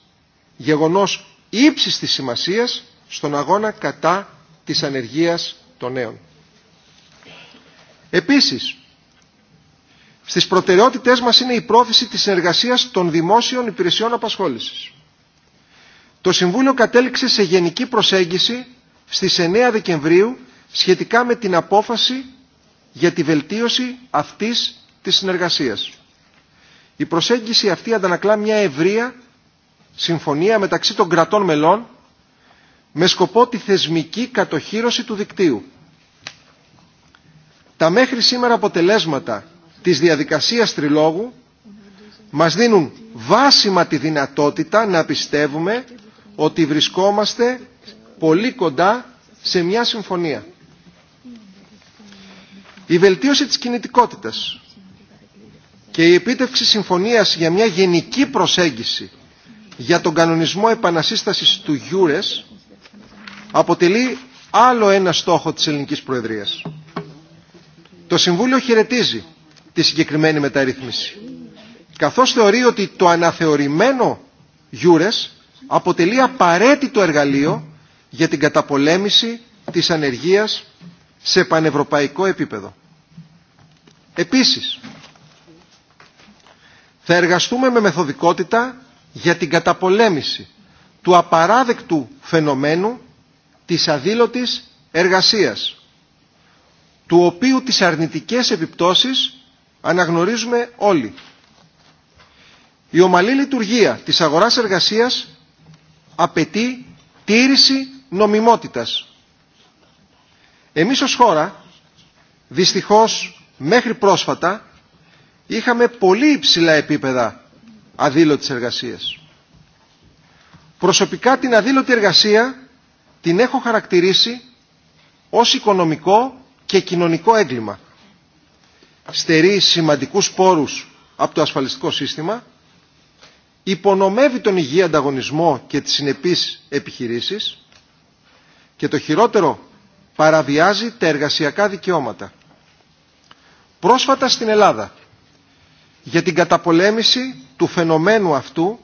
γεγονός ύψης της σημασίας στον αγώνα κατά της ανεργίας των νέων. Επίσης, στις προτεραιότητές μας είναι η πρόθεση της συνεργασίας των δημόσιων υπηρεσιών απασχόλησης. Το Συμβούλιο κατέληξε σε γενική προσέγγιση στις 9 Δεκεμβρίου σχετικά με την απόφαση για τη βελτίωση αυτής της συνεργασίας. Η προσέγγιση αυτή αντανακλά μια ευρεία συμφωνία μεταξύ των κρατών μελών με σκοπό τη θεσμική κατοχήρωση του δικτύου. Τα μέχρι σήμερα αποτελέσματα της διαδικασίας τριλόγου μας δίνουν βάσιμα τη δυνατότητα να πιστεύουμε ότι βρισκόμαστε πολύ κοντά σε μια συμφωνία. Η βελτίωση της κινητικότητας και η επίτευξη συμφωνίας για μια γενική προσέγγιση για τον κανονισμό επανασύστασης του Γιούρες αποτελεί άλλο ένα στόχο της ελληνικής προεδρίας. Το Συμβούλιο χαιρετίζει τη συγκεκριμένη μεταρρύθμιση. Καθώς θεωρεί ότι το αναθεωρημένο Γιούρες αποτελεί απαραίτητο εργαλείο για την καταπολέμηση της ανεργίας σε πανευρωπαϊκό επίπεδο. Επίσης, θα εργαστούμε με μεθοδικότητα για την καταπολέμηση του απαράδεκτου φαινομένου της αδήλωτης εργασίας, του οποίου τις αρνητικές επιπτώσεις αναγνωρίζουμε όλοι. Η ομαλή λειτουργία της αγοράς εργασίας απαιτεί τήρηση νομιμότητας. Εμείς ως χώρα, δυστυχώς μέχρι πρόσφατα, είχαμε πολύ υψηλά επίπεδα αδήλωτης εργασίας. Προσωπικά την αδήλωτη εργασία την έχω χαρακτηρίσει ως οικονομικό και κοινωνικό έγκλημα στερεί σημαντικούς πόρους από το ασφαλιστικό σύστημα, υπονομεύει τον υγιή ανταγωνισμό και τις συνεπείς επιχειρήσεις και το χειρότερο παραβιάζει τα εργασιακά δικαιώματα. Πρόσφατα στην Ελλάδα, για την καταπολέμηση του φαινομένου αυτού,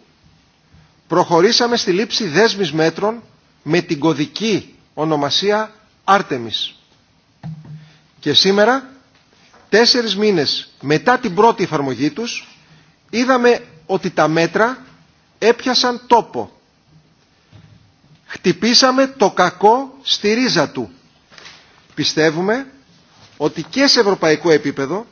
προχωρήσαμε στη λήψη δέσμης μέτρων με την κωδική ονομασία Άρτεμις. Και σήμερα τέσσερις μήνες μετά την πρώτη εφαρμογή τους, είδαμε ότι τα μέτρα έπιασαν τόπο. Χτυπήσαμε το κακό στη ρίζα του. Πιστεύουμε ότι και σε ευρωπαϊκό επίπεδο,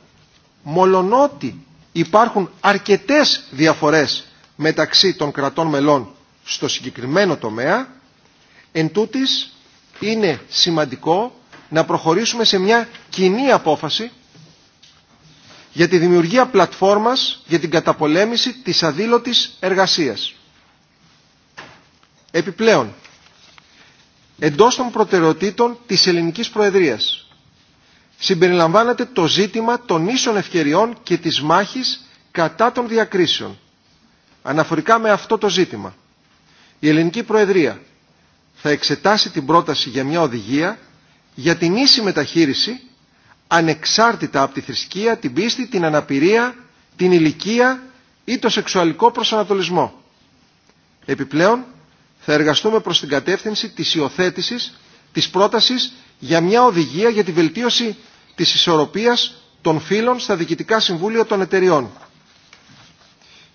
μολονότι υπάρχουν αρκετές διαφορές μεταξύ των κρατών μελών στο συγκεκριμένο τομέα, εν είναι σημαντικό να προχωρήσουμε σε μια κοινή απόφαση για τη δημιουργία πλατφόρμας για την καταπολέμηση της αδήλωτης εργασίας. Επιπλέον, εντός των προτεραιοτήτων της ελληνικής προεδρίας συμπεριλαμβάνεται το ζήτημα των ίσων ευκαιριών και της μάχης κατά των διακρίσεων. Αναφορικά με αυτό το ζήτημα, η ελληνική προεδρία θα εξετάσει την πρόταση για μια οδηγία για την ίση μεταχείριση ανεξάρτητα από τη θρησκεία, την πίστη, την αναπηρία, την ηλικία ή το σεξουαλικό προσανατολισμό. Επιπλέον, θα εργαστούμε προς την κατεύθυνση της υιοθέτηση της πρότασης για μια οδηγία για τη βελτίωση της ισορροπίας των φύλων στα διοικητικά συμβούλια των εταιριών.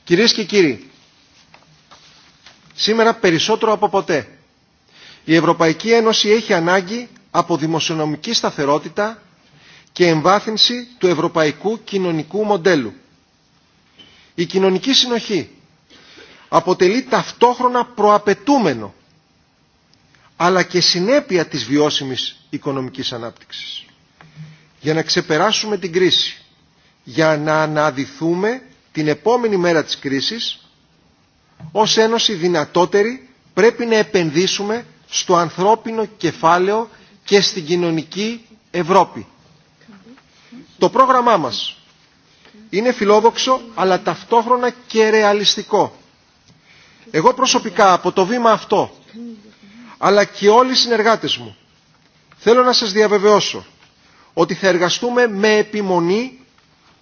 Κυρίες και κύριοι, σήμερα περισσότερο από ποτέ η Ευρωπαϊκή Ένωση έχει ανάγκη από δημοσιονομική σταθερότητα, και εμβάθυνση του ευρωπαϊκού κοινωνικού μοντέλου. Η κοινωνική συνοχή αποτελεί ταυτόχρονα προαπαιτούμενο αλλά και συνέπεια της βιώσιμης οικονομικής ανάπτυξης. Για να ξεπεράσουμε την κρίση, για να αναδυθούμε την επόμενη μέρα της κρίσης, ως Ένωση δυνατότερη πρέπει να επενδύσουμε στο ανθρώπινο κεφάλαιο και στην κοινωνική Ευρώπη. Το πρόγραμμά μας είναι φιλόδοξο αλλά ταυτόχρονα και ρεαλιστικό. Εγώ προσωπικά από το βήμα αυτό αλλά και όλοι οι συνεργάτες μου θέλω να σας διαβεβαιώσω ότι θα εργαστούμε με επιμονή,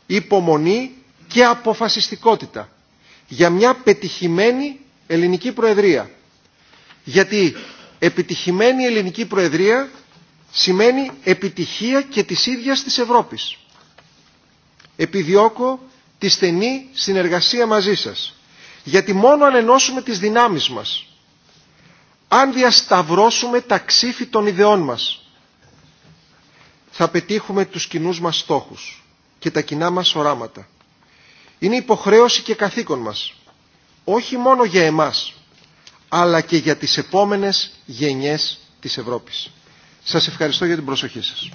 υπομονή και αποφασιστικότητα για μια πετυχημένη ελληνική προεδρία. Γιατί επιτυχημένη ελληνική προεδρία σημαίνει επιτυχία και της ίδιας της Ευρώπης επιδιώκω τη στενή συνεργασία μαζί σας. Γιατί μόνο αν ενώσουμε τις δυνάμεις μας, αν διασταυρώσουμε τα ξύφη των ιδεών μας, θα πετύχουμε τους κοινούς μας στόχους και τα κοινά μας οράματα. Είναι υποχρέωση και καθήκον μας, όχι μόνο για εμάς, αλλά και για τις επόμενες γενιές της Ευρώπης. Σας ευχαριστώ για την προσοχή σας.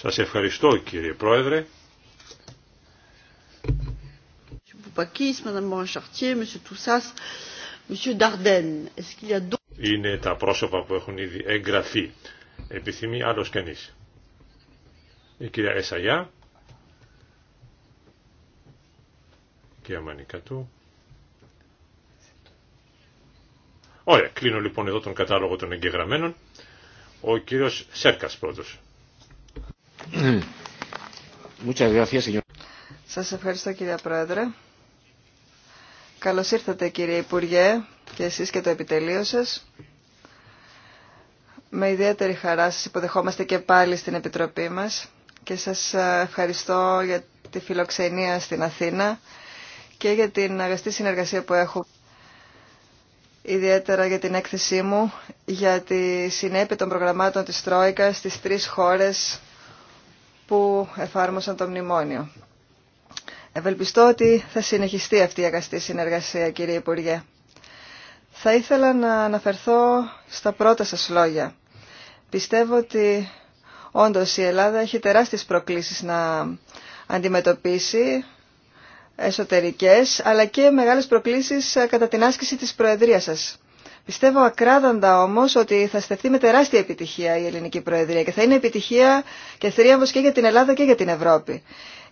Σας ευχαριστώ κύριε Πρόεδρε. Είναι τα πρόσωπα που έχουν ήδη εγγραφεί. Επιθυμεί άλλος κανείς. Η κυρία Εσαγιά. Κυρία Μανικατού. Ωραία, κλείνω λοιπόν εδώ τον κατάλογο των εγγεγραμμένων. Ο κύριος Σέρκας πρώτος. Σας ευχαριστώ κύριε Πρόεδρε. Καλώς ήρθατε κύριε Υπουργέ και εσείς και το επιτελείο σας. Με ιδιαίτερη χαρά σας υποδεχόμαστε και πάλι στην Επιτροπή μας και σας ε, ευχαριστώ για τη φιλοξενία στην Αθήνα και για την αγαστή συνεργασία που έχουμε ιδιαίτερα για την έκθεσή μου, για τη συνέπεια των προγραμμάτων της Τρόικας στις τρεις χώρες που εφάρμοσαν το μνημόνιο. Ευελπιστώ ότι θα συνεχιστεί αυτή η αγαστή συνεργασία, κύριε Υπουργέ. Θα ήθελα να αναφερθώ στα πρώτα σας λόγια. Πιστεύω ότι όντως η Ελλάδα έχει τεράστιες προκλήσεις να αντιμετωπίσει εσωτερικές, αλλά και μεγάλες προκλήσεις ε, κατά την άσκηση της Προεδρίας σας. Πιστεύω ακράδαντα όμως ότι θα στεφτεί με τεράστια επιτυχία η ελληνική Προεδρία και θα είναι επιτυχία και θρίαμβος και για την Ελλάδα και για την Ευρώπη.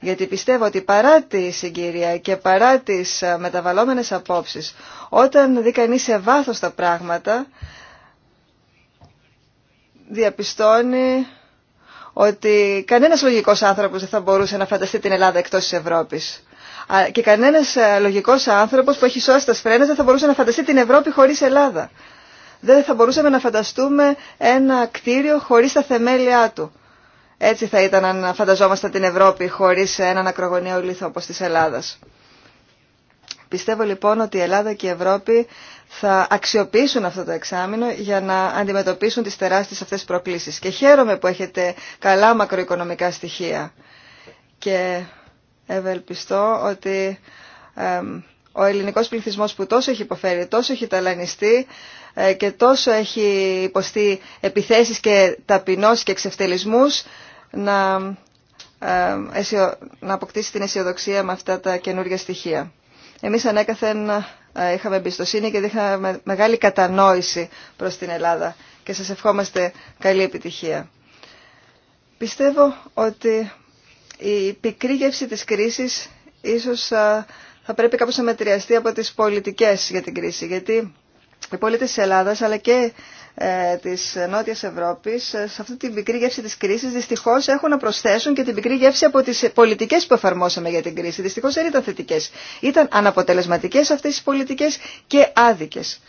Γιατί πιστεύω ότι παρά τη συγκυρία και παρά τις ε, μεταβαλλόμενες απόψεις, όταν δει κανείς σε βάθος τα πράγματα, διαπιστώνει ότι κανένας λογικός άνθρωπος δεν θα μπορούσε να φανταστεί την Ελλάδα εκτός της Ευρώπης. Και κανένα ε, λογικό άνθρωπο που έχει σώσει τα σφρένα δεν θα μπορούσε να φανταστεί την Ευρώπη χωρί Ελλάδα. Δεν θα μπορούσαμε να φανταστούμε ένα κτίριο χωρί τα θεμέλια του. Έτσι θα ήταν αν φανταζόμασταν την Ευρώπη χωρί έναν ακρογωνιαίο λίθο όπω τη Ελλάδα. Πιστεύω λοιπόν ότι η Ελλάδα και η Ευρώπη θα αξιοποιήσουν αυτό το εξάμεινο για να αντιμετωπίσουν τις τεράστιες αυτές προκλήσεις. Και χαίρομαι που έχετε καλά μακροοικονομικά στοιχεία. Και ευελπιστώ ότι ο ελληνικός πληθυσμός που τόσο έχει υποφέρει, τόσο έχει ταλανιστεί ε, και τόσο έχει υποστεί επιθέσεις και ταπεινώσεις και εξευτελισμούς να, να αποκτήσει την αισιοδοξία με αυτά τα καινούργια στοιχεία. Εμείς ανέκαθεν ε, είχαμε εμπιστοσύνη και είχαμε μεγάλη κατανόηση προς την Ελλάδα και σας ευχόμαστε καλή επιτυχία. Πιστεύω ότι η πικρή γεύση της κρίσης ίσως θα πρέπει κάπως να μετριαστεί από τις πολιτικές για την κρίση. Γιατί οι πολίτες της Ελλάδας αλλά και ε, της Νότιας Ευρώπης ε, σε αυτή την πικρή γεύση της κρίσης δυστυχώς έχουν να προσθέσουν και την πικρή γεύση από τις πολιτικές που εφαρμόσαμε για την κρίση. Δυστυχώς δεν ήταν θετικές. Ήταν αναποτελεσματικές αυτές οι πολιτικές και άδικες.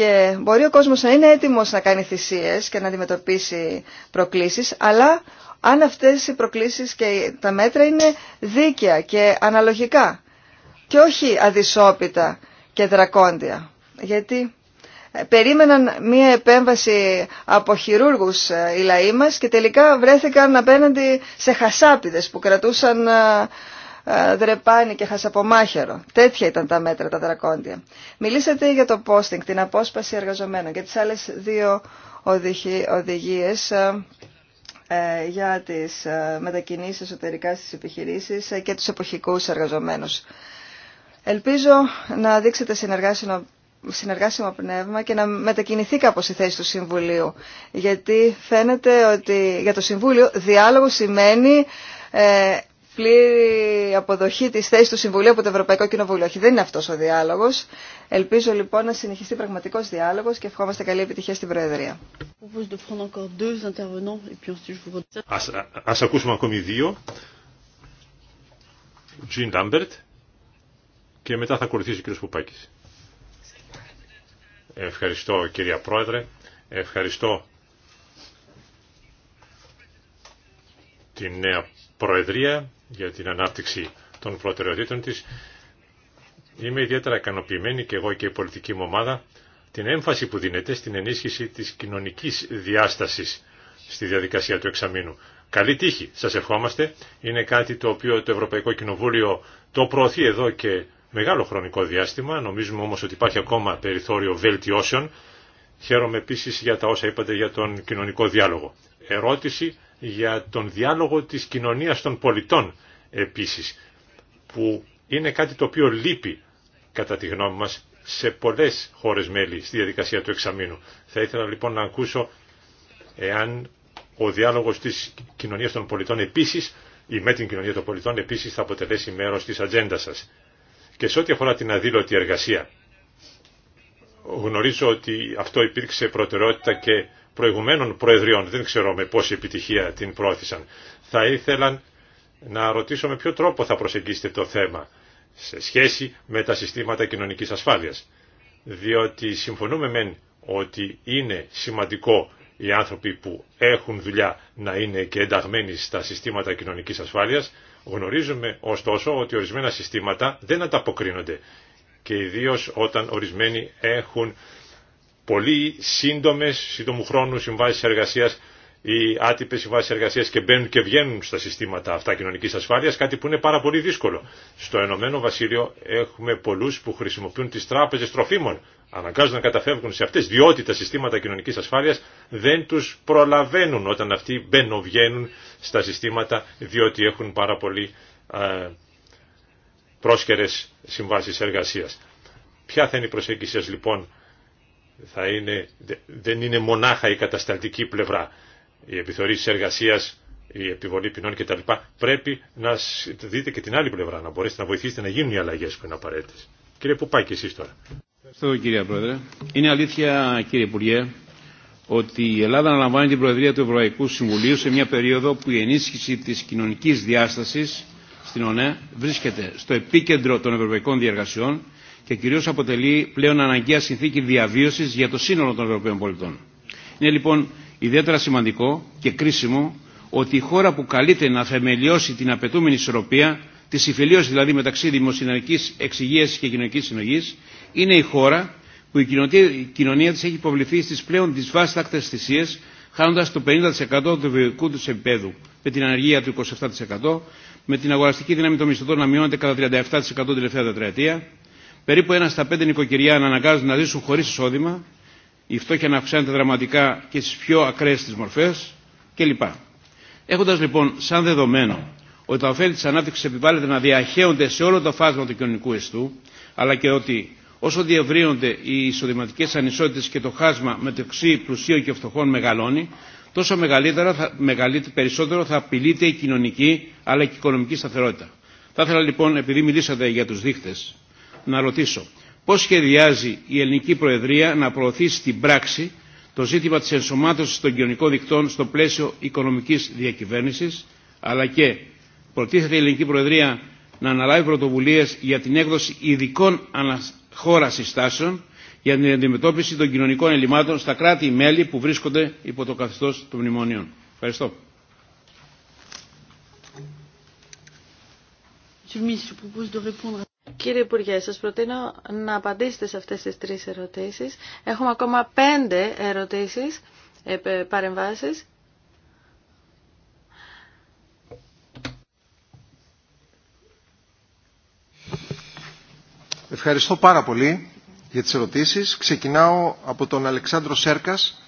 Και μπορεί ο κόσμος να είναι έτοιμος να κάνει θυσίες και να αντιμετωπίσει προκλήσεις, αλλά αν αυτές οι προκλήσεις και τα μέτρα είναι δίκαια και αναλογικά και όχι αδυσόπιτα και δρακόντια. Γιατί ε, περίμεναν μία επέμβαση από χειρούργους ε, οι λαοί μας και τελικά βρέθηκαν απέναντι σε χασάπιδες που κρατούσαν ε, ε, Δρεπάνη και χασαπομάχαιρο. Τέτοια ήταν τα μέτρα τα δρακόντια. Μιλήσατε για το posting, την απόσπαση εργαζομένων και τις άλλες δύο οδηγίες ε, ε, για τις μετακινήσεις εσωτερικά στις επιχειρήσεις και τους εποχικούς εργαζομένους. Ελπίζω να δείξετε συνεργάσιμο, συνεργάσιμο πνεύμα και να μετακινηθεί κάπως η θέση του Συμβουλίου. Γιατί φαίνεται ότι για το Συμβούλιο διάλογο σημαίνει πλήρη αποδοχή της θέσης του Συμβουλίου από το Ευρωπαϊκό Κοινοβούλιο. Όχι, δεν είναι αυτός ο διάλογος. Ελπίζω λοιπόν να συνεχιστεί πραγματικός διάλογος και ευχόμαστε καλή επιτυχία στην Προεδρία. Ας, ακούσουμε ακόμη δύο. Τζιν Λάμπερτ και μετά θα ακολουθήσει ο κ. Πουπάκης. Ευχαριστώ κυρία Πρόεδρε, ευχαριστώ την νέα Προεδρία για την ανάπτυξη των προτεραιοτήτων της. Είμαι ιδιαίτερα ικανοποιημένη και εγώ και η πολιτική μου ομάδα την έμφαση που δίνεται στην ενίσχυση της κοινωνικής διάστασης στη διαδικασία του εξαμήνου. Καλή τύχη, σας ευχόμαστε. Είναι κάτι το οποίο το Ευρωπαϊκό Κοινοβούλιο το προωθεί εδώ και μεγάλο χρονικό διάστημα. Νομίζουμε όμως ότι υπάρχει ακόμα περιθώριο βελτιώσεων. Χαίρομαι επίσης για τα όσα είπατε για τον κοινωνικό διάλογο. Ερώτηση για τον διάλογο της κοινωνίας των πολιτών επίσης, που είναι κάτι το οποίο λείπει κατά τη γνώμη μας σε πολλές χώρες μέλη στη διαδικασία του εξαμήνου. Θα ήθελα λοιπόν να ακούσω εάν ο διάλογος της κοινωνίας των πολιτών επίσης ή με την κοινωνία των πολιτών επίσης θα αποτελέσει μέρος της ατζέντα σας. Και σε ό,τι αφορά την αδήλωτη εργασία, γνωρίζω ότι αυτό υπήρξε προτεραιότητα και προηγουμένων προεδριών, δεν ξέρω με πόση επιτυχία την πρόθεσαν. θα ήθελαν να ρωτήσω με ποιο τρόπο θα προσεγγίσετε το θέμα σε σχέση με τα συστήματα κοινωνικής ασφάλειας. Διότι συμφωνούμε μεν ότι είναι σημαντικό οι άνθρωποι που έχουν δουλειά να είναι και ενταγμένοι στα συστήματα κοινωνικής ασφάλειας, γνωρίζουμε ωστόσο ότι ορισμένα συστήματα δεν ανταποκρίνονται και ιδίως όταν ορισμένοι έχουν πολύ σύντομε σύντομου χρόνου συμβάσει εργασία ή άτυπε συμβάσει εργασία και μπαίνουν και βγαίνουν στα συστήματα αυτά κοινωνική ασφάλεια, κάτι που είναι πάρα πολύ δύσκολο. Στο Ενωμένο Βασίλειο έχουμε πολλού που χρησιμοποιούν τι τράπεζε τροφίμων. Αναγκάζονται να καταφεύγουν σε αυτέ, διότι τα συστήματα κοινωνική ασφάλεια δεν του προλαβαίνουν όταν αυτοί μπαίνουν, βγαίνουν στα συστήματα, διότι έχουν πάρα πολύ ε, πρόσκαιρε συμβάσει εργασία. Ποια θα είναι η προσέγγιση σας λοιπόν θα δεν είναι μονάχα η κατασταλτική πλευρά. η τη εργασία, η επιβολή ποινών κτλ. Πρέπει να δείτε και την άλλη πλευρά, να μπορέσετε να βοηθήσετε να γίνουν οι αλλαγέ που είναι απαραίτητε. Κύριε Πουπάκη, εσεί τώρα. Ευχαριστώ κύριε Πρόεδρε. Είναι αλήθεια κύριε Υπουργέ ότι η Ελλάδα αναλαμβάνει την Προεδρία του Ευρωπαϊκού Συμβουλίου σε μια περίοδο που η ενίσχυση τη κοινωνική διάσταση στην ΟΝΕ βρίσκεται στο επίκεντρο των ευρωπαϊκών διεργασιών και κυρίως αποτελεί πλέον αναγκαία συνθήκη διαβίωσης για το σύνολο των Ευρωπαίων πολιτών. Είναι λοιπόν ιδιαίτερα σημαντικό και κρίσιμο ότι η χώρα που καλείται να θεμελιώσει την απαιτούμενη ισορροπία, τη συμφιλίωση δηλαδή μεταξύ δημοσιονομικής εξυγίασης και κοινωνικής συνογής, είναι η χώρα που η κοινωνία της έχει υποβληθεί στις πλέον δυσβάστακτες θυσίες, χάνοντας το 50% του βιωτικού του επίπεδου, με την ανεργία του 27%, με την αγοραστική δύναμη των μισθωτών να μειώνεται κατά 37% την τελευταία τετραετία, Περίπου ένα στα πέντε νοικοκυριά αναγκάζονται να ζήσουν χωρί εισόδημα, η φτώχεια να αυξάνεται δραματικά και στι πιο ακραίε τη μορφέ κλπ. Έχοντα λοιπόν σαν δεδομένο ότι τα ωφέλη τη ανάπτυξη επιβάλλεται να διαχέονται σε όλο το φάσμα του κοινωνικού ιστού, αλλά και ότι όσο διευρύνονται οι εισοδηματικέ ανισότητε και το χάσμα μεταξύ πλουσίων και φτωχών μεγαλώνει, τόσο μεγαλύτερα, θα, περισσότερο θα απειλείται η κοινωνική αλλά και η οικονομική σταθερότητα. Θα ήθελα λοιπόν, επειδή μιλήσατε για του δείχτε να ρωτήσω πώς σχεδιάζει η ελληνική Προεδρία να προωθήσει στην πράξη το ζήτημα της ενσωμάτωσης των κοινωνικών δικτών στο πλαίσιο οικονομικής διακυβέρνησης, αλλά και προτίθεται η ελληνική Προεδρία να αναλάβει πρωτοβουλίες για την έκδοση ειδικών αναχώρα συστάσεων για την αντιμετώπιση των κοινωνικών ελλημάτων στα κράτη-μέλη που βρίσκονται υπό το καθεστώς των μνημονίων. Ευχαριστώ. Κύριε Υπουργέ, σας προτείνω να απαντήσετε σε αυτές τις τρεις ερωτήσεις. Έχουμε ακόμα πέντε ερωτήσεις, ε, παρεμβάσεις. Ευχαριστώ πάρα πολύ για τις ερωτήσεις. Ξεκινάω από τον Αλεξάνδρο Σέρκας,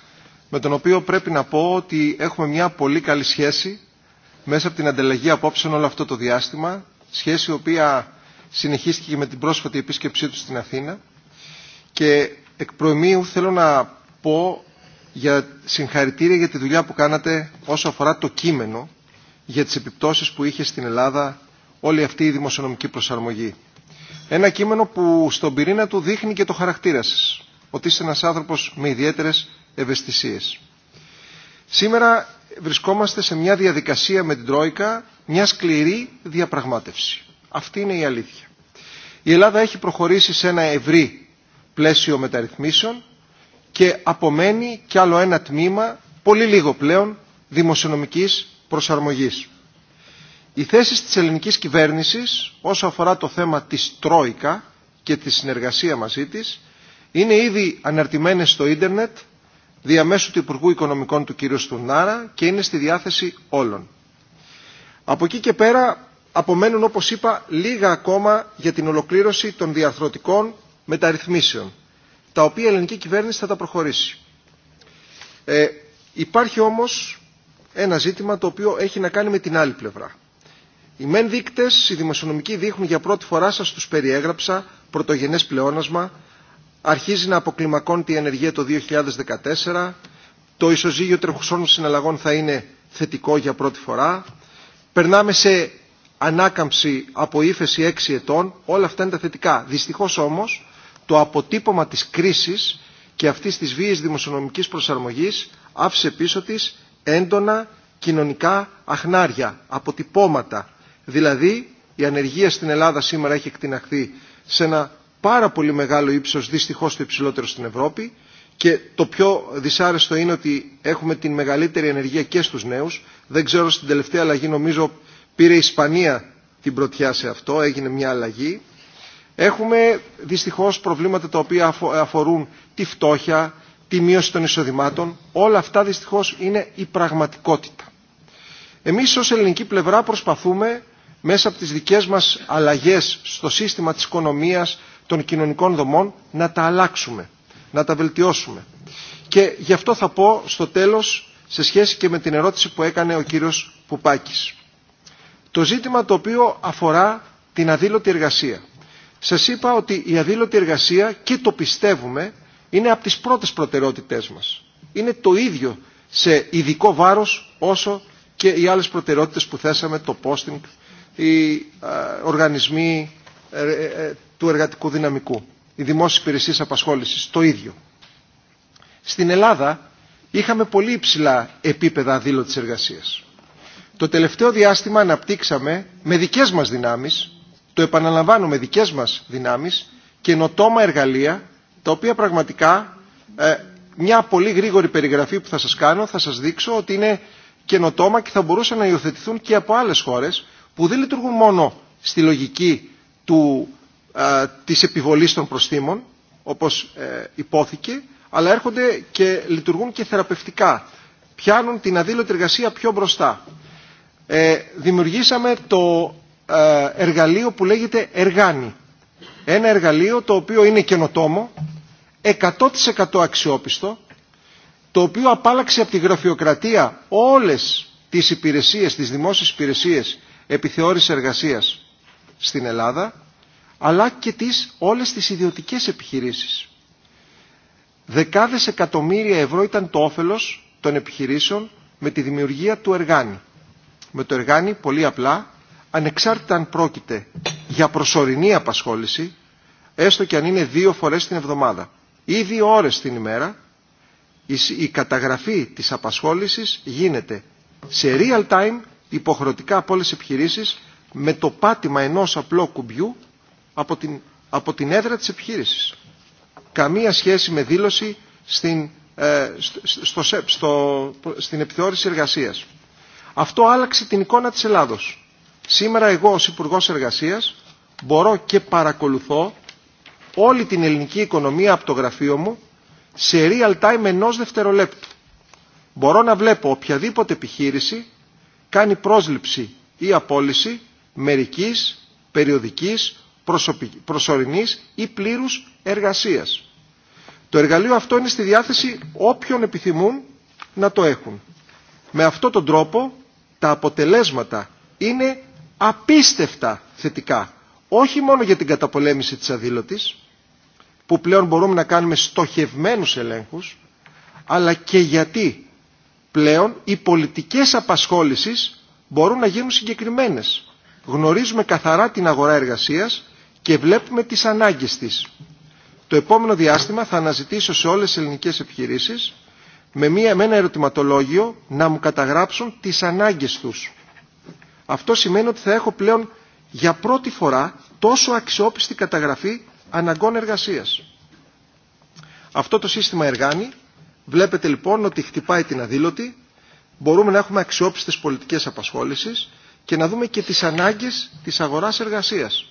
με τον οποίο πρέπει να πω ότι έχουμε μια πολύ καλή σχέση μέσα από την ανταλλαγή απόψεων όλο αυτό το διάστημα, σχέση η οποία συνεχίστηκε και με την πρόσφατη επίσκεψή του στην Αθήνα και εκ προημίου θέλω να πω για συγχαρητήρια για τη δουλειά που κάνατε όσο αφορά το κείμενο για τις επιπτώσεις που είχε στην Ελλάδα όλη αυτή η δημοσιονομική προσαρμογή. Ένα κείμενο που στον πυρήνα του δείχνει και το χαρακτήρα σας, ότι είσαι ένας άνθρωπος με ιδιαίτερες ευαισθησίες. Σήμερα βρισκόμαστε σε μια διαδικασία με την Τρόικα, μια σκληρή διαπραγμάτευση. Αυτή είναι η αλήθεια. Η Ελλάδα έχει προχωρήσει σε ένα ευρύ πλαίσιο μεταρρυθμίσεων και απομένει κι άλλο ένα τμήμα, πολύ λίγο πλέον, δημοσιονομικής προσαρμογής. Οι θέσεις της ελληνικής κυβέρνησης όσο αφορά το θέμα της Τρόικα και τη συνεργασία μαζί της είναι ήδη αναρτημένες στο ίντερνετ διαμέσου του Υπουργού Οικονομικών του κ. Στουνάρα και είναι στη διάθεση όλων. Από εκεί και πέρα απομένουν όπως είπα λίγα ακόμα για την ολοκλήρωση των διαρθρωτικών μεταρρυθμίσεων τα οποία η ελληνική κυβέρνηση θα τα προχωρήσει. Ε, υπάρχει όμως ένα ζήτημα το οποίο έχει να κάνει με την άλλη πλευρά. Οι μεν δείκτες, οι δημοσιονομικοί δείχνουν για πρώτη φορά σας τους περιέγραψα πρωτογενές πλεόνασμα, αρχίζει να αποκλιμακώνεται η ενεργία το 2014, το ισοζύγιο τρεχουσών συναλλαγών θα είναι θετικό για πρώτη φορά, περνάμε σε ανάκαμψη από ύφεση 6 ετών, όλα αυτά είναι τα θετικά. Δυστυχώς όμως το αποτύπωμα της κρίσης και αυτής της βίαιης δημοσιονομικής προσαρμογής άφησε πίσω της έντονα κοινωνικά αχνάρια, αποτυπώματα. Δηλαδή η ανεργία στην Ελλάδα σήμερα έχει εκτιναχθεί σε ένα πάρα πολύ μεγάλο ύψος, δυστυχώς το υψηλότερο στην Ευρώπη και το πιο δυσάρεστο είναι ότι έχουμε την μεγαλύτερη ανεργία και στους νέους. Δεν ξέρω στην τελευταία αλλαγή νομίζω Πήρε η Ισπανία την πρωτιά σε αυτό, έγινε μια αλλαγή. Έχουμε δυστυχώς προβλήματα τα οποία αφορούν τη φτώχεια, τη μείωση των εισοδημάτων. Όλα αυτά δυστυχώς είναι η πραγματικότητα. Εμείς ως ελληνική πλευρά προσπαθούμε μέσα από τις δικές μας αλλαγές στο σύστημα της οικονομίας των κοινωνικών δομών να τα αλλάξουμε, να τα βελτιώσουμε. Και γι' αυτό θα πω στο τέλος σε σχέση και με την ερώτηση που έκανε ο κύριος Πουπάκης το ζήτημα το οποίο αφορά την αδήλωτη εργασία. Σας είπα ότι η αδήλωτη εργασία και το πιστεύουμε είναι από τις πρώτες προτεραιότητές μας. Είναι το ίδιο σε ειδικό βάρος όσο και οι άλλες προτεραιότητες που θέσαμε, το posting, οι οργανισμοί ε, ε, ε, του εργατικού δυναμικού, οι δημόσιες υπηρεσίες απασχόλησης, το ίδιο. Στην Ελλάδα είχαμε πολύ υψηλά επίπεδα αδήλωτης εργασίας. Το τελευταίο διάστημα αναπτύξαμε με δικές μας δυνάμεις, το επαναλαμβάνω με δικές μας δυνάμεις, καινοτόμα εργαλεία, τα οποία πραγματικά ε, μια πολύ γρήγορη περιγραφή που θα σας κάνω θα σας δείξω ότι είναι καινοτόμα και θα μπορούσαν να υιοθετηθούν και από άλλες χώρες που δεν λειτουργούν μόνο στη λογική του, ε, της επιβολής των προστήμων, όπως ε, υπόθηκε, αλλά έρχονται και λειτουργούν και θεραπευτικά. Πιάνουν την αδήλωτη εργασία πιο μπροστά. Ε, δημιουργήσαμε το ε, εργαλείο που λέγεται Εργάνη. Ένα εργαλείο το οποίο είναι καινοτόμο, 100% αξιόπιστο, το οποίο απάλαξε από τη γραφειοκρατία όλες τις υπηρεσίες, τις δημόσιες υπηρεσίες επιθεώρησης εργασίας στην Ελλάδα, αλλά και τις, όλες τις ιδιωτικές επιχειρήσεις. Δεκάδες εκατομμύρια ευρώ ήταν το όφελος των επιχειρήσεων με τη δημιουργία του Εργάνι με το εργάνι πολύ απλά, ανεξάρτητα αν πρόκειται για προσωρινή απασχόληση, έστω και αν είναι δύο φορές την εβδομάδα ή δύο ώρες την ημέρα, η καταγραφή της απασχόλησης γίνεται σε real time υποχρεωτικά από όλες επιχειρήσεις με το πάτημα ενός απλό κουμπιού από την, από την έδρα της επιχείρησης. Καμία σχέση με δήλωση στην, ε, στο, επιθεώρηση εργασίας. Αυτό άλλαξε την εικόνα της Ελλάδος. Σήμερα εγώ ως υπουργό Εργασίας μπορώ και παρακολουθώ όλη την ελληνική οικονομία από το γραφείο μου σε real time ενός δευτερολέπτου. Μπορώ να βλέπω οποιαδήποτε επιχείρηση κάνει πρόσληψη ή απόλυση μερικής, περιοδικής, προσωρινής ή πλήρους εργασίας. Το εργαλείο αυτό είναι στη διάθεση όποιων επιθυμούν να το έχουν. Με αυτόν τον τρόπο τα αποτελέσματα είναι απίστευτα θετικά. Όχι μόνο για την καταπολέμηση της αδήλωτης, που πλέον μπορούμε να κάνουμε στοχευμένους ελέγχους, αλλά και γιατί πλέον οι πολιτικές απασχόλησης μπορούν να γίνουν συγκεκριμένες. Γνωρίζουμε καθαρά την αγορά εργασίας και βλέπουμε τις ανάγκες της. Το επόμενο διάστημα θα αναζητήσω σε όλες τις ελληνικές επιχειρήσεις με, μία, με ένα ερωτηματολόγιο να μου καταγράψουν τις ανάγκες τους. Αυτό σημαίνει ότι θα έχω πλέον για πρώτη φορά τόσο αξιόπιστη καταγραφή αναγκών εργασίας. Αυτό το σύστημα εργάνει. Βλέπετε λοιπόν ότι χτυπάει την αδήλωτη. Μπορούμε να έχουμε αξιόπιστες πολιτικές απασχόλησης και να δούμε και τις ανάγκες της αγοράς εργασίας.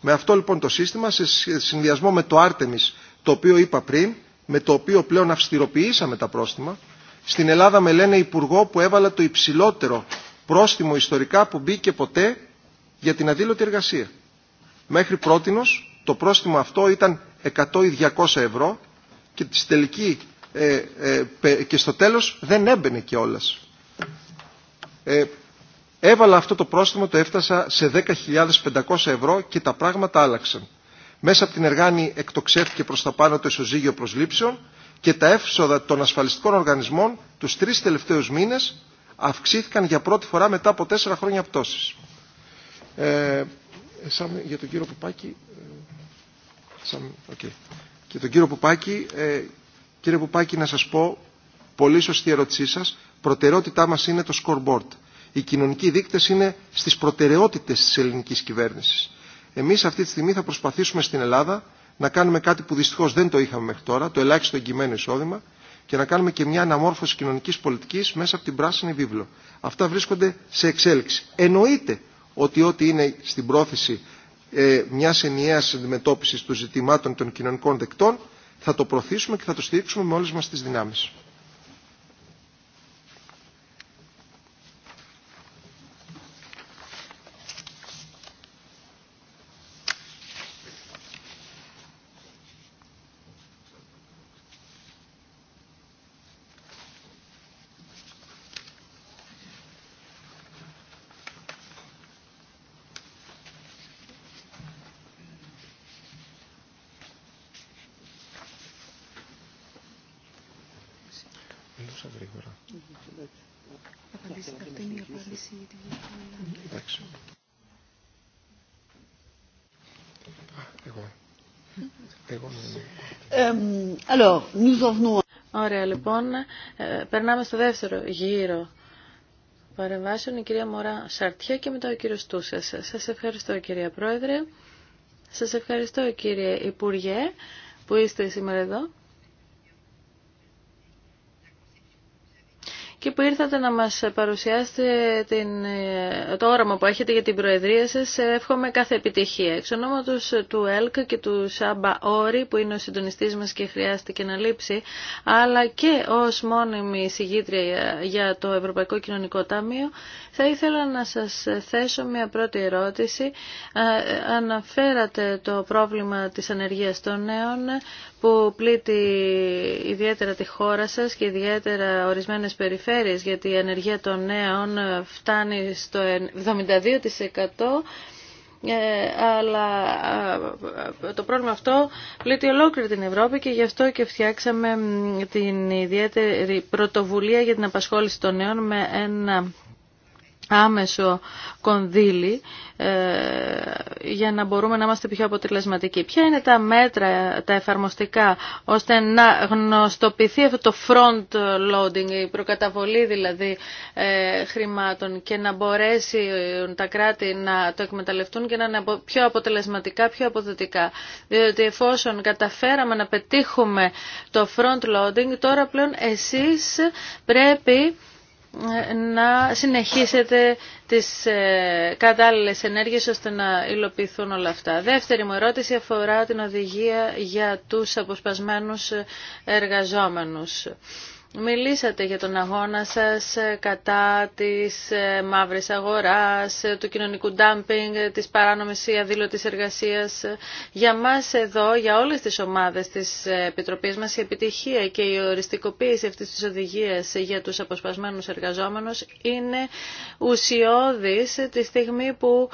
Με αυτό λοιπόν το σύστημα, σε συνδυασμό με το Άρτεμις, το οποίο είπα πριν, με το οποίο πλέον αυστηροποιήσαμε τα πρόστιμα, στην Ελλάδα με λένε υπουργό που έβαλα το υψηλότερο πρόστιμο ιστορικά που μπήκε ποτέ για την αδήλωτη εργασία. Μέχρι πρότινος το πρόστιμο αυτό ήταν 100 ή 200 ευρώ και, τελική, ε, ε, και στο τέλος δεν έμπαινε κιόλα. Ε, έβαλα αυτό το πρόστιμο, το έφτασα σε 10.500 ευρώ και τα πράγματα άλλαξαν. Μέσα από την Εργάνη εκτοξεύτηκε προς τα πάνω το ισοζύγιο προσλήψεων και τα εύσοδα των ασφαλιστικών οργανισμών τους τρεις τελευταίους μήνες αυξήθηκαν για πρώτη φορά μετά από τέσσερα χρόνια πτώσης. Ε, σαν, για τον κύριο Πουπάκη... Ε, σαν, okay. Και τον κύριο Πουπάκη, ε, κύριε Πουπάκη, να σας πω, πολύ σωστή ερώτησή σας, προτεραιότητά μας είναι το scoreboard. Οι κοινωνικοί δείκτες είναι στις προτεραιότητες της ελληνικής κυβέρνησης. Εμείς αυτή τη στιγμή θα προσπαθήσουμε στην Ελλάδα να κάνουμε κάτι που δυστυχώς δεν το είχαμε μέχρι τώρα, το ελάχιστο εγκυμένο εισόδημα, και να κάνουμε και μια αναμόρφωση κοινωνικής πολιτικής μέσα από την πράσινη βίβλο. Αυτά βρίσκονται σε εξέλιξη. Εννοείται ότι ό,τι είναι στην πρόθεση ε, μιας ενιαίας αντιμετώπισης των ζητημάτων των κοινωνικών δεκτών, θα το προωθήσουμε και θα το στηρίξουμε με όλες μας τις δυνάμεις. Ωραία, λοιπόν. Ε, περνάμε στο δεύτερο γύρο παρεμβάσεων. Η κυρία Μωρά Σαρτιέ και μετά ο κύριο Τούσας. Σα ευχαριστώ, κυρία Πρόεδρε. Σα ευχαριστώ, κύριε Υπουργέ, που είστε σήμερα εδώ. και που ήρθατε να μας παρουσιάσετε την, το όραμα που έχετε για την Προεδρία σας. Εύχομαι κάθε επιτυχία. Εξ ονόματος του ΕΛΚ και του Σάμπα ορι που είναι ο συντονιστής μας και χρειάστηκε να λείψει αλλά και ως μόνιμη συγγήτρια για το Ευρωπαϊκό Κοινωνικό Τάμιο θα ήθελα να σας θέσω μια πρώτη ερώτηση. Αναφέρατε το πρόβλημα της ανεργία των νέων που πλήττει ιδιαίτερα τη χώρα σας και ιδιαίτερα ορισμένες περιφέρειες γιατί η ανεργία των νέων φτάνει στο 72% ε, αλλά ε, το πρόβλημα αυτό πλήττει ολόκληρη την Ευρώπη και γι' αυτό και φτιάξαμε την ιδιαίτερη πρωτοβουλία για την απασχόληση των νέων με ένα άμεσο κονδύλι ε, για να μπορούμε να είμαστε πιο αποτελεσματικοί. Ποια είναι τα μέτρα, τα εφαρμοστικά, ώστε να γνωστοποιηθεί αυτό το front loading, η προκαταβολή δηλαδή ε, χρημάτων και να μπορέσει ε, τα κράτη να το εκμεταλλευτούν και να είναι πιο αποτελεσματικά, πιο αποδοτικά. Διότι εφόσον καταφέραμε να πετύχουμε το front loading, τώρα πλέον εσείς πρέπει να συνεχίσετε τις ε, κατάλληλες ενέργειες ώστε να υλοποιηθούν όλα αυτά. Δεύτερη μου ερώτηση αφορά την οδηγία για τους αποσπασμένους εργαζόμενους. Μιλήσατε για τον αγώνα σας ε, κατά της ε, μαύρης αγοράς, ε, του κοινωνικού ντάμπινγκ, της παράνομης ή αδήλωτης εργασίας. Για μας εδώ, για όλες τις ομάδες της Επιτροπής μας, η επιτυχία και η οριστικοποίηση αυτής της οδηγίας για τους αποσπασμένους εργαζόμενους είναι ουσιώδης τη στιγμή που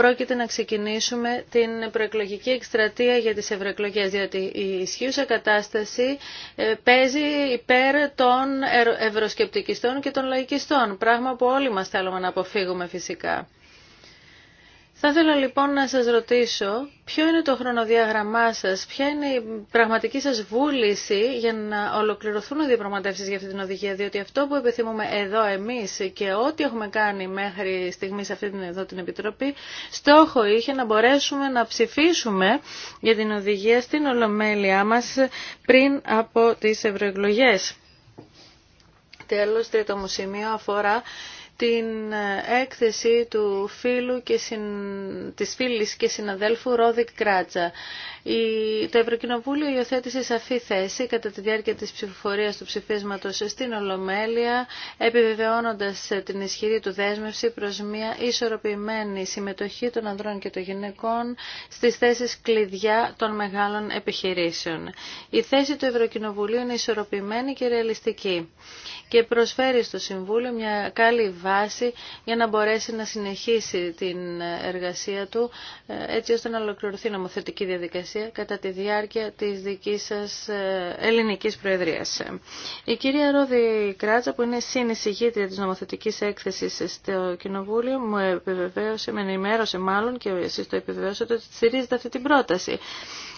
πρόκειται να ξεκινήσουμε την προεκλογική εκστρατεία για τις ευρωεκλογέ, διότι η ισχύουσα κατάσταση ε, παίζει υπέρ των ευρωσκεπτικιστών και των λαϊκιστών, πράγμα που όλοι μας θέλουμε να αποφύγουμε φυσικά. Θα ήθελα λοιπόν να σας ρωτήσω ποιο είναι το χρονοδιάγραμμά σας, ποια είναι η πραγματική σας βούληση για να ολοκληρωθούν οι διαπραγματεύσεις για αυτή την οδηγία, διότι αυτό που επιθυμούμε εδώ εμείς και ό,τι έχουμε κάνει μέχρι στιγμή αυτή την, εδώ την Επιτροπή, στόχο είχε να μπορέσουμε να ψηφίσουμε για την οδηγία στην ολομέλειά μας πριν από τις ευρωεκλογέ. Τέλος, τρίτο μου σημείο αφορά την ε, έκθεση του φίλου και συν, της φίλης και συναδέλφου Ρόδικ Κράτσα. Η, το Ευρωκοινοβούλιο υιοθέτησε σαφή θέση κατά τη διάρκεια της ψηφοφορίας του ψηφίσματος στην Ολομέλεια, επιβεβαιώνοντας ε, την ισχυρή του δέσμευση προς μια ισορροπημένη συμμετοχή των ανδρών και των γυναικών στις θέσεις κλειδιά των μεγάλων επιχειρήσεων. Η θέση του Ευρωκοινοβουλίου είναι ισορροπημένη και ρεαλιστική και προσφέρει στο Συμβούλιο μια καλή για να μπορέσει να συνεχίσει την εργασία του ε, έτσι ώστε να ολοκληρωθεί η νομοθετική διαδικασία κατά τη διάρκεια της δικής σας ε, ελληνικής προεδρίας. Η κυρία Ρόδη Κράτσα που είναι συνεισηγήτρια της νομοθετικής έκθεσης στο Κοινοβούλιο μου επιβεβαίωσε, με ενημέρωσε μάλλον και εσείς το επιβεβαίωσατε ότι στηρίζετε αυτή την πρόταση.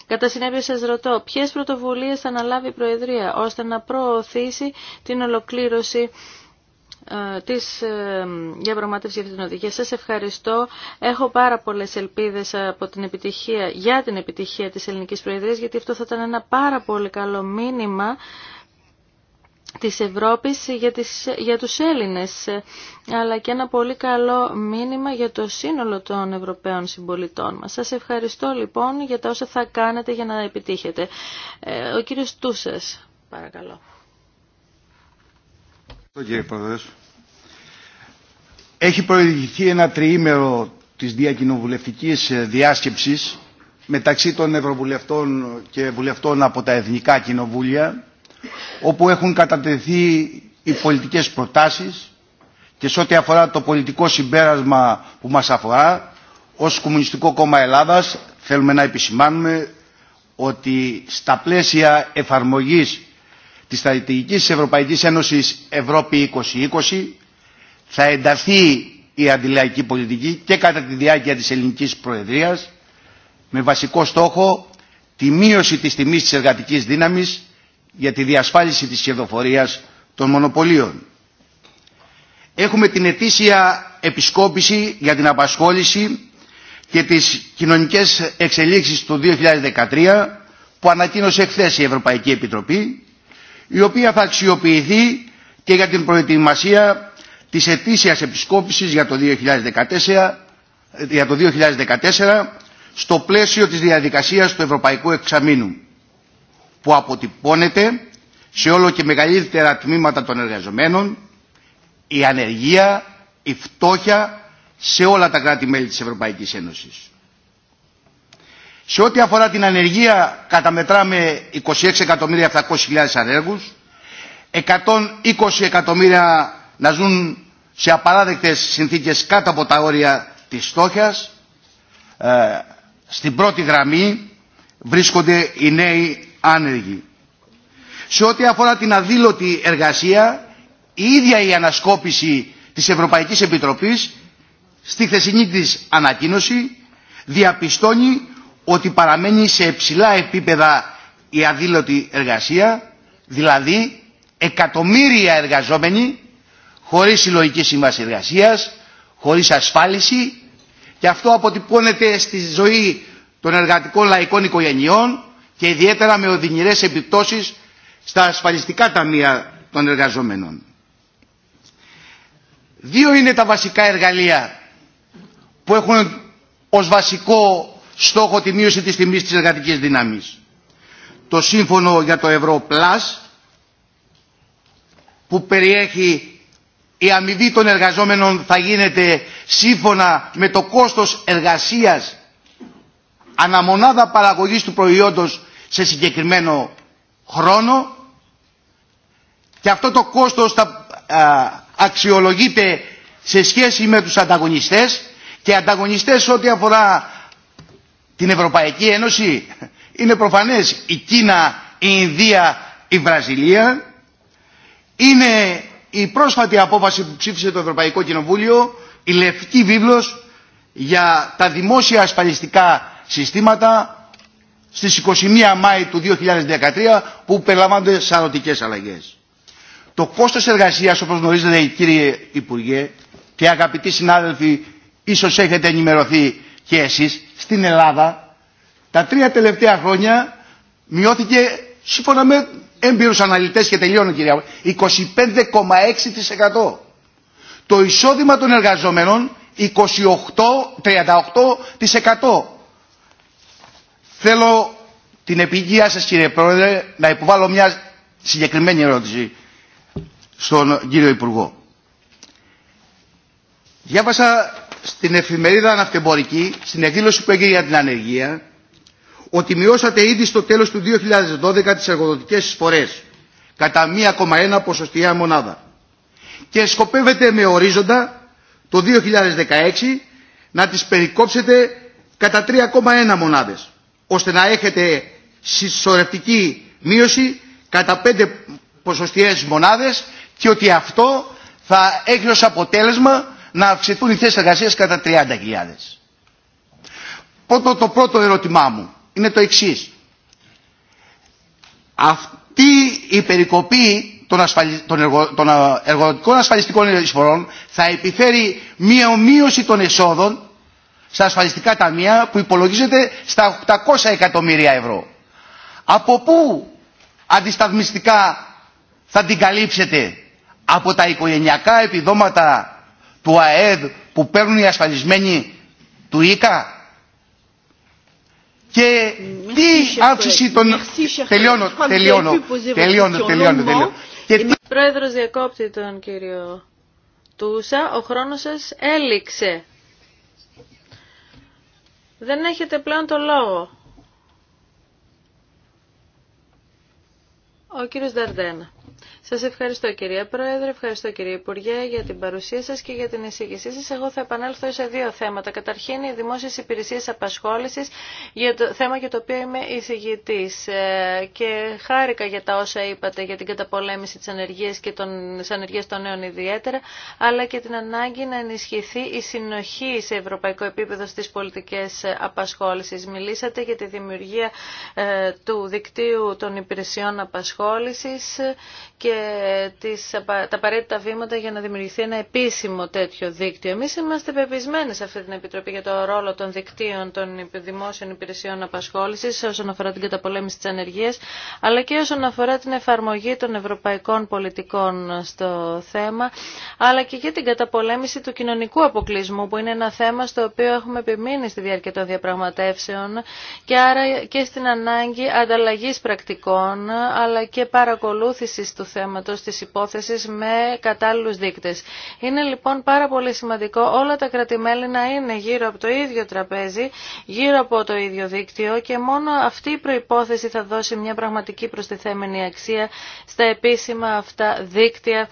Κατά συνέπεια σας ρωτώ ποιες πρωτοβουλίες θα αναλάβει η Προεδρία ώστε να προωθήσει την ολοκλήρωση ε, της διαπραγμάτευσης για την οδηγία. Σας ευχαριστώ. Έχω πάρα πολλές ελπίδες από την επιτυχία, για την επιτυχία της Ελληνικής Προεδρίας, γιατί αυτό θα ήταν ένα πάρα πολύ καλό μήνυμα της Ευρώπης για, για τους Έλληνες, αλλά και ένα πολύ καλό μήνυμα για το σύνολο των Ευρωπαίων συμπολιτών μας. Σας ευχαριστώ λοιπόν για τα όσα θα κάνετε για να επιτύχετε. Ε, ο κύριος Τούσας, παρακαλώ. Κύριε Πρόεδρε, έχει προηγηθεί ένα τριήμερο της διακοινοβουλευτικής ε, διάσκεψης μεταξύ των Ευρωβουλευτών και Βουλευτών από τα Εθνικά Κοινοβούλια όπου έχουν κατατεθεί οι πολιτικές προτάσεις και σε ό,τι αφορά το πολιτικό συμπέρασμα που μας αφορά ως Κομμουνιστικό Κόμμα Ελλάδας θέλουμε να επισημάνουμε ότι στα πλαίσια εφαρμογής της στρατηγικής Ευρωπαϊκής Ένωσης Ευρώπη 2020 θα ενταθεί η αντιλαϊκή πολιτική και κατά τη διάρκεια της ελληνικής προεδρίας με βασικό στόχο τη μείωση της τιμής της εργατικής δύναμης για τη διασφάλιση της κερδοφορίας των μονοπωλίων. Έχουμε την ετήσια επισκόπηση για την απασχόληση και τις κοινωνικές εξελίξεις του 2013 που ανακοίνωσε χθε η Ευρωπαϊκή Επιτροπή η οποία θα αξιοποιηθεί και για την προετοιμασία της ετήσιας επισκόπησης για το 2014, για το 2014 στο πλαίσιο της διαδικασίας του Ευρωπαϊκού Εξαμήνου που αποτυπώνεται σε όλο και μεγαλύτερα τμήματα των εργαζομένων η ανεργία, η φτώχεια σε όλα τα κράτη-μέλη της Ευρωπαϊκής Ένωσης. Σε ό,τι αφορά την ανεργία καταμετράμε 26.700.000 ανέργους, 120 εκατομμύρια να ζουν σε απαράδεκτες συνθήκες κάτω από τα όρια της στόχιας. Ε, στην πρώτη γραμμή βρίσκονται οι νέοι άνεργοι. Σε ό,τι αφορά την αδήλωτη εργασία, η ίδια η ανασκόπηση της Ευρωπαϊκής Επιτροπής στη χθεσινή της ανακοίνωση διαπιστώνει ότι παραμένει σε υψηλά επίπεδα η αδήλωτη εργασία, δηλαδή εκατομμύρια εργαζόμενοι χωρίς συλλογική σύμβαση εργασίας, χωρίς ασφάλιση και αυτό αποτυπώνεται στη ζωή των εργατικών λαϊκών οικογενειών και ιδιαίτερα με οδυνηρές επιπτώσεις στα ασφαλιστικά ταμεία των εργαζομένων. Δύο είναι τα βασικά εργαλεία που έχουν ως βασικό στόχο τη μείωση της τιμής της εργατικής δυνάμης. Το σύμφωνο για το ευρώ που περιέχει η αμοιβή των εργαζόμενων θα γίνεται σύμφωνα με το κόστος εργασίας αναμονάδα παραγωγής του προϊόντος σε συγκεκριμένο χρόνο και αυτό το κόστος θα αξιολογείται σε σχέση με τους ανταγωνιστές και ανταγωνιστές ό,τι αφορά την Ευρωπαϊκή Ένωση. Είναι προφανές η Κίνα, η Ινδία, η Βραζιλία. Είναι η πρόσφατη απόφαση που ψήφισε το Ευρωπαϊκό Κοινοβούλιο, η Λευκή Βίβλος για τα δημόσια ασφαλιστικά συστήματα στις 21 Μάη του 2013 που περιλαμβάνονται σαρωτικές αλλαγές. Το κόστος εργασίας όπως γνωρίζετε κύριε Υπουργέ και αγαπητοί συνάδελφοι ίσως έχετε ενημερωθεί και στην Ελλάδα τα τρία τελευταία χρόνια μειώθηκε σύμφωνα με έμπειρους αναλυτές και τελειώνω κυρία 25,6% το εισόδημα των εργαζομένων 28, 38% θέλω την επίγεια σας κύριε Πρόεδρε να υποβάλω μια συγκεκριμένη ερώτηση στον κύριο Υπουργό διάβασα στην εφημερίδα αναυτεμπορική, στην εκδήλωση που έγινε για την ανεργία, ότι μειώσατε ήδη στο τέλος του 2012 τις εργοδοτικές εισφορές κατά 1,1 ποσοστιαία μονάδα και σκοπεύετε με ορίζοντα το 2016 να τις περικόψετε κατά 3,1 μονάδες ώστε να έχετε συσσωρευτική μείωση κατά 5 ποσοστιαίες μονάδες και ότι αυτό θα έχει ως αποτέλεσμα να αυξηθούν οι θέσει εργασία κατά 30.000. Πρώτο, το πρώτο ερώτημά μου είναι το εξή. Αυτή η περικοπή των, ασφαλι... Ε, εργοδοτικών ασφαλιστικών εισφορών θα επιφέρει μία ομοίωση των εσόδων στα ασφαλιστικά ταμεία που υπολογίζεται στα 800 εκατομμύρια ευρώ. Από πού αντισταθμιστικά θα την καλύψετε από τα οικογενειακά επιδόματα του ΑΕΔ που παίρνουν οι ασφαλισμένοι του ΙΚΑ. Και τι αύξηση των... Τελειώνω, τελειώνω, τελειώνω, τελειώνω. Πρόεδρος διακόπτη τον κύριο Τούσα, ο χρόνος σας έληξε. Δεν έχετε πλέον το λόγο. Ο κύριος Δαρδένα. Σα ευχαριστώ κυρία Πρόεδρε, ευχαριστώ κύριε Υπουργέ για την παρουσία σα και για την εισήγησή σα. Εγώ θα επανέλθω σε δύο θέματα. Καταρχήν οι δημόσιε υπηρεσίε απασχόληση, για το θέμα για το οποίο είμαι εισηγητής. Ε, και χάρηκα για τα όσα είπατε για την καταπολέμηση τη ανεργία και των, ανεργία των νέων ιδιαίτερα, αλλά και την ανάγκη να ενισχυθεί η συνοχή σε ευρωπαϊκό επίπεδο στι πολιτικέ απασχόληση. Μιλήσατε για τη δημιουργία ε, του δικτύου των υπηρεσιών απασχόληση. και και τις, τα απαραίτητα βήματα για να δημιουργηθεί ένα επίσημο τέτοιο δίκτυο. Εμεί είμαστε πεπισμένοι σε αυτή την Επιτροπή για το ρόλο των δικτύων των δημόσιων υπηρεσιών απασχόληση όσον αφορά την καταπολέμηση τη ανεργία, αλλά και όσον αφορά την εφαρμογή των ευρωπαϊκών πολιτικών στο θέμα, αλλά και για την καταπολέμηση του κοινωνικού αποκλεισμού, που είναι ένα θέμα στο οποίο έχουμε επιμείνει στη διάρκεια των διαπραγματεύσεων και άρα και στην ανάγκη ανταλλαγή πρακτικών, αλλά και παρακολούθηση του θέματος της υπόθεσης με κατάλληλους δείκτες. Είναι λοιπόν πάρα πολύ σημαντικό όλα τα κρατημέλη να είναι γύρω από το ίδιο τραπέζι, γύρω από το ίδιο δίκτυο και μόνο αυτή η προϋπόθεση θα δώσει μια πραγματική προστιθέμενη αξία στα επίσημα αυτά δίκτυα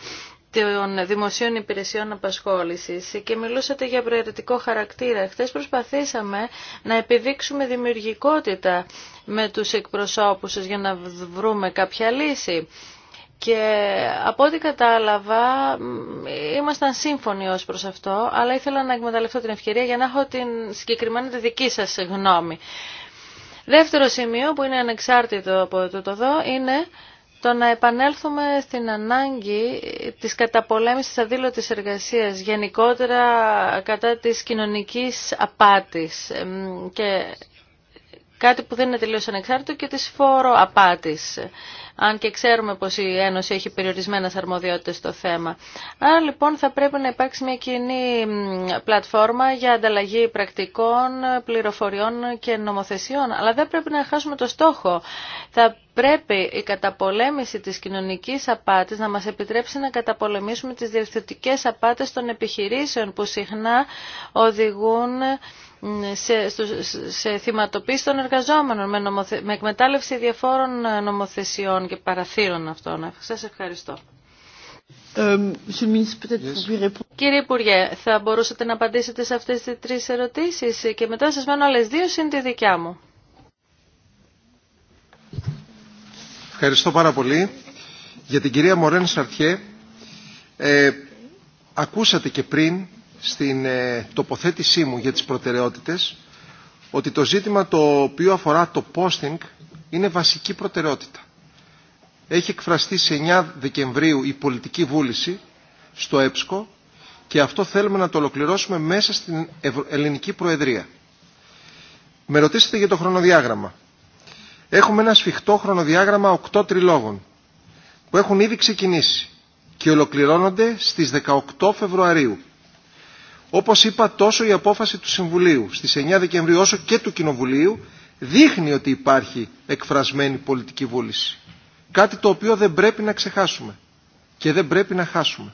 των δημοσίων υπηρεσιών απασχόληση. και μιλούσατε για προαιρετικό χαρακτήρα. Χθε προσπαθήσαμε να επιδείξουμε δημιουργικότητα με τους εκπροσώπους σας για να βρούμε κάποια λύση. Και από ό,τι κατάλαβα, ήμασταν σύμφωνοι ως προς αυτό, αλλά ήθελα να εκμεταλλευτώ την ευκαιρία για να έχω την συγκεκριμένη τη δική σας γνώμη. Δεύτερο σημείο που είναι ανεξάρτητο από το το είναι το να επανέλθουμε στην ανάγκη της καταπολέμησης αδήλωτης εργασίας, γενικότερα κατά της κοινωνικής απάτης και κάτι που δεν είναι τελείως ανεξάρτητο και της απάτης, Αν και ξέρουμε πως η Ένωση έχει περιορισμένες αρμοδιότητες στο θέμα. Άρα λοιπόν θα πρέπει να υπάρξει μια κοινή πλατφόρμα για ανταλλαγή πρακτικών, πληροφοριών και νομοθεσιών. Αλλά δεν πρέπει να χάσουμε το στόχο. Θα πρέπει η καταπολέμηση της κοινωνικής απάτης να μας επιτρέψει να καταπολεμήσουμε τις διευθυντικές απάτες των επιχειρήσεων που συχνά οδηγούν σε, σε θυματοποίηση των εργαζόμενων με, εκμετάλλευση διαφόρων ε, νομοθεσιών και παραθύρων αυτών. Σας ευχαριστώ. Ε, Κύριε Υπουργέ, θα μπορούσατε να απαντήσετε σε αυτές τις τρεις ερωτήσεις και μετά σας μένω άλλες δύο συν τη δικιά μου. Ευχαριστώ πάρα πολύ. Για την κυρία Μωρέν Σαρτιέ, ε, ακούσατε και πριν στην ε, τοποθέτησή μου για τις προτεραιότητες ότι το ζήτημα το οποίο αφορά το posting είναι βασική προτεραιότητα. Έχει εκφραστεί σε 9 Δεκεμβρίου η πολιτική βούληση στο ΕΠΣΚΟ και αυτό θέλουμε να το ολοκληρώσουμε μέσα στην ελληνική προεδρία. Με ρωτήσετε για το χρονοδιάγραμμα. Έχουμε ένα σφιχτό χρονοδιάγραμμα 8 τριλόγων που έχουν ήδη ξεκινήσει και ολοκληρώνονται στις 18 Φεβρουαρίου. Όπως είπα τόσο η απόφαση του Συμβουλίου στις 9 Δεκεμβρίου όσο και του Κοινοβουλίου δείχνει ότι υπάρχει εκφρασμένη πολιτική βούληση. Κάτι το οποίο δεν πρέπει να ξεχάσουμε και δεν πρέπει να χάσουμε.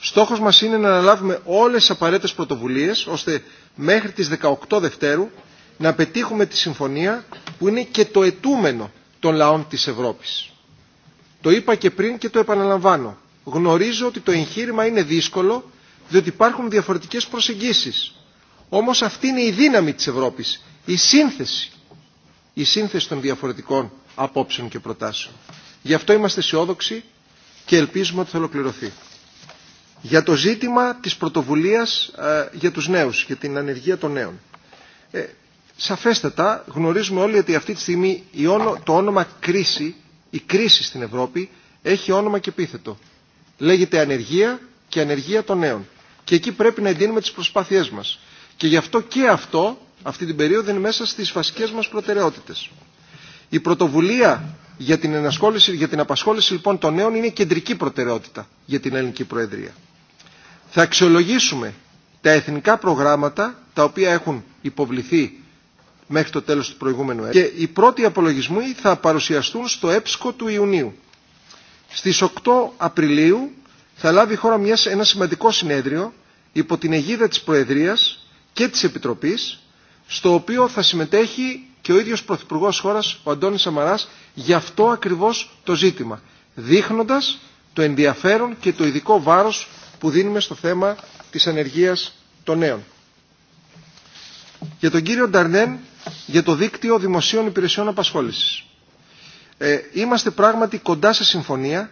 Στόχος μας είναι να αναλάβουμε όλες τις απαραίτητες πρωτοβουλίες ώστε μέχρι τις 18 Δευτέρου να πετύχουμε τη συμφωνία που είναι και το ετούμενο των λαών της Ευρώπης. Το είπα και πριν και το επαναλαμβάνω. Γνωρίζω ότι το εγχείρημα είναι δύσκολο διότι υπάρχουν διαφορετικές προσεγγίσεις. Όμως αυτή είναι η δύναμη της Ευρώπης, η σύνθεση, η σύνθεση των διαφορετικών απόψεων και προτάσεων. Γι' αυτό είμαστε αισιόδοξοι και ελπίζουμε ότι θα ολοκληρωθεί. Για το ζήτημα της πρωτοβουλίας ε, για τους νέους, για την ανεργία των νέων. Ε, σαφέστατα γνωρίζουμε όλοι ότι αυτή τη στιγμή η το όνομα κρίση, η κρίση στην Ευρώπη έχει όνομα και επίθετο. Λέγεται ανεργία και ανεργία των νέων και εκεί πρέπει να εντείνουμε τις προσπάθειές μας. Και γι' αυτό και αυτό, αυτή την περίοδο, είναι μέσα στις βασικές μας προτεραιότητες. Η πρωτοβουλία για την, ενασχόληση, για την απασχόληση λοιπόν των νέων είναι κεντρική προτεραιότητα για την Ελληνική Προεδρία. Θα αξιολογήσουμε τα εθνικά προγράμματα τα οποία έχουν υποβληθεί μέχρι το τέλος του προηγούμενου έτου και οι πρώτοι απολογισμοί θα παρουσιαστούν στο έψικο του Ιουνίου. Στις 8 Απριλίου θα λάβει η χώρα ένα σημαντικό συνέδριο υπό την αιγίδα της Προεδρίας και της Επιτροπής, στο οποίο θα συμμετέχει και ο ίδιος Πρωθυπουργός χώρας, ο Αντώνης Σαμαράς, γι' αυτό ακριβώς το ζήτημα, δείχνοντας το ενδιαφέρον και το ειδικό βάρος που δίνουμε στο θέμα της ανεργίας των νέων. Για τον κύριο Νταρνέν, για το δίκτυο δημοσίων υπηρεσιών απασχόλησης. Ε, είμαστε πράγματι κοντά σε συμφωνία,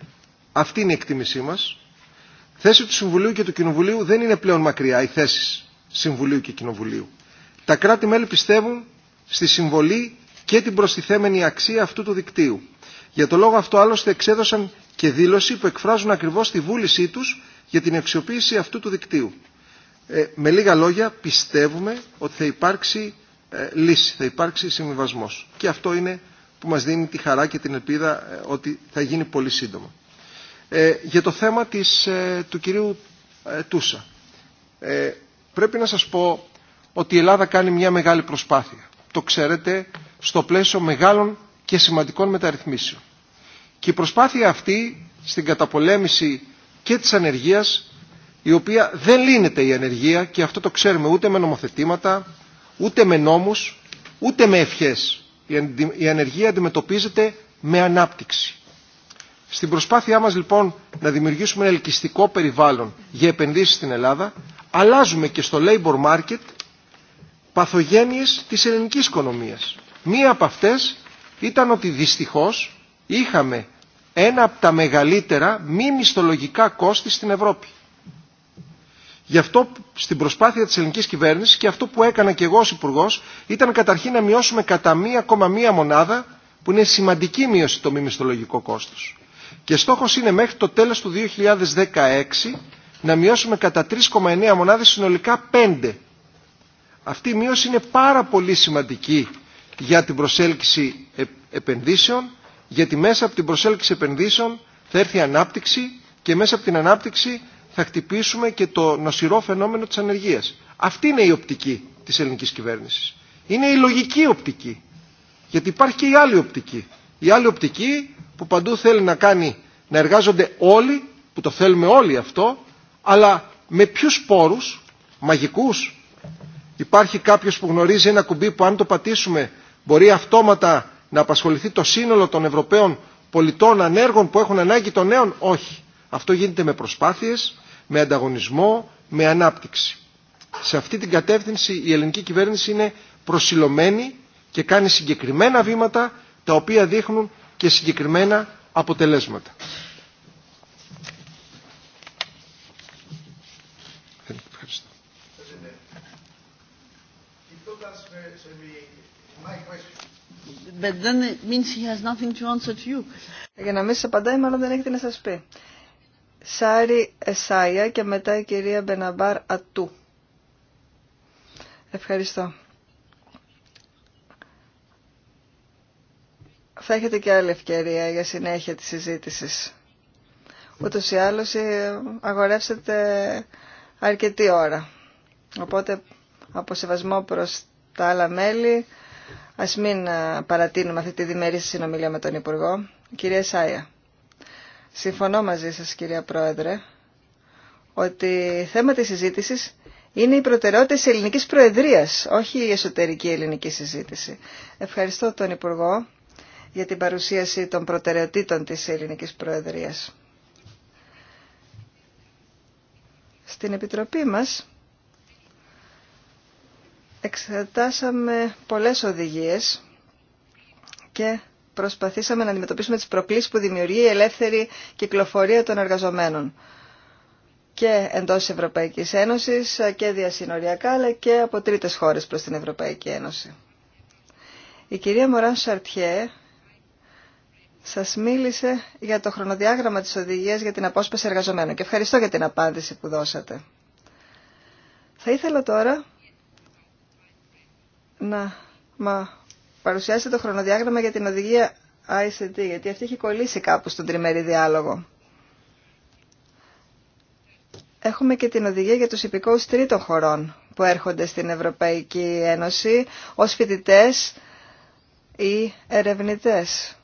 αυτή είναι η εκτίμησή μας θέση του Συμβουλίου και του Κοινοβουλίου δεν είναι πλέον μακριά οι θέσει Συμβουλίου και Κοινοβουλίου. Τα κράτη-μέλη πιστεύουν στη συμβολή και την προστιθέμενη αξία αυτού του δικτύου. Για το λόγο αυτό άλλωστε εξέδωσαν και δήλωση που εκφράζουν ακριβώς τη βούλησή τους για την αξιοποίηση αυτού του δικτύου. Ε, με λίγα λόγια πιστεύουμε ότι θα υπάρξει ε, λύση, θα υπάρξει συμβιβασμό. Και αυτό είναι που μας δίνει τη χαρά και την ελπίδα ε, ότι θα γίνει πολύ σύντομα. Ε, για το θέμα της, ε, του κυρίου ε, Τούσα. Πρέπει να σας πω ότι η Ελλάδα κάνει μια μεγάλη προσπάθεια. Το ξέρετε, στο πλαίσιο μεγάλων και σημαντικών μεταρρυθμίσεων. Και η προσπάθεια αυτή στην καταπολέμηση και της ανεργίας, η οποία δεν λύνεται η ανεργία και αυτό το ξέρουμε ούτε με νομοθετήματα, ούτε με νόμους, ούτε με ευχές. Η ανεργία αντιμετωπίζεται με ανάπτυξη. Στην προσπάθειά μας λοιπόν να δημιουργήσουμε ένα ελκυστικό περιβάλλον για επενδύσεις στην Ελλάδα, αλλάζουμε και στο labor market παθογένειες της ελληνικής οικονομίας. Μία από αυτές ήταν ότι δυστυχώς είχαμε ένα από τα μεγαλύτερα μη μισθολογικά κόστη στην Ευρώπη. Γι' αυτό στην προσπάθεια της ελληνικής κυβέρνησης και αυτό που έκανα και εγώ ως υπουργό ήταν καταρχήν να μειώσουμε κατά μία ακόμα μία μονάδα που είναι σημαντική μείωση το μη μισθολογικό κόστος. Και στόχος είναι μέχρι το τέλος του 2016 να μειώσουμε κατά 3,9 μονάδες συνολικά 5. Αυτή η μείωση είναι πάρα πολύ σημαντική για την προσέλκυση επενδύσεων, γιατί μέσα από την προσέλκυση επενδύσεων θα έρθει ανάπτυξη και μέσα από την ανάπτυξη θα χτυπήσουμε και το νοσηρό φαινόμενο της ανεργίας. Αυτή είναι η οπτική της ελληνικής κυβέρνησης. Είναι η λογική οπτική. Γιατί υπάρχει και η άλλη οπτική. Η άλλη οπτική που παντού θέλει να κάνει να εργάζονται όλοι, που το θέλουμε όλοι αυτό, αλλά με ποιου πόρου, μαγικούς. Υπάρχει κάποιο που γνωρίζει ένα κουμπί που αν το πατήσουμε μπορεί αυτόματα να απασχοληθεί το σύνολο των Ευρωπαίων πολιτών ανέργων που έχουν ανάγκη των νέων. Όχι. Αυτό γίνεται με προσπάθειες, με ανταγωνισμό, με ανάπτυξη. Σε αυτή την κατεύθυνση η ελληνική κυβέρνηση είναι προσιλωμένη και κάνει συγκεκριμένα βήματα τα οποία δείχνουν και συγκεκριμένα αποτελέσματα. Ε, But then it means he has nothing to answer to you. Για να μην σας απαντάει, μάλλον δεν έχετε να σα πει. Σάρι Εσάια και μετά η κυρία Μπεναμπάρ Ατού. Ευχαριστώ. θα έχετε και άλλη ευκαιρία για συνέχεια της συζήτησης. Ούτως ή άλλως ε, αγορεύσετε αρκετή ώρα. Οπότε από σεβασμό προς τα άλλα μέλη ας μην ε, παρατείνουμε αυτή τη διμερή συνομιλία με τον Υπουργό. Κυρία Σάια, συμφωνώ μαζί σας κυρία Πρόεδρε ότι θέμα της συζήτησης είναι η προτεραιότητα της ελληνικής προεδρίας, όχι η εσωτερική ελληνική συζήτηση. Ευχαριστώ τον Υπουργό για την παρουσίαση των προτεραιοτήτων της Ελληνικής Προεδρίας. Στην Επιτροπή μας εξετάσαμε πολλές οδηγίες και προσπαθήσαμε να αντιμετωπίσουμε τις προκλήσεις που δημιουργεί η ελεύθερη κυκλοφορία των εργαζομένων και εντός της Ευρωπαϊκής Ένωσης και διασυνοριακά αλλά και από τρίτες χώρες προς την Ευρωπαϊκή Ένωση. Η κυρία Μωράν Σαρτιέ σας μίλησε για το χρονοδιάγραμμα της οδηγίας για την απόσπαση εργαζομένων και ευχαριστώ για την απάντηση που δώσατε. Θα ήθελα τώρα να μα παρουσιάσετε το χρονοδιάγραμμα για την οδηγία ICT, γιατί αυτή έχει κολλήσει κάπου στον τριμερή διάλογο. Έχουμε και την οδηγία για τους υπηκόους τρίτων χωρών που έρχονται στην Ευρωπαϊκή Ένωση ως φοιτητές ή ερευνητές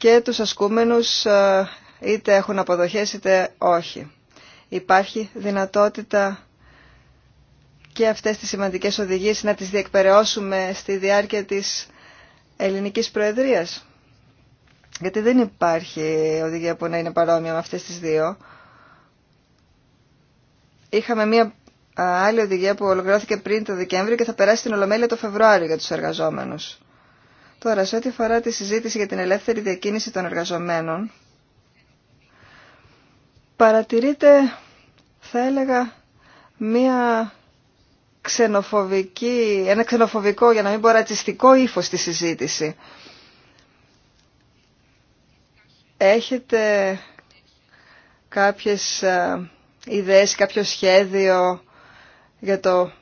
και τους ασκούμενους ε, είτε έχουν αποδοχές είτε όχι. Υπάρχει δυνατότητα και αυτές τις σημαντικές οδηγίες να τις διεκπαιρεώσουμε στη διάρκεια της ελληνικής προεδρίας. Γιατί δεν υπάρχει οδηγία που να είναι παρόμοια με αυτές τις δύο. Είχαμε μία άλλη οδηγία που ολοκληρώθηκε πριν το Δεκέμβριο και θα περάσει την Ολομέλεια το Φεβρουάριο για τους εργαζόμενους. Τώρα, σε ό,τι αφορά τη συζήτηση για την ελεύθερη διακίνηση των εργαζομένων, παρατηρείται, θα έλεγα, μία ξενοφοβική, ένα ξενοφοβικό, για να μην πω ρατσιστικό ύφος στη συζήτηση. Έχετε κάποιες ε, ιδέες, κάποιο σχέδιο για το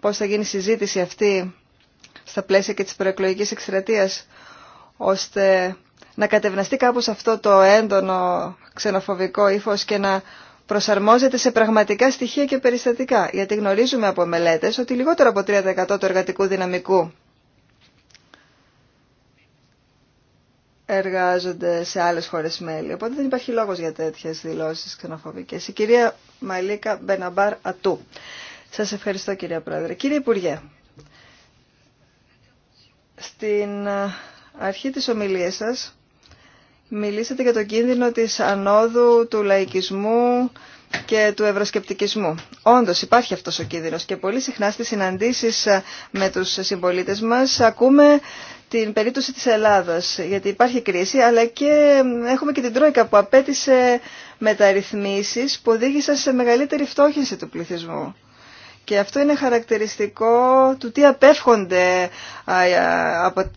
πώς θα γίνει η συζήτηση αυτή στα πλαίσια και της προεκλογικής εκστρατείας, ώστε να κατευναστεί κάπως αυτό το έντονο ξενοφοβικό ύφος και να προσαρμόζεται σε πραγματικά στοιχεία και περιστατικά. Γιατί γνωρίζουμε από μελέτες ότι λιγότερο από 3% του εργατικού δυναμικού εργάζονται σε άλλες χώρες μέλη. Οπότε δεν υπάρχει λόγος για τέτοιες δηλώσεις ξενοφοβικές. Η κυρία Μαλίκα Μπεναμπάρ Ατού. Σας ευχαριστώ κυρία Πρόεδρε. Κύριε Υπουργέ, στην ε, αρχή της ομιλίας σας μιλήσατε για το κίνδυνο της ανόδου του λαϊκισμού και του ευρωσκεπτικισμού. Όντως υπάρχει αυτός ο κίνδυνος και πολύ συχνά στις συναντήσεις ε, με τους συμπολίτες μας ακούμε την περίπτωση της Ελλάδας, γιατί υπάρχει κρίση, αλλά και ε, έχουμε και την Τρόικα που απέτησε μεταρρυθμίσεις που οδήγησαν σε μεγαλύτερη φτώχυνση του πληθυσμού. Και αυτό είναι χαρακτηριστικό του τι απέφχονται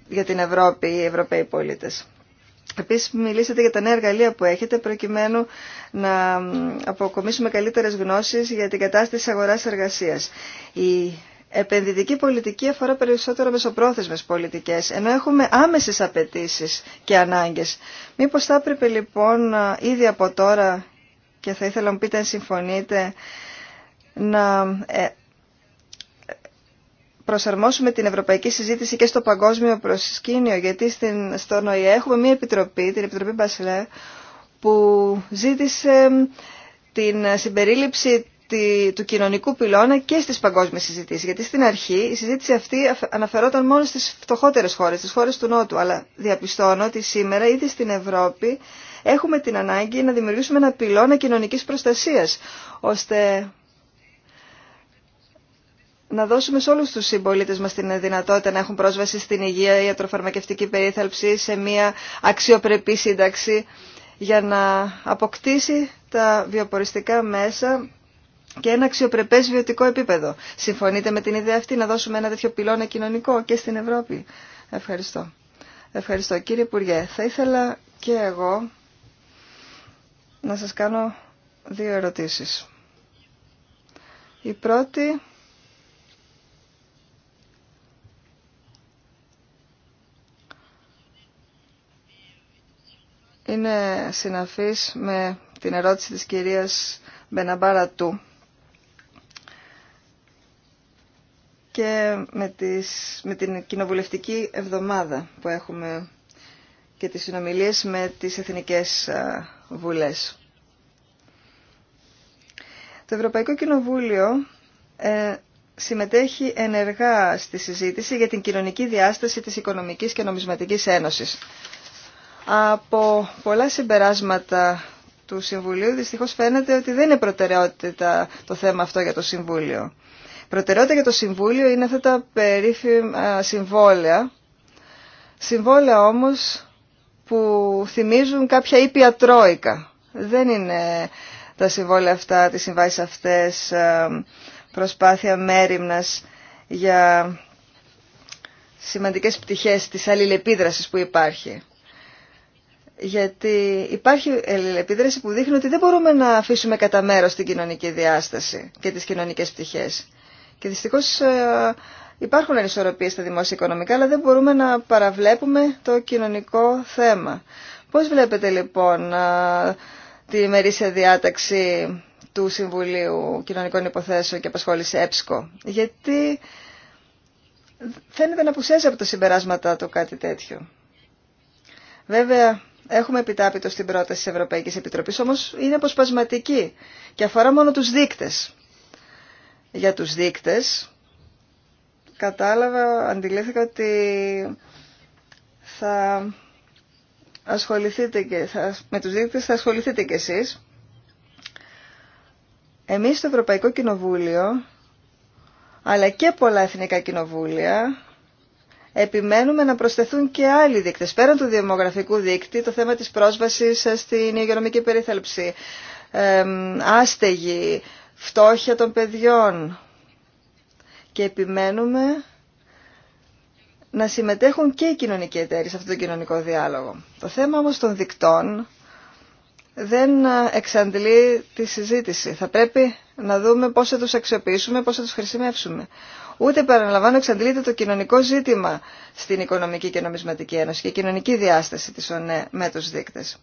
για την Ευρώπη οι Ευρωπαίοι πολίτες. Επίσης μιλήσατε για τα νέα εργαλεία που έχετε προκειμένου να αποκομίσουμε καλύτερες γνώσεις για την κατάσταση αγοράς εργασίας. Η επενδυτική πολιτική αφορά περισσότερο μεσοπρόθεσμες πολιτικές, ενώ έχουμε άμεσες απαιτήσει και ανάγκες. Μήπως θα έπρεπε λοιπόν ήδη από τώρα, και θα ήθελα να μου πείτε αν συμφωνείτε, να ε, προσαρμόσουμε την ευρωπαϊκή συζήτηση και στο παγκόσμιο προσκήνιο, γιατί στην, στον έχουμε μια επιτροπή, την Επιτροπή Μπασιλέ, που ζήτησε την συμπερίληψη του κοινωνικού πυλώνα και στις παγκόσμιες συζητήσεις. Γιατί στην αρχή η συζήτηση αυτή αναφερόταν μόνο στις φτωχότερες χώρες, στις χώρες του Νότου. Αλλά διαπιστώνω ότι σήμερα ήδη στην Ευρώπη έχουμε την ανάγκη να δημιουργήσουμε ένα πυλώνα κοινωνικής προστασίας, ώστε να δώσουμε σε όλους τους συμπολίτε μας την δυνατότητα να έχουν πρόσβαση στην υγεία, η ατροφαρμακευτική περίθαλψη, σε μια αξιοπρεπή σύνταξη για να αποκτήσει τα βιοποριστικά μέσα και ένα αξιοπρεπές βιωτικό επίπεδο. Συμφωνείτε με την ιδέα αυτή να δώσουμε ένα τέτοιο πυλώνα κοινωνικό και στην Ευρώπη. Ευχαριστώ. Ευχαριστώ κύριε Υπουργέ. Θα ήθελα και εγώ να σας κάνω δύο ερωτήσεις. Η πρώτη είναι συναφής με την ερώτηση της κυρίας Μπεναμπάρα του και με, την κοινοβουλευτική εβδομάδα που έχουμε και τις συνομιλίες με τις εθνικές βουλές. Το Ευρωπαϊκό Κοινοβούλιο ε, συμμετέχει ενεργά στη συζήτηση για την κοινωνική διάσταση της Οικονομικής και Νομισματικής Ένωσης. Από πολλά συμπεράσματα του Συμβουλίου δυστυχώς φαίνεται ότι δεν είναι προτεραιότητα το θέμα αυτό για το Συμβούλιο. Προτεραιότητα για το Συμβούλιο είναι αυτά τα περίφημα συμβόλαια. Συμβόλαια όμως που θυμίζουν κάποια ήπια τρόικα. Δεν είναι τα συμβόλαια αυτά, τις συμβάσεις αυτές, προσπάθεια μέρημνας για σημαντικές πτυχές της αλληλεπίδρασης που υπάρχει γιατί υπάρχει επίδραση που δείχνει ότι δεν μπορούμε να αφήσουμε κατά μέρο την κοινωνική διάσταση και τις κοινωνικές πτυχές. Και δυστυχώς ε, υπάρχουν ανισορροπίες στα δημόσια οικονομικά, αλλά δεν μπορούμε να παραβλέπουμε το κοινωνικό θέμα. Πώς βλέπετε λοιπόν ε, τη μερίσια διάταξη του Συμβουλίου Κοινωνικών Υποθέσεων και Απασχόληση ΕΠΣΚΟ, γιατί φαίνεται να απουσιάζει από τα συμπεράσματα το κάτι τέτοιο. Βέβαια, Έχουμε επιτάπητο στην πρόταση της Ευρωπαϊκής Επιτροπής, όμως είναι αποσπασματική και αφορά μόνο τους δείκτες. Για τους δείκτες κατάλαβα, αντιλήθηκα ότι θα ασχοληθείτε και, θα, με τους δείκτες θα ασχοληθείτε κι εσείς. Εμείς στο Ευρωπαϊκό Κοινοβούλιο, αλλά και πολλά εθνικά κοινοβούλια, επιμένουμε να προσθεθούν και άλλοι δείκτες. Πέραν του δημογραφικού δείκτη, το θέμα της πρόσβασης στην υγειονομική περίθαλψη, άστεγη, φτώχεια των παιδιών. Και επιμένουμε να συμμετέχουν και οι κοινωνικοί εταίροι σε αυτόν τον κοινωνικό διάλογο. Το θέμα όμως των δικτών δεν εξαντλεί τη συζήτηση. Θα πρέπει να δούμε πώς θα τους αξιοποιήσουμε, πώς θα τους χρησιμεύσουμε. Ούτε παραλαμβάνω εξαντλείται το κοινωνικό ζήτημα στην Οικονομική και Νομισματική Ένωση και η κοινωνική διάσταση της ΟΝΕ με τους δείκτες.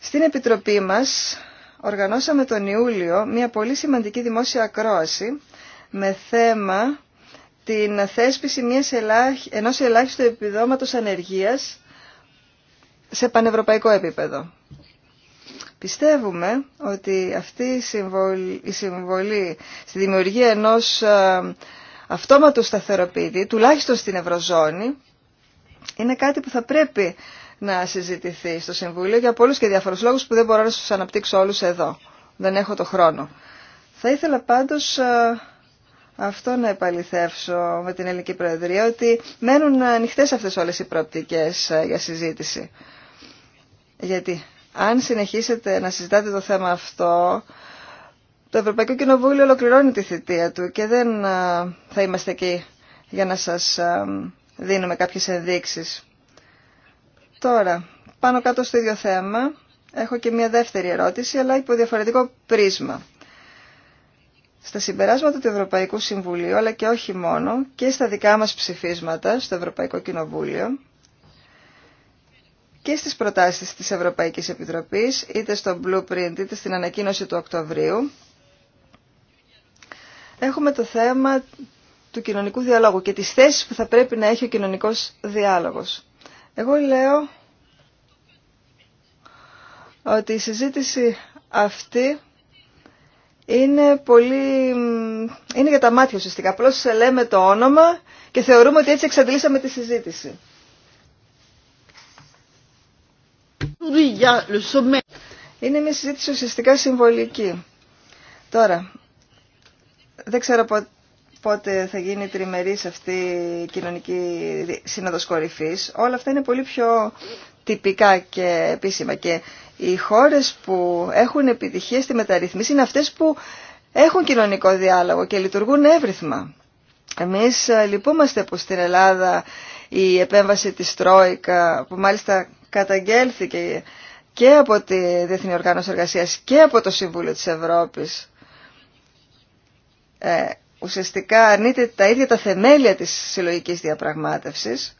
Στην Επιτροπή μας οργανώσαμε τον Ιούλιο μια πολύ σημαντική δημόσια ακρόαση με θέμα την θέσπιση μιας ελάχ... ενός ελάχιστου επιδόματος ανεργίας σε πανευρωπαϊκό επίπεδο. Πιστεύουμε ότι αυτή η συμβολή, στη δημιουργία ενός ε, αυτόματου σταθεροποιητή, τουλάχιστον στην Ευρωζώνη, είναι κάτι που θα πρέπει να συζητηθεί στο Συμβούλιο για πολλούς και διάφορους λόγους που δεν μπορώ να σας αναπτύξω όλους εδώ. Δεν έχω το χρόνο. Θα ήθελα πάντως ε, αυτό να επαληθεύσω με την Ελληνική Προεδρία, ότι μένουν ανοιχτέ αυτές όλες οι προοπτικές ε, για συζήτηση. Γιατί αν συνεχίσετε να συζητάτε το θέμα αυτό, το Ευρωπαϊκό Κοινοβούλιο ολοκληρώνει τη θητεία του και δεν θα είμαστε εκεί για να σας δίνουμε κάποιες ενδείξεις. Τώρα, πάνω κάτω στο ίδιο θέμα, έχω και μια δεύτερη ερώτηση, αλλά υπό διαφορετικό πρίσμα. Στα συμπεράσματα του Ευρωπαϊκού Συμβουλίου, αλλά και όχι μόνο, και στα δικά μας ψηφίσματα στο Ευρωπαϊκό Κοινοβούλιο, και στις προτάσεις της Ευρωπαϊκής Επιτροπής, είτε στο blueprint, είτε στην ανακοίνωση του Οκτωβρίου, έχουμε το θέμα του κοινωνικού διαλόγου και τις θέσεις που θα πρέπει να έχει ο κοινωνικός διάλογος. Εγώ λέω ότι η συζήτηση αυτή είναι πολύ... είναι για τα μάτια ουσιαστικά. Απλώς λέμε το όνομα και θεωρούμε ότι έτσι εξαντλήσαμε τη συζήτηση. Είναι μια συζήτηση ουσιαστικά συμβολική. Τώρα, δεν ξέρω πότε θα γίνει τριμερής αυτή η κοινωνική σύνοδος κορυφής. Όλα αυτά είναι πολύ πιο τυπικά και επίσημα. Και οι χώρες που έχουν επιτυχία στη μεταρρυθμίση είναι αυτές που έχουν κοινωνικό διάλογο και λειτουργούν εύρυθμα. Εμείς ε, λυπούμαστε που στην Ελλάδα η επέμβαση της Τρόικα, που μάλιστα καταγγέλθηκε και από τη Διεθνή Οργάνωση Εργασίας και από το Συμβούλιο της Ευρώπης ε, ουσιαστικά αρνείται τα ίδια τα θεμέλια της συλλογικής διαπραγμάτευσης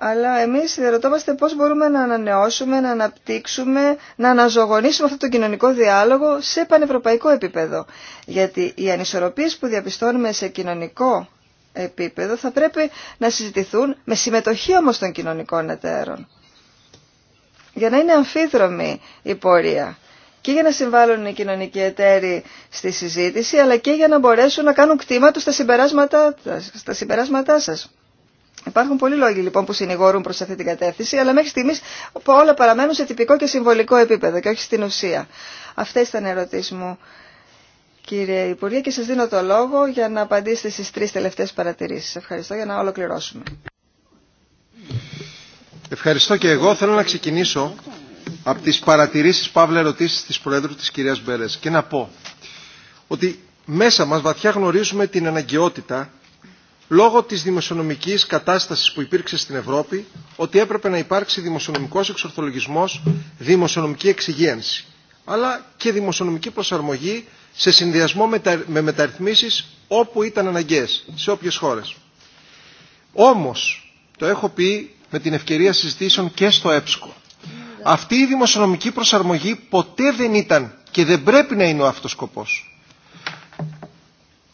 αλλά εμείς διαρωτόμαστε πώς μπορούμε να ανανεώσουμε, να αναπτύξουμε, να αναζωογονήσουμε αυτό το κοινωνικό διάλογο σε πανευρωπαϊκό επίπεδο. Γιατί οι ανισορροπίες που διαπιστώνουμε σε κοινωνικό επίπεδο θα πρέπει να συζητηθούν με συμμετοχή όμως των κοινωνικών εταίρων. Για να είναι αμφίδρομη η πορεία και για να συμβάλλουν οι κοινωνικοί εταίροι στη συζήτηση αλλά και για να μπορέσουν να κάνουν κτήμα τους στα συμπεράσματά, στα συμπεράσματά σας. Υπάρχουν πολλοί λόγοι λοιπόν που συνηγορούν προς αυτή την κατεύθυνση, αλλά μέχρι στιγμής όλα παραμένουν σε τυπικό και συμβολικό επίπεδο και όχι στην ουσία. Αυτές ήταν οι μου κύριε Υπουργέ και σας δίνω το λόγο για να απαντήσετε στις τρεις τελευταίες παρατηρήσεις. Ευχαριστώ για να ολοκληρώσουμε. Ευχαριστώ και εγώ. Θέλω να ξεκινήσω από τις παρατηρήσεις παύλα ερωτήσεις της Προέδρου της κυρίας Μπέρες και να πω ότι μέσα μας βαθιά γνωρίζουμε την αναγκαιότητα λόγω της δημοσιονομικής κατάστασης που υπήρξε στην Ευρώπη ότι έπρεπε να υπάρξει δημοσιονομικός εξορθολογισμός, δημοσιονομική εξυγίανση αλλά και δημοσιονομική προσαρμογή σε συνδυασμό με μεταρρυθμίσεις όπου ήταν αναγκαίες, σε όποιες χώρες. Όμως, το έχω πει με την ευκαιρία συζητήσεων και στο ΕΠΣΚΟ, αυτή η δημοσιονομική προσαρμογή ποτέ δεν ήταν και δεν πρέπει να είναι ο αυτοσκοπός.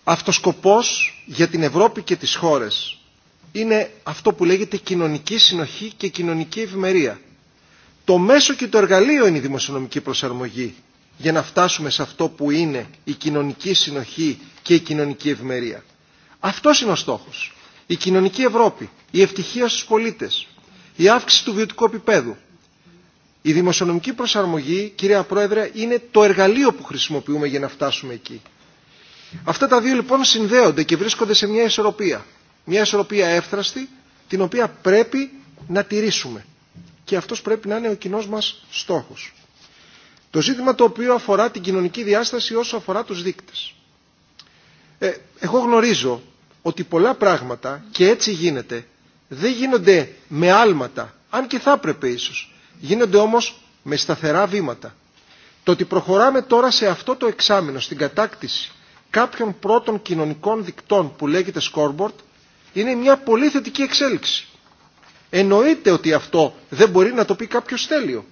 Αυτοσκοπός για την Ευρώπη και τις χώρες είναι αυτό που λέγεται κοινωνική συνοχή και κοινωνική ευημερία. Το μέσο και το εργαλείο είναι η δημοσιονομική προσαρμογή για να φτάσουμε σε αυτό που είναι η κοινωνική συνοχή και η κοινωνική ευημερία. Αυτό είναι ο στόχος. Η κοινωνική Ευρώπη, η ευτυχία στους πολίτες, η αύξηση του βιωτικού επίπεδου. Η δημοσιονομική προσαρμογή, κυρία Πρόεδρε, είναι το εργαλείο που χρησιμοποιούμε για να φτάσουμε εκεί. Αυτά τα δύο λοιπόν συνδέονται και βρίσκονται σε μια ισορροπία. Μια ισορροπία εύθραστη, την οποία πρέπει να τηρήσουμε. Και αυτός πρέπει να είναι ο κοινός μας στόχος. Το ζήτημα το οποίο αφορά την κοινωνική διάσταση όσο αφορά τους δείκτες. Ε, εγώ γνωρίζω ότι πολλά πράγματα, και έτσι γίνεται, δεν γίνονται με άλματα, αν και θα έπρεπε ίσως. Γίνονται όμως με σταθερά βήματα. Το ότι προχωράμε τώρα σε αυτό το εξάμεινο, στην κατάκτηση κάποιων πρώτων κοινωνικών δικτών που λέγεται scoreboard, είναι μια πολύ θετική εξέλιξη. Εννοείται ότι αυτό δεν μπορεί να το πει κάποιος τέλειο.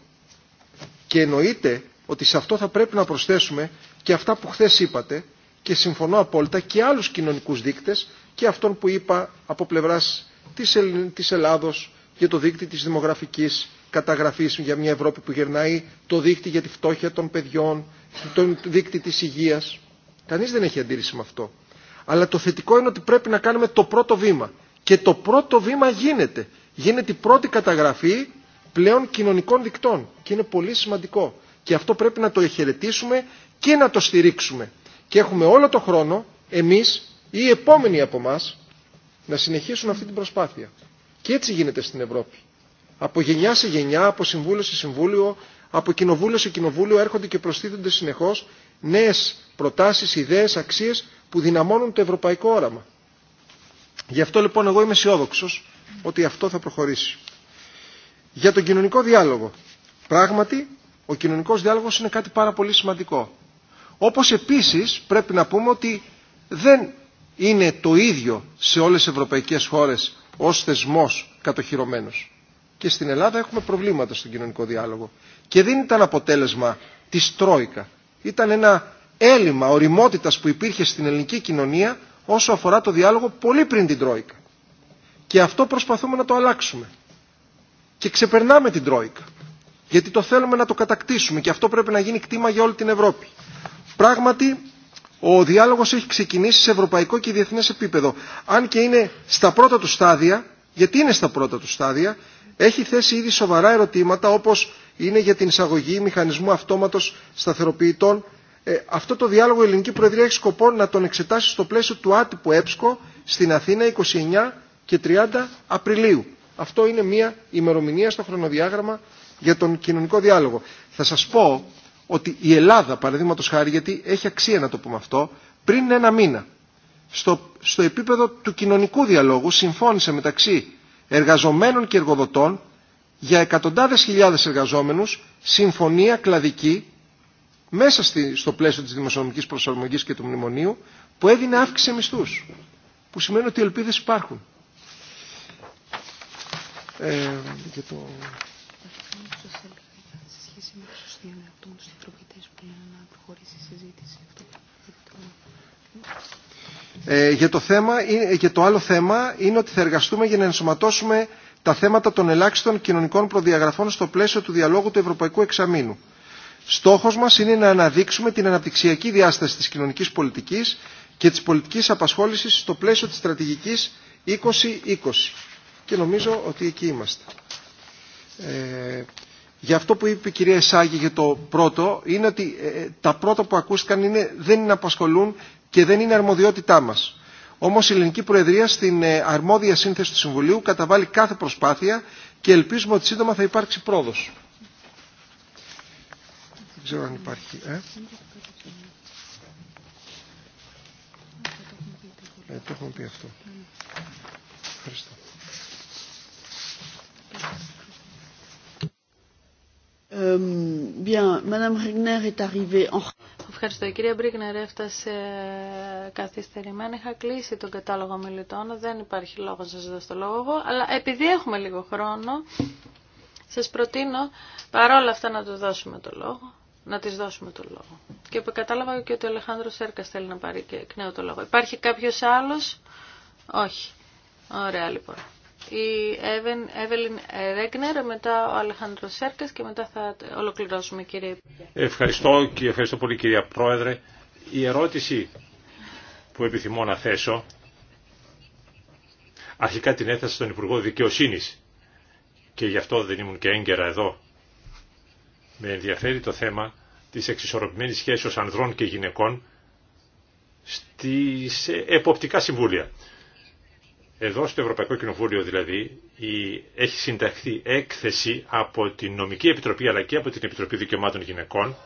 Και εννοείται ότι σε αυτό θα πρέπει να προσθέσουμε και αυτά που χθε είπατε και συμφωνώ απόλυτα και άλλους κοινωνικούς δείκτες και αυτόν που είπα από πλευράς της, της Ελλάδος για το δείκτη της δημογραφικής καταγραφής για μια Ευρώπη που γερνάει, το δείκτη για τη φτώχεια των παιδιών, το δείκτη της υγείας. Κανείς δεν έχει αντίρρηση με αυτό. Αλλά το θετικό είναι ότι πρέπει να κάνουμε το πρώτο βήμα. Και το πρώτο βήμα γίνεται. Γίνεται η πρώτη καταγραφή πλέον κοινωνικών δικτών. Και είναι πολύ σημαντικό. Και αυτό πρέπει να το εχαιρετήσουμε και να το στηρίξουμε. Και έχουμε όλο το χρόνο, εμείς ή οι επόμενοι από εμά, να συνεχίσουν αυτή την προσπάθεια. Και έτσι γίνεται στην Ευρώπη. Από γενιά σε γενιά, από συμβούλιο σε συμβούλιο, από κοινοβούλιο σε κοινοβούλιο έρχονται και προστίθενται συνεχώς νέες προτάσεις, ιδέες, αξίες που δυναμώνουν το ευρωπαϊκό όραμα. Γι' αυτό λοιπόν εγώ είμαι αισιόδοξο ότι αυτό θα προχωρήσει. Για τον κοινωνικό διάλογο. Πράγματι, ο κοινωνικός διάλογος είναι κάτι πάρα πολύ σημαντικό. Όπως επίσης πρέπει να πούμε ότι δεν είναι το ίδιο σε όλες τις ευρωπαϊκές χώρες ως θεσμός κατοχυρωμένος. Και στην Ελλάδα έχουμε προβλήματα στον κοινωνικό διάλογο. Και δεν ήταν αποτέλεσμα της Τρόικα. Ήταν ένα έλλειμμα οριμότητας που υπήρχε στην ελληνική κοινωνία όσο αφορά το διάλογο πολύ πριν την Τρόικα. Και αυτό προσπαθούμε να το αλλάξουμε. Και ξεπερνάμε την Τρόικα γιατί το θέλουμε να το κατακτήσουμε και αυτό πρέπει να γίνει κτήμα για όλη την Ευρώπη. Πράγματι, ο διάλογος έχει ξεκινήσει σε ευρωπαϊκό και διεθνές επίπεδο. Αν και είναι στα πρώτα του στάδια, γιατί είναι στα πρώτα του στάδια, έχει θέσει ήδη σοβαρά ερωτήματα όπως είναι για την εισαγωγή μηχανισμού αυτόματος σταθεροποιητών. Ε, αυτό το διάλογο η Ελληνική Προεδρία έχει σκοπό να τον εξετάσει στο πλαίσιο του άτυπου ΕΠΣΚΟ στην Αθήνα 29 και 30 Απριλίου. Αυτό είναι μια ημερομηνία στο χρονοδιάγραμμα για τον κοινωνικό διάλογο. Θα σας πω ότι η Ελλάδα, παραδείγματος χάρη, γιατί έχει αξία να το πούμε αυτό, πριν ένα μήνα, στο, στο επίπεδο του κοινωνικού διαλόγου, συμφώνησε μεταξύ εργαζομένων και εργοδοτών για εκατοντάδες χιλιάδες εργαζόμενους συμφωνία κλαδική μέσα στη, στο πλαίσιο της δημοσιονομικής προσαρμογής και του μνημονίου που έδινε αύξηση μισθού, που σημαίνει ότι οι ελπίδες υπάρχουν. Ε, το σχέση με που Ε, για το θέμα, ε, για το άλλο θέμα είναι ότι θα εργαστούμε για να ενσωματώσουμε τα θέματα των ελάχιστων κοινωνικών προδιαγραφών στο πλαίσιο του διαλόγου του Ευρωπαϊκού Εξαμήνου. Στόχος μας είναι να αναδείξουμε την αναπτυξιακή διάσταση της κοινωνικής πολιτικής και της πολιτικής απασχόλησης στο πλαίσιο της στρατηγικής 2020. Και νομίζω ότι εκεί είμαστε. Ε, για αυτό που είπε η κυρία Εσάγη για το πρώτο, είναι ότι ε, τα πρώτα που ακούστηκαν είναι, δεν είναι απασχολούν και δεν είναι αρμοδιότητά μας. Όμως η Ελληνική Προεδρία στην ε, αρμόδια σύνθεση του Συμβουλίου καταβάλει κάθε προσπάθεια και ελπίζουμε ότι σύντομα θα υπάρξει πρόοδος. Δεν υπάρχει. Ε? ε αυτό. Euh, Ευχαριστώ. Η κυρία Μπρίγνερ έφτασε καθυστερημένη. Είχα κλείσει τον κατάλογο μιλητών. Δεν υπάρχει λόγο να σα δώσω το λόγο εγώ. Αλλά επειδή έχουμε λίγο χρόνο, σα προτείνω παρόλα αυτά να του δώσουμε το λόγο. Να της δώσουμε το λόγο. Και κατάλαβα και ότι ο Αλεχάνδρο Σέρκα θέλει να πάρει και εκ νέου το λόγο. Υπάρχει κάποιο άλλο, Όχι. Ωραία λοιπόν η Εύελιν Ρέγνερ, μετά ο Αλεχάνδρο Σέρκα και μετά θα ολοκληρώσουμε, κύριε Ευχαριστώ και ευχαριστώ πολύ, κυρία Πρόεδρε. Η ερώτηση που επιθυμώ να θέσω, αρχικά την έθεσα στον Υπουργό Δικαιοσύνη και γι' αυτό δεν ήμουν και έγκαιρα εδώ. Με ενδιαφέρει το θέμα της εξισορροπημένης σχέση ανδρών και γυναικών στις εποπτικά συμβούλια. Εδώ στο Ευρωπαϊκό Κοινοβούλιο δηλαδή η, έχει συνταχθεί έκθεση από την Νομική Επιτροπή αλλά και από την Επιτροπή Δικαιωμάτων Γυναικών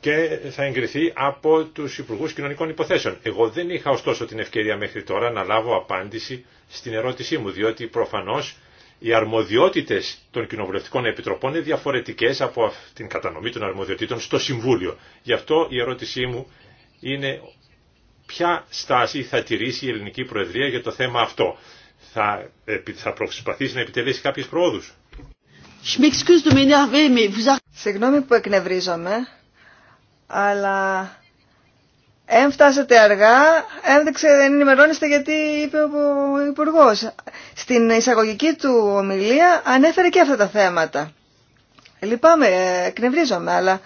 και θα εγκριθεί από τους Υπουργούς Κοινωνικών Υποθέσεων. Εγώ δεν είχα ωστόσο την ευκαιρία μέχρι τώρα να λάβω απάντηση στην ερώτησή μου, διότι προφανώς οι αρμοδιότητες των κοινοβουλευτικών επιτροπών είναι διαφορετικές από την κατανομή των αρμοδιοτήτων στο Συμβούλιο. Γι' αυτό η ερώτησή μου είναι ποια στάση θα τηρήσει η ελληνική προεδρία για το θέμα αυτό. Θα, θα προσπαθήσει να επιτελέσει κάποιε προόδου. Συγγνώμη που εκνευρίζομαι, αλλά Εάν φτάσατε αργά, ένδειξε δεν ενημερώνεστε γιατί είπε ο υπουργό. Στην εισαγωγική του ομιλία ανέφερε και αυτά τα θέματα. Λυπάμαι, ε, εκνευρίζομαι, αλλά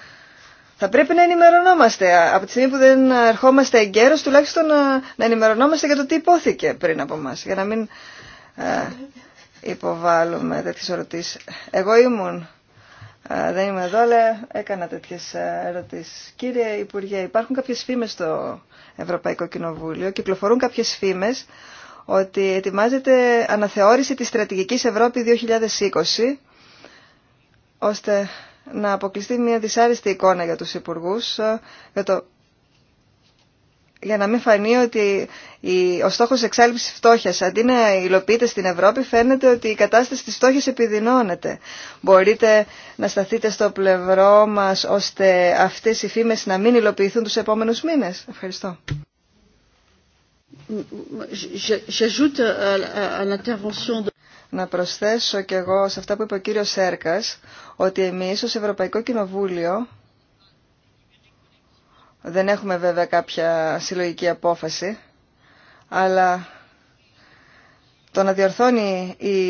θα πρέπει να ενημερωνόμαστε. Από τη στιγμή που δεν ερχόμαστε εγκαίρως, τουλάχιστον να, να ενημερωνόμαστε για το τι υπόθηκε πριν από εμά, για να μην ε, υποβάλλουμε τέτοιε ερωτήσει. Εγώ ήμουν, δεν είμαι εδώ, αλλά έκανα τέτοιε ερωτήσει. Κύριε Υπουργέ, υπάρχουν κάποιε φήμε στο Ευρωπαϊκό Κοινοβούλιο, κυκλοφορούν κάποιε φήμε ότι ετοιμάζεται αναθεώρηση της στρατηγικής Ευρώπη 2020 ώστε να αποκλειστεί μια δυσάρεστη εικόνα για τους υπουργούς, ε, για, το... για να μην φανεί ότι η... ο στόχος εξάλληψης φτώχειας αντί να υλοποιείται στην Ευρώπη φαίνεται ότι η κατάσταση της φτώχειας επιδεινώνεται. Μπορείτε να σταθείτε στο πλευρό μας ώστε αυτές οι φήμες να μην υλοποιηθούν τους επόμενους μήνες. Ευχαριστώ. J'ajoute à l'intervention να προσθέσω κι εγώ σε αυτά που είπε ο κύριος Σέρκας, ότι εμείς ως Ευρωπαϊκό Κοινοβούλιο δεν έχουμε βέβαια κάποια συλλογική απόφαση, αλλά το να διορθώνει η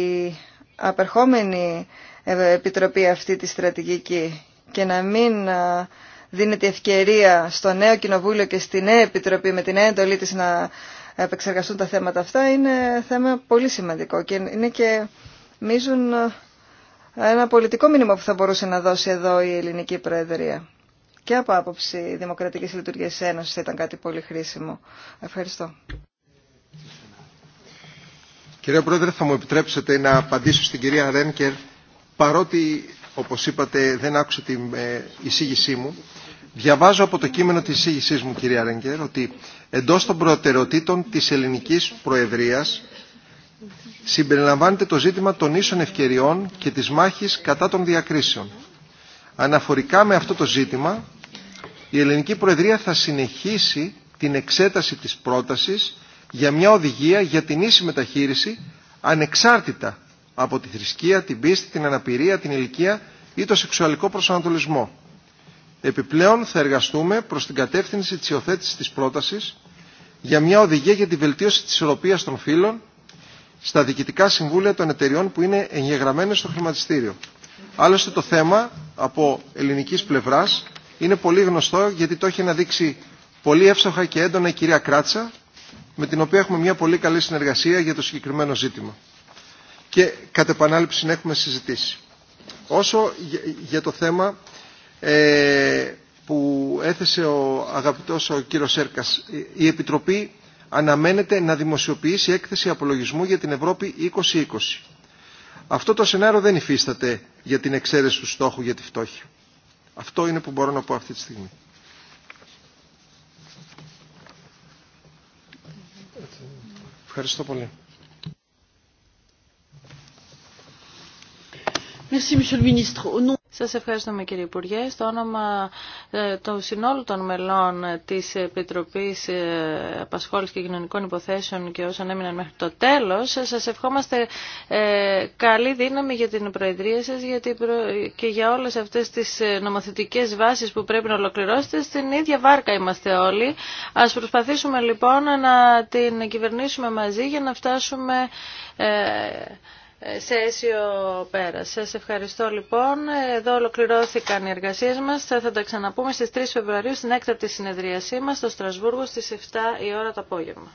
απερχόμενη ε, Επιτροπή αυτή τη στρατηγική και να μην ε, δίνεται ευκαιρία στο νέο Κοινοβούλιο και στη νέα Επιτροπή με την νέα εντολή της να επεξεργαστούν τα θέματα αυτά είναι θέμα πολύ σημαντικό και είναι και μίζουν ε, ένα πολιτικό μήνυμα που θα μπορούσε να δώσει εδώ η ελληνική προεδρία. Και από άποψη Δημοκρατικής Λειτουργίας Ένωσης ήταν κάτι πολύ χρήσιμο. Ευχαριστώ. Κύριε Πρόεδρε, θα μου επιτρέψετε να απαντήσω στην κυρία Ρένκερ, παρότι, όπως είπατε, δεν άκουσε την ε, εισήγησή μου. Διαβάζω από το κείμενο της εισήγησής μου, κυρία Ρέγκερ, ότι εντός των προτεραιοτήτων της ελληνικής προεδρίας συμπεριλαμβάνεται το ζήτημα των ίσων ευκαιριών και της μάχης κατά των διακρίσεων. Αναφορικά με αυτό το ζήτημα, η ελληνική προεδρία θα συνεχίσει την εξέταση της πρότασης για μια οδηγία για την ίση μεταχείριση ανεξάρτητα από τη θρησκεία, την πίστη, την αναπηρία, την ηλικία ή το σεξουαλικό προσανατολισμό Επιπλέον θα εργαστούμε προς την κατεύθυνση της υιοθέτησης της πρότασης για μια οδηγία για τη βελτίωση της ισορροπίας των φύλων στα διοικητικά συμβούλια των εταιριών που είναι εγγεγραμμένες στο χρηματιστήριο. Άλλωστε το θέμα από ελληνικής πλευράς είναι πολύ γνωστό γιατί το έχει αναδείξει πολύ εύσοχα και έντονα η κυρία Κράτσα με την οποία έχουμε μια πολύ καλή συνεργασία για το συγκεκριμένο ζήτημα. Και κατ' επανάληψη έχουμε συζητήσει. Όσο για το θέμα ε, που έθεσε ο αγαπητός ο κύριος Σέρκας. Η Επιτροπή αναμένεται να δημοσιοποιήσει έκθεση απολογισμού για την Ευρώπη 2020. Αυτό το σενάριο δεν υφίσταται για την εξαίρεση του στόχου για τη φτώχεια. Αυτό είναι που μπορώ να πω αυτή τη στιγμή. Ευχαριστώ πολύ. Merci, Monsieur le Ministre. Σας ευχαριστούμε κύριε Υπουργέ. Στο όνομα ε, του συνόλου των μελών ε, της Επιτροπής ε, Απασχόλησης και Κοινωνικών Υποθέσεων και όσων έμειναν μέχρι το τέλος, σας ευχόμαστε καλή δύναμη για την Προεδρία σας και για όλες αυτές τις νομοθετικές βάσεις που πρέπει να ολοκληρώσετε. Στην ίδια βάρκα είμαστε όλοι. Ας προσπαθήσουμε λοιπόν να την κυβερνήσουμε μαζί για να φτάσουμε σε αίσιο πέρα. σα ευχαριστώ λοιπόν. Εδώ ολοκληρώθηκαν οι εργασίε μας. Θα τα ξαναπούμε στις 3 Φεβρουαρίου στην έκτατη συνεδρίασή μας στο Στρασβούργο στις 7 η ώρα το απόγευμα.